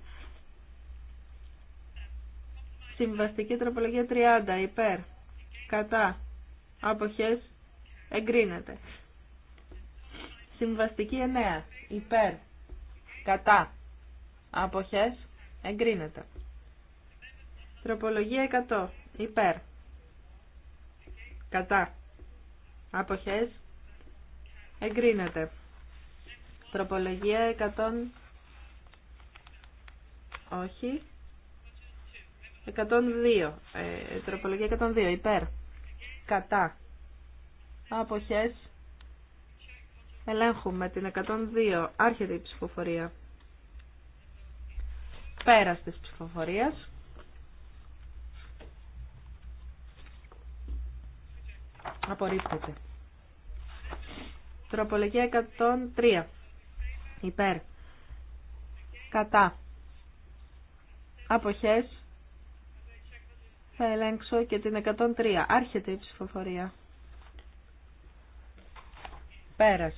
Συμβαστική τροπολογία 30. Υπέρ. Κατά. Αποχές. Εγκρίνεται. Συμβαστική 9. Υπέρ. Κατά. Αποχές. Εγκρίνεται. Τροπολογία 100. Υπέρ. Κατά. Αποχές. Εγκρίνεται. Τροπολογία 100. Όχι. 102. Ε, τροπολογία 102. Υπέρ. Κατά. Αποχές. Ελέγχουμε την 102. Άρχεται η ψηφοφορία. Πέρας της ψηφοφορίας. Απορρίπτεται. Τροπολογία 103. Υπέρ. Κατά. Αποχές. Θα ελέγξω και την 103. Άρχεται η ψηφοφορία. Πέρας.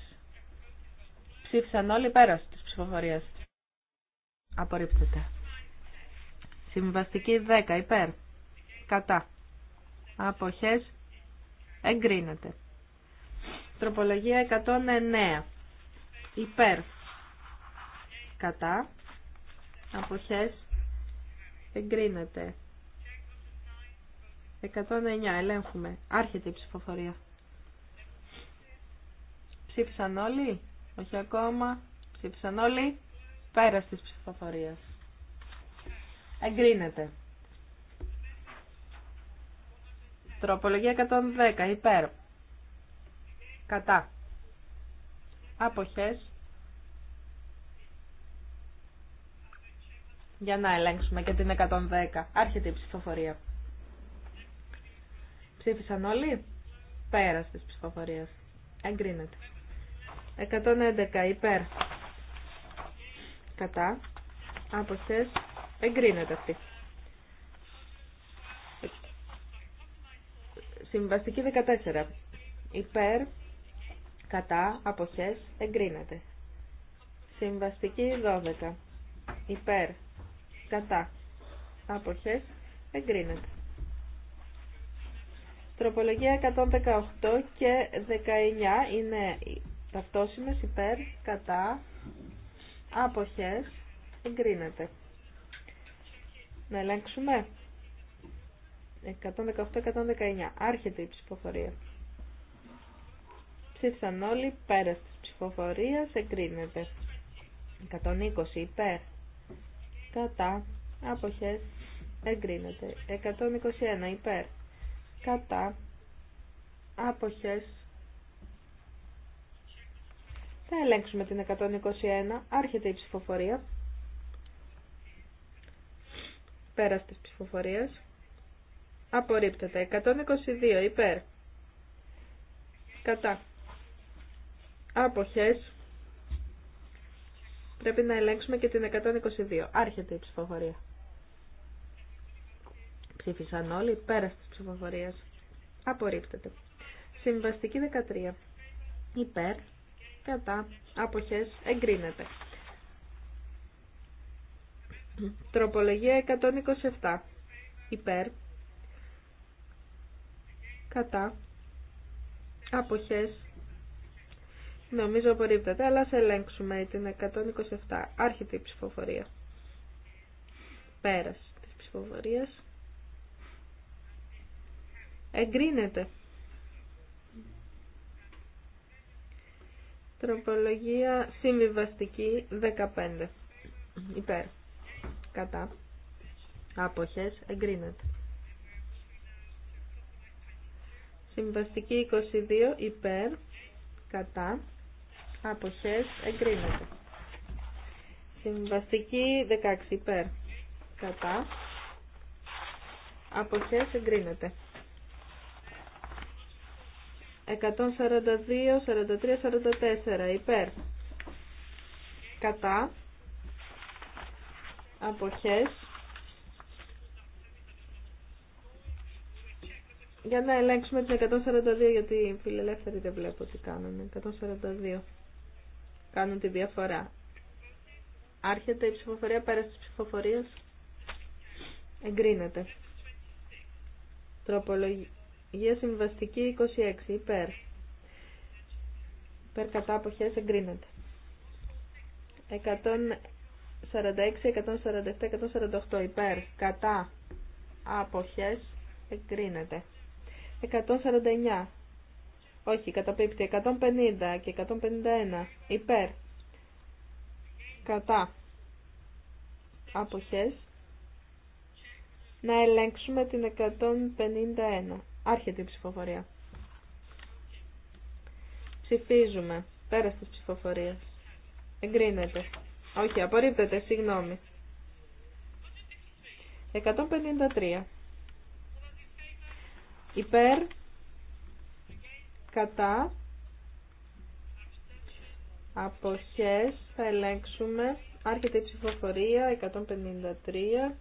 Ψήφισαν όλοι πέρας της ψηφοφορίας. Απορρίπτεται. Συμβαστική 10. Υπέρ. Κατά. Αποχές. Εγκρίνεται. Τροπολογία 109. Υπέρ. Κατά. Αποχές. Εγκρίνεται. 109. Ελέγχουμε. Άρχεται η ψηφοφορία. Ψήφισαν όλοι. Όχι ακόμα. Ψήφισαν όλοι. Πέρας της ψηφοφορίας. Εγκρίνεται. Τροπολογία 110 υπέρ. Κατά. Αποχές. Για να ελέγξουμε και την 110. Άρχεται η ψηφοφορία. Ψήφισαν όλοι. Πέρας της ψηφοφορίας. Εγκρίνεται. 111 υπέρ. Κατά. Αποχές. Εγκρίνεται αυτή. Συμβαστική 14. Υπέρ, κατά, αποχές, εγκρίνεται. Συμβαστική 12. Υπέρ, κατά, αποχές, εγκρίνεται. Τροπολογία 118 και 19 είναι ταυτόσιμες υπέρ, κατά, αποχές, εγκρίνεται. Να ελέγξουμε. 118-119. Άρχεται η ψηφοφορία. Ψήφισαν όλοι πέρα τη ψηφοφορία. Εγκρίνεται. 120 υπέρ. Κατά. Αποχές. Εγκρίνεται. 121 υπέρ. Κατά. Αποχές. Θα ελέγξουμε την 121. Άρχεται η ψηφοφορία. Πέρα τη ψηφοφορία. Απορρίπτεται. 122 υπέρ. Κατά. Άποχες. Πρέπει να ελέγξουμε και την 122. Άρχεται η ψηφοφορία. Ψήφισαν όλοι πέρα τη ψηφοφορία. Απορρίπτεται. Συμβαστική 13. Υπέρ. Κατά. Άποχες. Εγκρίνεται. Τροπολογία 127. Υπέρ κατά αποχές νομίζω απορρίπτεται αλλά σε ελέγξουμε την 127 άρχεται η ψηφοφορία πέρας της ψηφοφορίας εγκρίνεται τροπολογία συμβιβαστική 15 υπέρ κατά αποχές εγκρίνεται Συμβαστική 22 υπέρ, κατά, αποχές, εγκρίνεται. Συμβαστική 16 υπέρ, κατά, αποχές, εγκρίνεται. 142, 43, 44 υπέρ, κατά, αποχές, Για να ελέγξουμε την 142 γιατί οι φιλελεύθεροι δεν βλέπω τι κάνουν. 142 κάνουν τη διαφορά. Άρχεται η ψηφοφορία πέρα τη ψηφοφορία. Εγκρίνεται. Τροπολογία συμβαστική 26 υπέρ. Υπέρ κατά αποχές εγκρίνεται. 146, 147, 148 υπέρ κατά αποχές εγκρίνεται. 149. Όχι, καταπίπτει. 150 και 151. Υπέρ. Κατά. Αποχές. Να ελέγξουμε την 151. Άρχεται η ψηφοφορία. Ψηφίζουμε. Πέρα της ψηφοφορίας. Εγκρίνεται. Όχι, απορρίπτεται. Συγγνώμη. 153 υπέρ, κατά, αποχές, θα ελέγξουμε, άρχεται η ψηφοφορία, 153,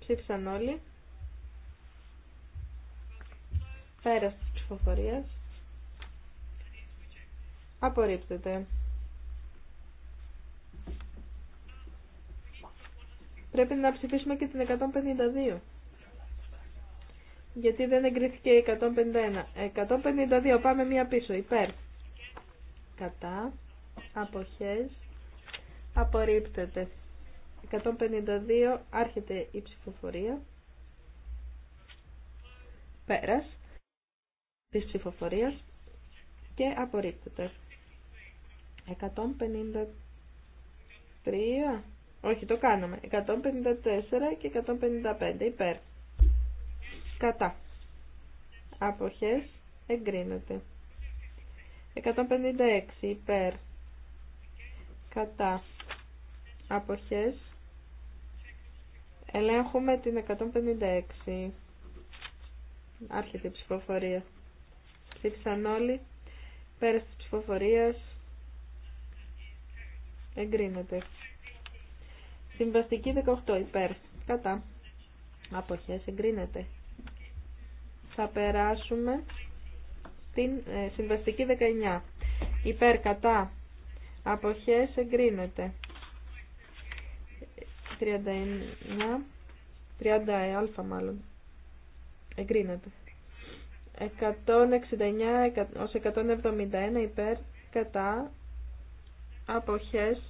ψήφισαν όλοι, πέρας της ψηφοφορίας, απορρίπτεται. Πρέπει να ψηφίσουμε και την 152 γιατί δεν εγκρίθηκε η 151. 152, πάμε μία πίσω, υπέρ. Κατά, αποχές, απορρίπτεται. 152, άρχεται η ψηφοφορία. Πέρας της ψηφοφορίας και απορρίπτεται. 153, όχι το κάνουμε. 154 και 155, υπέρ κατά αποχές εγκρίνεται 156 υπέρ κατά αποχές ελέγχουμε την 156 άρχεται η ψηφοφορία ψήφισαν όλοι πέρας της ψηφοφορίας εγκρίνεται συμβαστική 18 υπέρ κατά αποχές εγκρίνεται θα περάσουμε στην ε, συμβαστική 19. Υπέρ κατά αποχές εγκρίνεται. 39, 30 ε, αλφα μάλλον. Εγκρίνεται. 169 ως 171 υπέρ κατά αποχές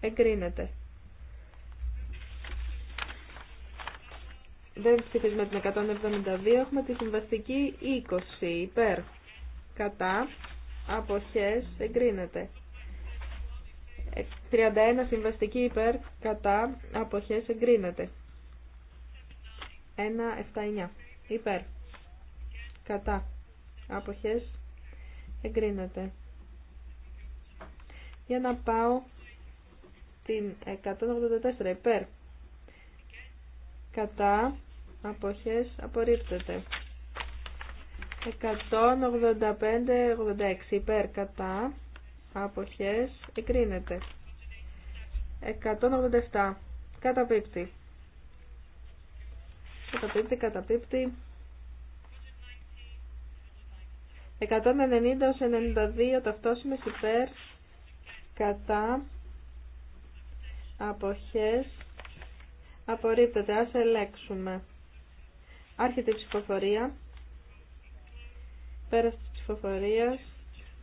εγκρίνεται. Δεν ψηφίζουμε την 172. Έχουμε τη συμβαστική 20 υπέρ. Κατά. Αποχές. Εγκρίνεται. 31 ε, συμβαστική υπέρ. Κατά. Αποχές. Εγκρίνεται. 179 υπέρ. Κατά. Αποχές. Εγκρίνεται. Για να πάω την 184 υπέρ. Κατά αποχές απορρίπτεται 185-86 υπέρ κατά αποχές εκρίνεται. 187 καταπίπτει καταπίπτει καταπίπτει 190-92 ταυτόσιμες υπέρ κατά αποχές απορρίπτεται ας ελέξουμε Άρχεται η ψηφοφορία. Πέρας της ψηφοφορίας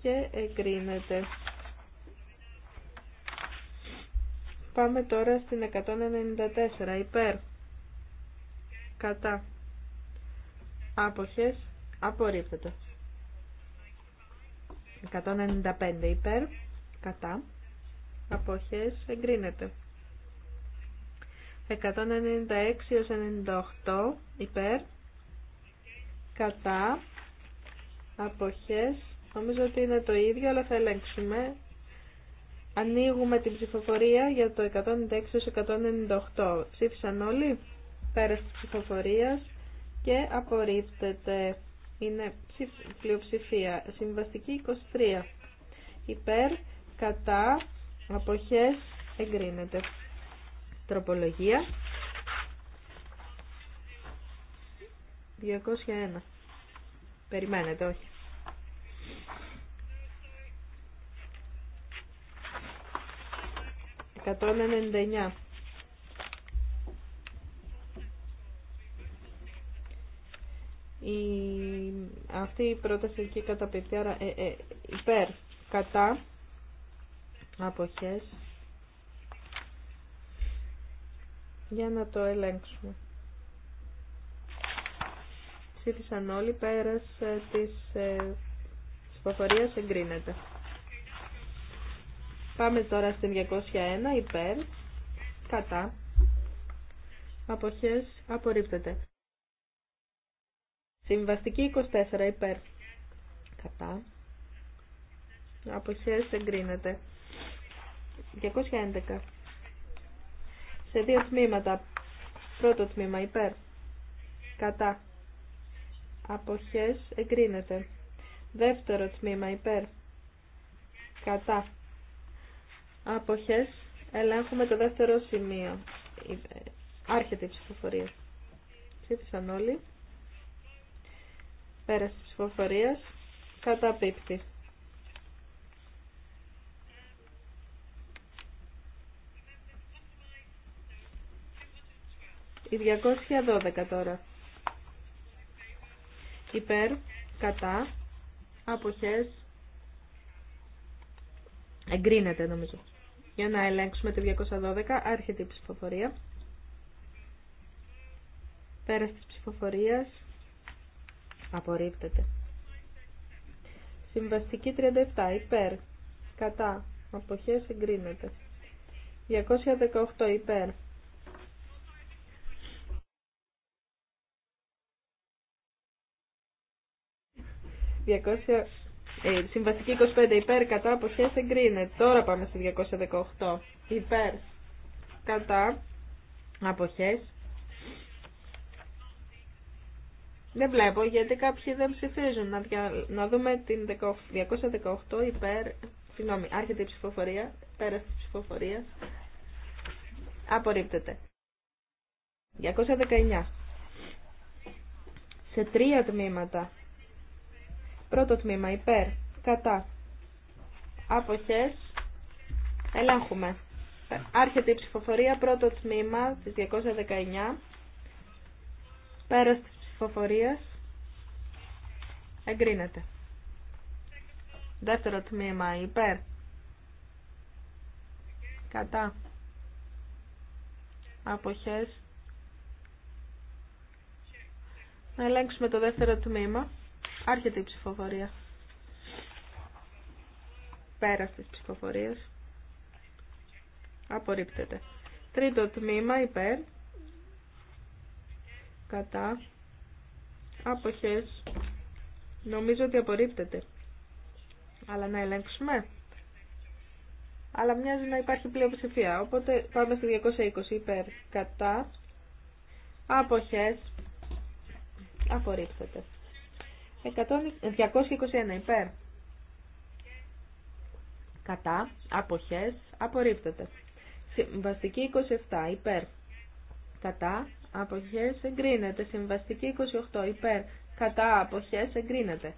και εγκρίνεται. Πάμε τώρα στην 194. Υπέρ. Κατά. Άποχες. Απορρίπτεται. 195 υπέρ. Κατά. Αποχές. Εγκρίνεται. 196 98 υπέρ κατά αποχές νομίζω ότι είναι το ίδιο αλλά θα ελέγξουμε ανοίγουμε την ψηφοφορία για το 196 198 ψήφισαν όλοι πέρας της ψηφοφορίας και απορρίπτεται είναι πλειοψηφία συμβαστική 23 υπέρ κατά αποχές εγκρίνεται τροπολογία 201 περιμένετε όχι 199 η, αυτή η πρόταση εκεί καταπληκτή, άρα ε, ε, υπέρ, κατά, αποχές, για να το ελέγξουμε. Ψήφισαν όλοι πέρας ε, της ε, ψηφοφορίας εγκρίνεται. Πάμε τώρα στην 201 υπέρ, κατά, αποχές απορρίπτεται. Συμβαστική 24 υπέρ, κατά, αποχές εγκρίνεται. 211 σε δύο τμήματα. Πρώτο τμήμα υπέρ. Κατά. Αποχές εγκρίνεται. Δεύτερο τμήμα υπέρ. Κατά. Αποχές ελέγχουμε το δεύτερο σημείο. Άρχεται η ψηφοφορία. Ψήφισαν όλοι. Πέρασε τη ψηφοφορία. Καταπίπτει. Η 212 τώρα. Υπέρ, κατά, αποχές, εγκρίνεται νομίζω. Για να ελέγξουμε τη 212, άρχεται η ψηφοφορία. Πέρα της ψηφοφορίας, απορρίπτεται. Συμβαστική 37, υπέρ, κατά, αποχές, εγκρίνεται. 218 υπέρ, 200... Ε, συμβαστική 25 υπέρ κατά αποχές εγκρίνεται. Τώρα πάμε στη 218. Υπέρ κατά αποχές. Δεν βλέπω γιατί κάποιοι δεν ψηφίζουν. Να, να δούμε την 218 υπέρ. Συγγνώμη, άρχεται η ψηφοφορία. Πέρα τη ψηφοφορία. Απορρίπτεται. 219. Σε τρία τμήματα. Πρώτο τμήμα υπέρ, κατά, αποχές, ελέγχουμε. Άρχεται η ψηφοφορία, πρώτο τμήμα της 219, πέρας της ψηφοφορίας, εγκρίνεται. Δεύτερο τμήμα υπέρ, κατά, αποχές, να ελέγξουμε το δεύτερο τμήμα. Άρχεται η ψηφοφορία. Πέρα της ψηφοφορίας. Απορρίπτεται. Τρίτο τμήμα υπέρ. Κατά. Αποχές. Νομίζω ότι απορρίπτεται. Αλλά να ελέγξουμε. Αλλά μοιάζει να υπάρχει πλειοψηφία. Οπότε πάμε στη 220 υπέρ. Κατά. Αποχές. Απορρίπτεται. 221 υπέρ. Κατά. Αποχές. Απορρίπτεται. Συμβαστική 27 υπέρ. Κατά. Αποχές εγκρίνεται. Συμβαστική 28 υπέρ. Κατά. Αποχές εγκρίνεται.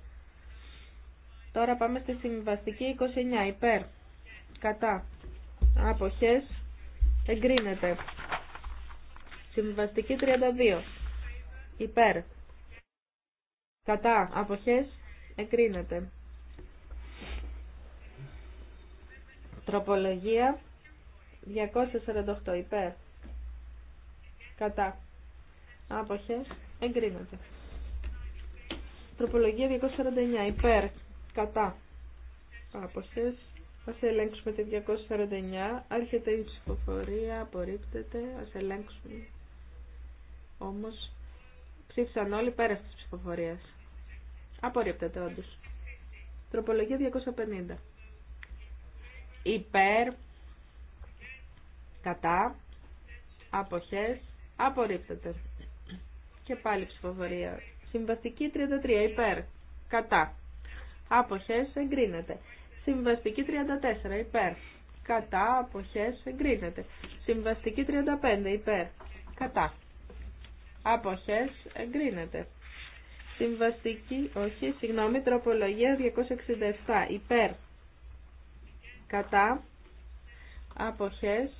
Τώρα πάμε στη συμβαστική 29 υπέρ. Κατά. Αποχές εγκρίνεται. Συμβαστική 32 υπέρ. Κατά. Αποχές. Εγκρίνεται. Τροπολογία 248 υπέρ. Κατά. Άποχες. Εγκρίνεται. Τροπολογία 249 υπέρ. Κατά. Άποχες. Ας ελέγξουμε τη 249. Άρχεται η ψηφοφορία. Απορρίπτεται. Ας ελέγξουμε. Όμως ψήφισαν όλοι πέρα της ψηφοφορίας. Απορρίπτεται όντω. Τροπολογία 250. Υπέρ, κατά, αποχές, απορρίπτεται. Και πάλι ψηφοφορία. Συμβαστική 33, υπέρ, κατά, αποχές, εγκρίνεται. Συμβαστική 34, υπέρ, κατά, αποχές, εγκρίνεται. Συμβαστική 35, υπέρ, κατά, αποχές, εγκρίνεται. Συμβαστική, όχι, συγγνώμη, τροπολογία 267. Υπέρ. Κατά. Αποχές.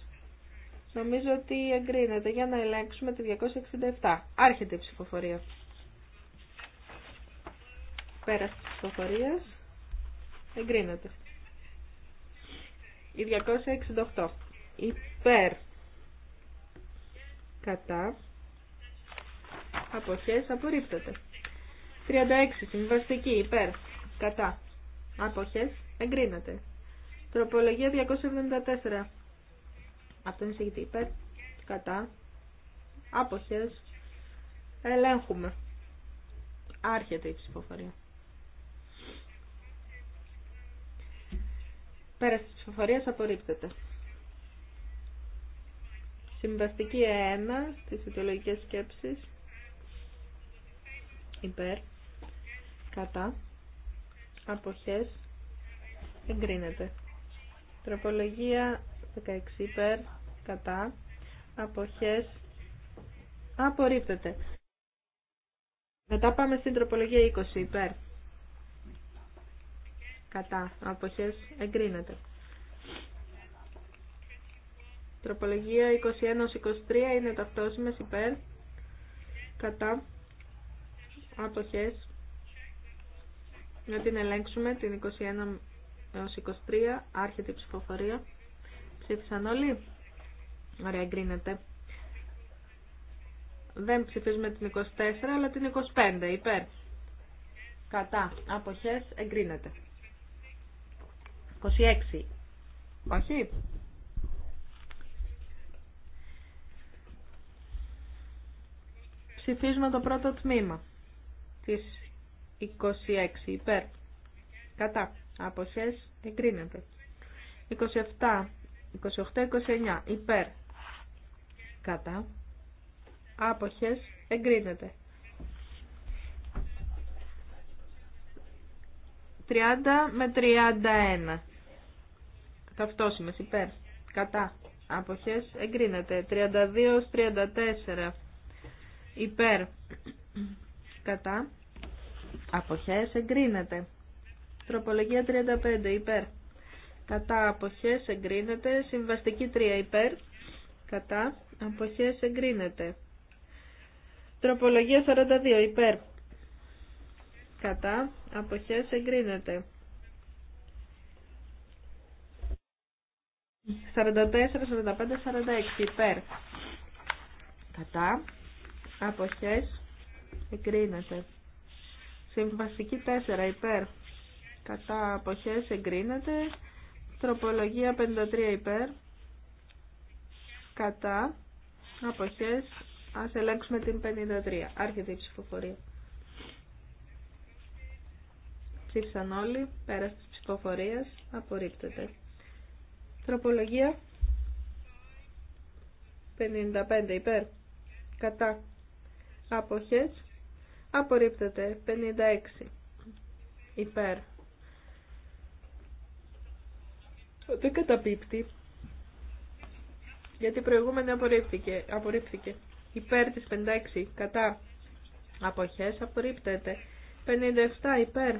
Νομίζω ότι εγκρίνεται. Για να ελέγξουμε τη 267. Άρχεται η ψηφοφορία. Πέρας της ψηφοφορίας. Εγκρίνεται. Η 268. Υπέρ. Κατά. Αποχές απορρίπτεται. 36. Συμβαστική. Υπέρ. Κατά. Αποχές. Εγκρίνεται. Τροπολογία 274. Από τον εισηγητή. Υπέρ. Κατά. Αποχές. Ελέγχουμε. Άρχεται η ψηφοφορία. Πέρα τη ψηφοφορία απορρίπτεται. Συμβαστική 1 στις ιδεολογικές σκέψεις. Υπέρ κατά αποχές εγκρίνεται τροπολογία 16 υπέρ κατά αποχές απορρίπτεται μετά πάμε στην τροπολογία 20 υπέρ κατά αποχές εγκρίνεται τροπολογία 21-23 είναι ταυτόσιμες υπέρ κατά αποχές να την ελέγξουμε την 21 έως 23, άρχεται η ψηφοφορία. Ψήφισαν όλοι. Ωραία, εγκρίνεται. Δεν ψηφίζουμε την 24, αλλά την 25, υπέρ. Κατά, αποχές, εγκρίνεται. 26. Όχι. Ψηφίζουμε το πρώτο τμήμα της 26 υπέρ. Κατά. Αποχές εγκρίνεται. 27, 28, 29 υπέρ. Κατά. Άποχες εγκρίνεται. 30 με 31. Ταυτόσιμες υπέρ. Κατά. Άποχες εγκρίνεται. 32 34. Υπέρ. Κατά αποχές εγκρίνεται. Τροπολογία 35 υπέρ. Κατά αποχές εγκρίνεται. Συμβαστική 3 υπέρ. Κατά αποχές εγκρίνεται. Τροπολογία 42 υπέρ. Κατά αποχές εγκρίνεται. 44, 45, 46 υπέρ. Κατά αποχές εγκρίνεται. Συμβαστική 4 υπέρ. Κατά αποχές εγκρίνεται. Τροπολογία 53 υπέρ. Κατά αποχές. Ας ελέγξουμε την 53. Άρχεται η ψηφοφορία. Ψήφισαν όλοι. Πέρα της ψηφοφορία, Απορρίπτεται. Τροπολογία 55 υπέρ. Κατά αποχές Απορρίπτεται. 56. Υπέρ. Δεν καταπίπτει. Γιατί προηγούμενη απορρίφθηκε. απορρίφθηκε. Υπέρ της 56. Κατά. Αποχές. Απορρίπτεται. 57. Υπέρ.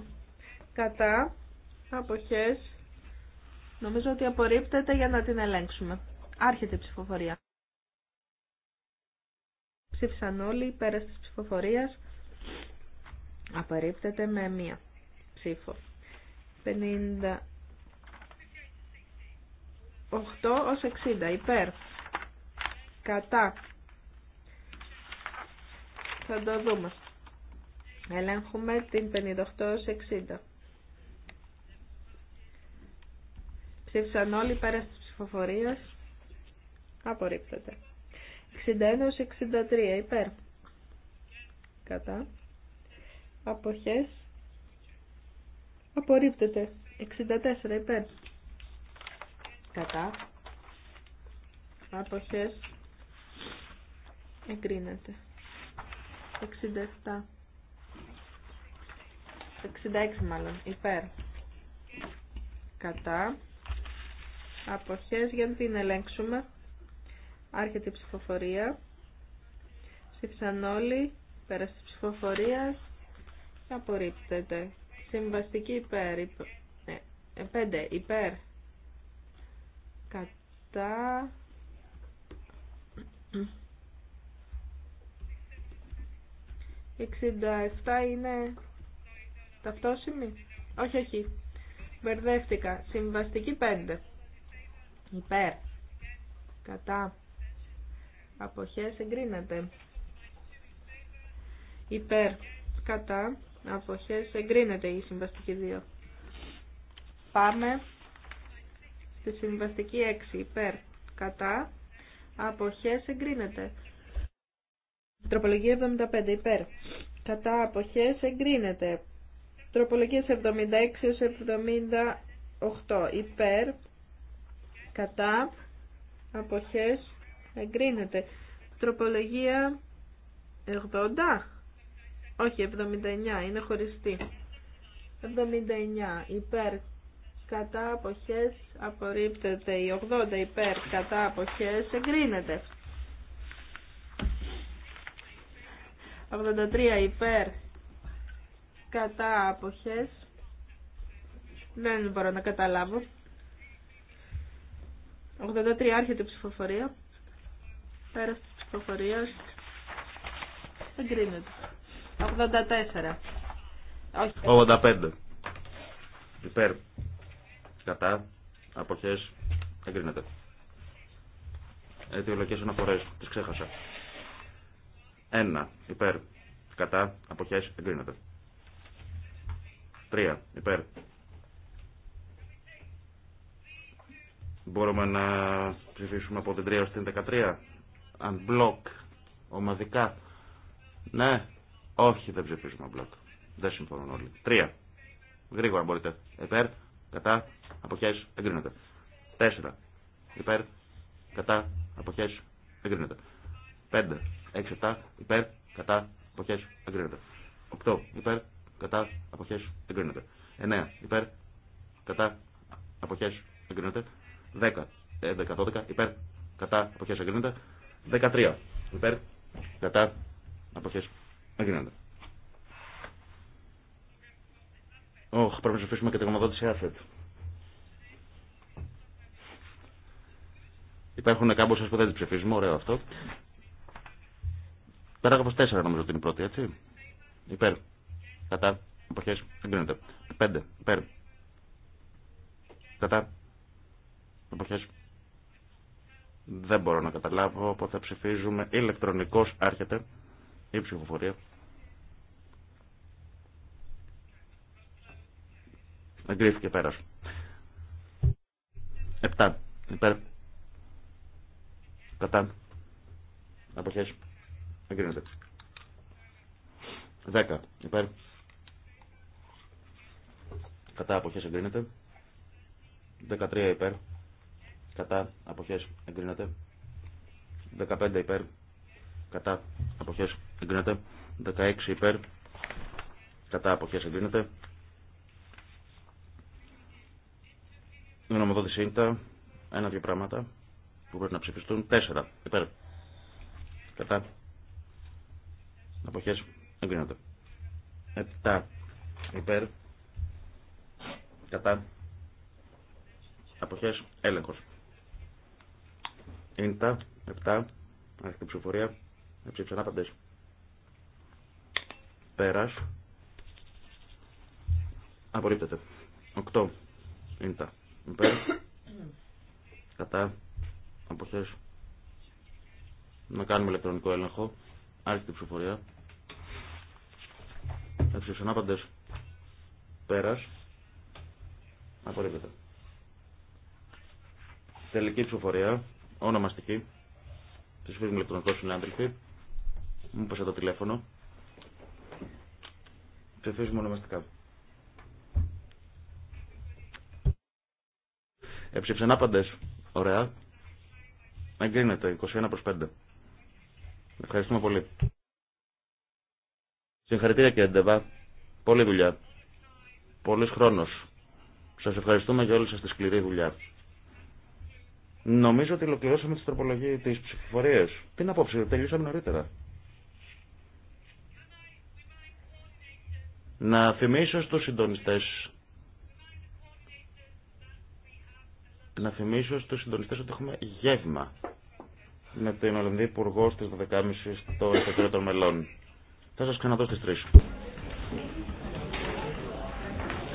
Κατά. Αποχές. Νομίζω ότι απορρίπτεται για να την ελέγξουμε. Άρχεται η ψηφοφορία. Ψήφισαν όλοι πέρα της ψηφοφορίας. Απορρίπτεται με μία ψήφο. 58 ως 60 υπέρ. Κατά. Θα το δούμε. Ελέγχουμε την 58 ως 60. Ψήφισαν όλοι πέρα της ψηφοφορίας. Απορρίπτεται. 61 ως 63 υπέρ. Κατά αποχές απορρίπτεται 64 υπέρ κατά αποχές εγκρίνεται 67 66 μάλλον υπέρ κατά αποχές για να την ελέγξουμε άρχεται η ψηφοφορία ψήφισαν όλοι πέρασε τη ψηφοφορία απορρίπτεται. Συμβαστική υπέρ, 5 ε, ε, υπέρ, κατά, εξήντα είναι ταυτόσιμη, όχι όχι, μπερδεύτηκα, συμβαστική 5 υπέρ, κατά, αποχές εγκρίνεται, υπέρ, κατά, αποχές εγκρίνεται η συμβαστική 2. Πάμε στη συμβαστική 6 υπέρ κατά αποχές εγκρίνεται. Τροπολογία 75 υπέρ κατά αποχές εγκρίνεται. Τροπολογία 76 έως 78 υπέρ κατά αποχές εγκρίνεται. Τροπολογία 80 όχι, 79. Είναι χωριστή. 79. Υπέρ κατά αποχές απορρίπτεται. Η 80 υπέρ κατά αποχές εγκρίνεται. 83 υπέρ κατά αποχές ναι, δεν μπορώ να καταλάβω 83 άρχεται η ψηφοφορία πέρα της ψηφοφορίας εγκρίνεται 84. Όχι. 85. Υπέρ. Κατά. Αποχέ. Εγκρίνεται. Αιτιολογικές αναφορέ τι ξέχασα. 1. Υπέρ. Κατά. Αποχέ. Εγκρίνεται. 3. Υπέρ. Μπορούμε να ψηφίσουμε από την 3 ως την 13. Unblock. Ομαδικά. Ναι. Όχι, δεν ψηφίζουμε μπλοκ. Δεν συμφωνούν όλοι. Τρία. Γρήγορα μπορείτε. Υπέρ, κατά, αποχέ, εγκρίνεται. Τέσσερα. Υπέρ, κατά, αποχέ, εγκρίνεται. Πέντε. Έξι, επτά. υπέρ, κατά, αποχέ, εγκρίνεται. Οκτώ. Υπέρ, κατά, αποχέ, εγκρίνεται. Εννέα. Υπέρ, κατά, αποχέ, εγκρίνεται. Δέκα. 11, ε, δώδεκα. υπέρ, κατά, αποχέ, εγκρίνεται. Δεκατρία. υπέρ, κατά, αποχές Εγκρίνεται. Όχι, πρέπει να ψηφίσουμε και τη γνωμοδότηση Άφετ. Υπάρχουν σας που δεν τι ψηφίζουμε, ωραίο αυτό. Παράγραφος 4 νομίζω ότι είναι η πρώτη, έτσι. Υπέρ. Κατά. Εποχέ. Εγκρίνεται. 5. Υπέρ. Κατά. Εποχέ. Δεν μπορώ να καταλάβω, οπότε ψηφίζουμε ηλεκτρονικώ. Άρχεται η ψηφοφορία. Εγκρίθηκε πέρα, 7. Υπέρ. Κατά. Αποχές. Εγκρίνεται. 10. Υπέρ. Κατά αποχές εγκρίνεται. 13 υπέρ. Κατά αποχές εγκρίνεται. 15 υπέρ. Κατά αποχές εγκρίνεται. 16 υπέρ. Κατά αποχές εγκρίνεται. Η νομοδοτηση τα ίντα, ένα-δύο πράγματα που πρέπει να ψηφιστούν. Τέσσερα, υπέρ. Κατά. Αποχές, εγκρίνονται. Επτά, υπέρ. Κατά. Αποχές, έλεγχος. τα. επτά, αρχική ψηφοφορία, ψήφισαν άπαντες. Πέρας. Απορρίπτεται. Οκτώ, τα. Κατά. Αποχές. Να κάνουμε ηλεκτρονικό έλεγχο. η ψηφοφορία. Εψήφισαν άπαντες. Πέρας. Απορρίπτεται. Τελική ψηφοφορία. Ονομαστική. Ψηφίζουμε ηλεκτρονικό συνάντρυφη. Μου πέσα το τηλέφωνο. Ψηφίζουμε ονομαστικά. Εψήφισαν άπαντε. Ωραία. Εγκρίνεται. 21 προς 5. Ευχαριστούμε πολύ. Συγχαρητήρια κύριε Ντεβά. Πολύ δουλειά. Πολύς χρόνος. Σας ευχαριστούμε για όλη σας τη σκληρή δουλειά. Νομίζω ότι ολοκληρώσαμε τις τροπολογίες της ψηφοφορίας. να πω, τελειώσαμε νωρίτερα. Να θυμίσω στους συντονιστές Να θυμίσω στους συντονιστές ότι έχουμε γεύμα με την Ολλανδία Υπουργό στις 12.30 στο Εστατήριο των Μελών. Θα σας ξαναδώ στις 3.00.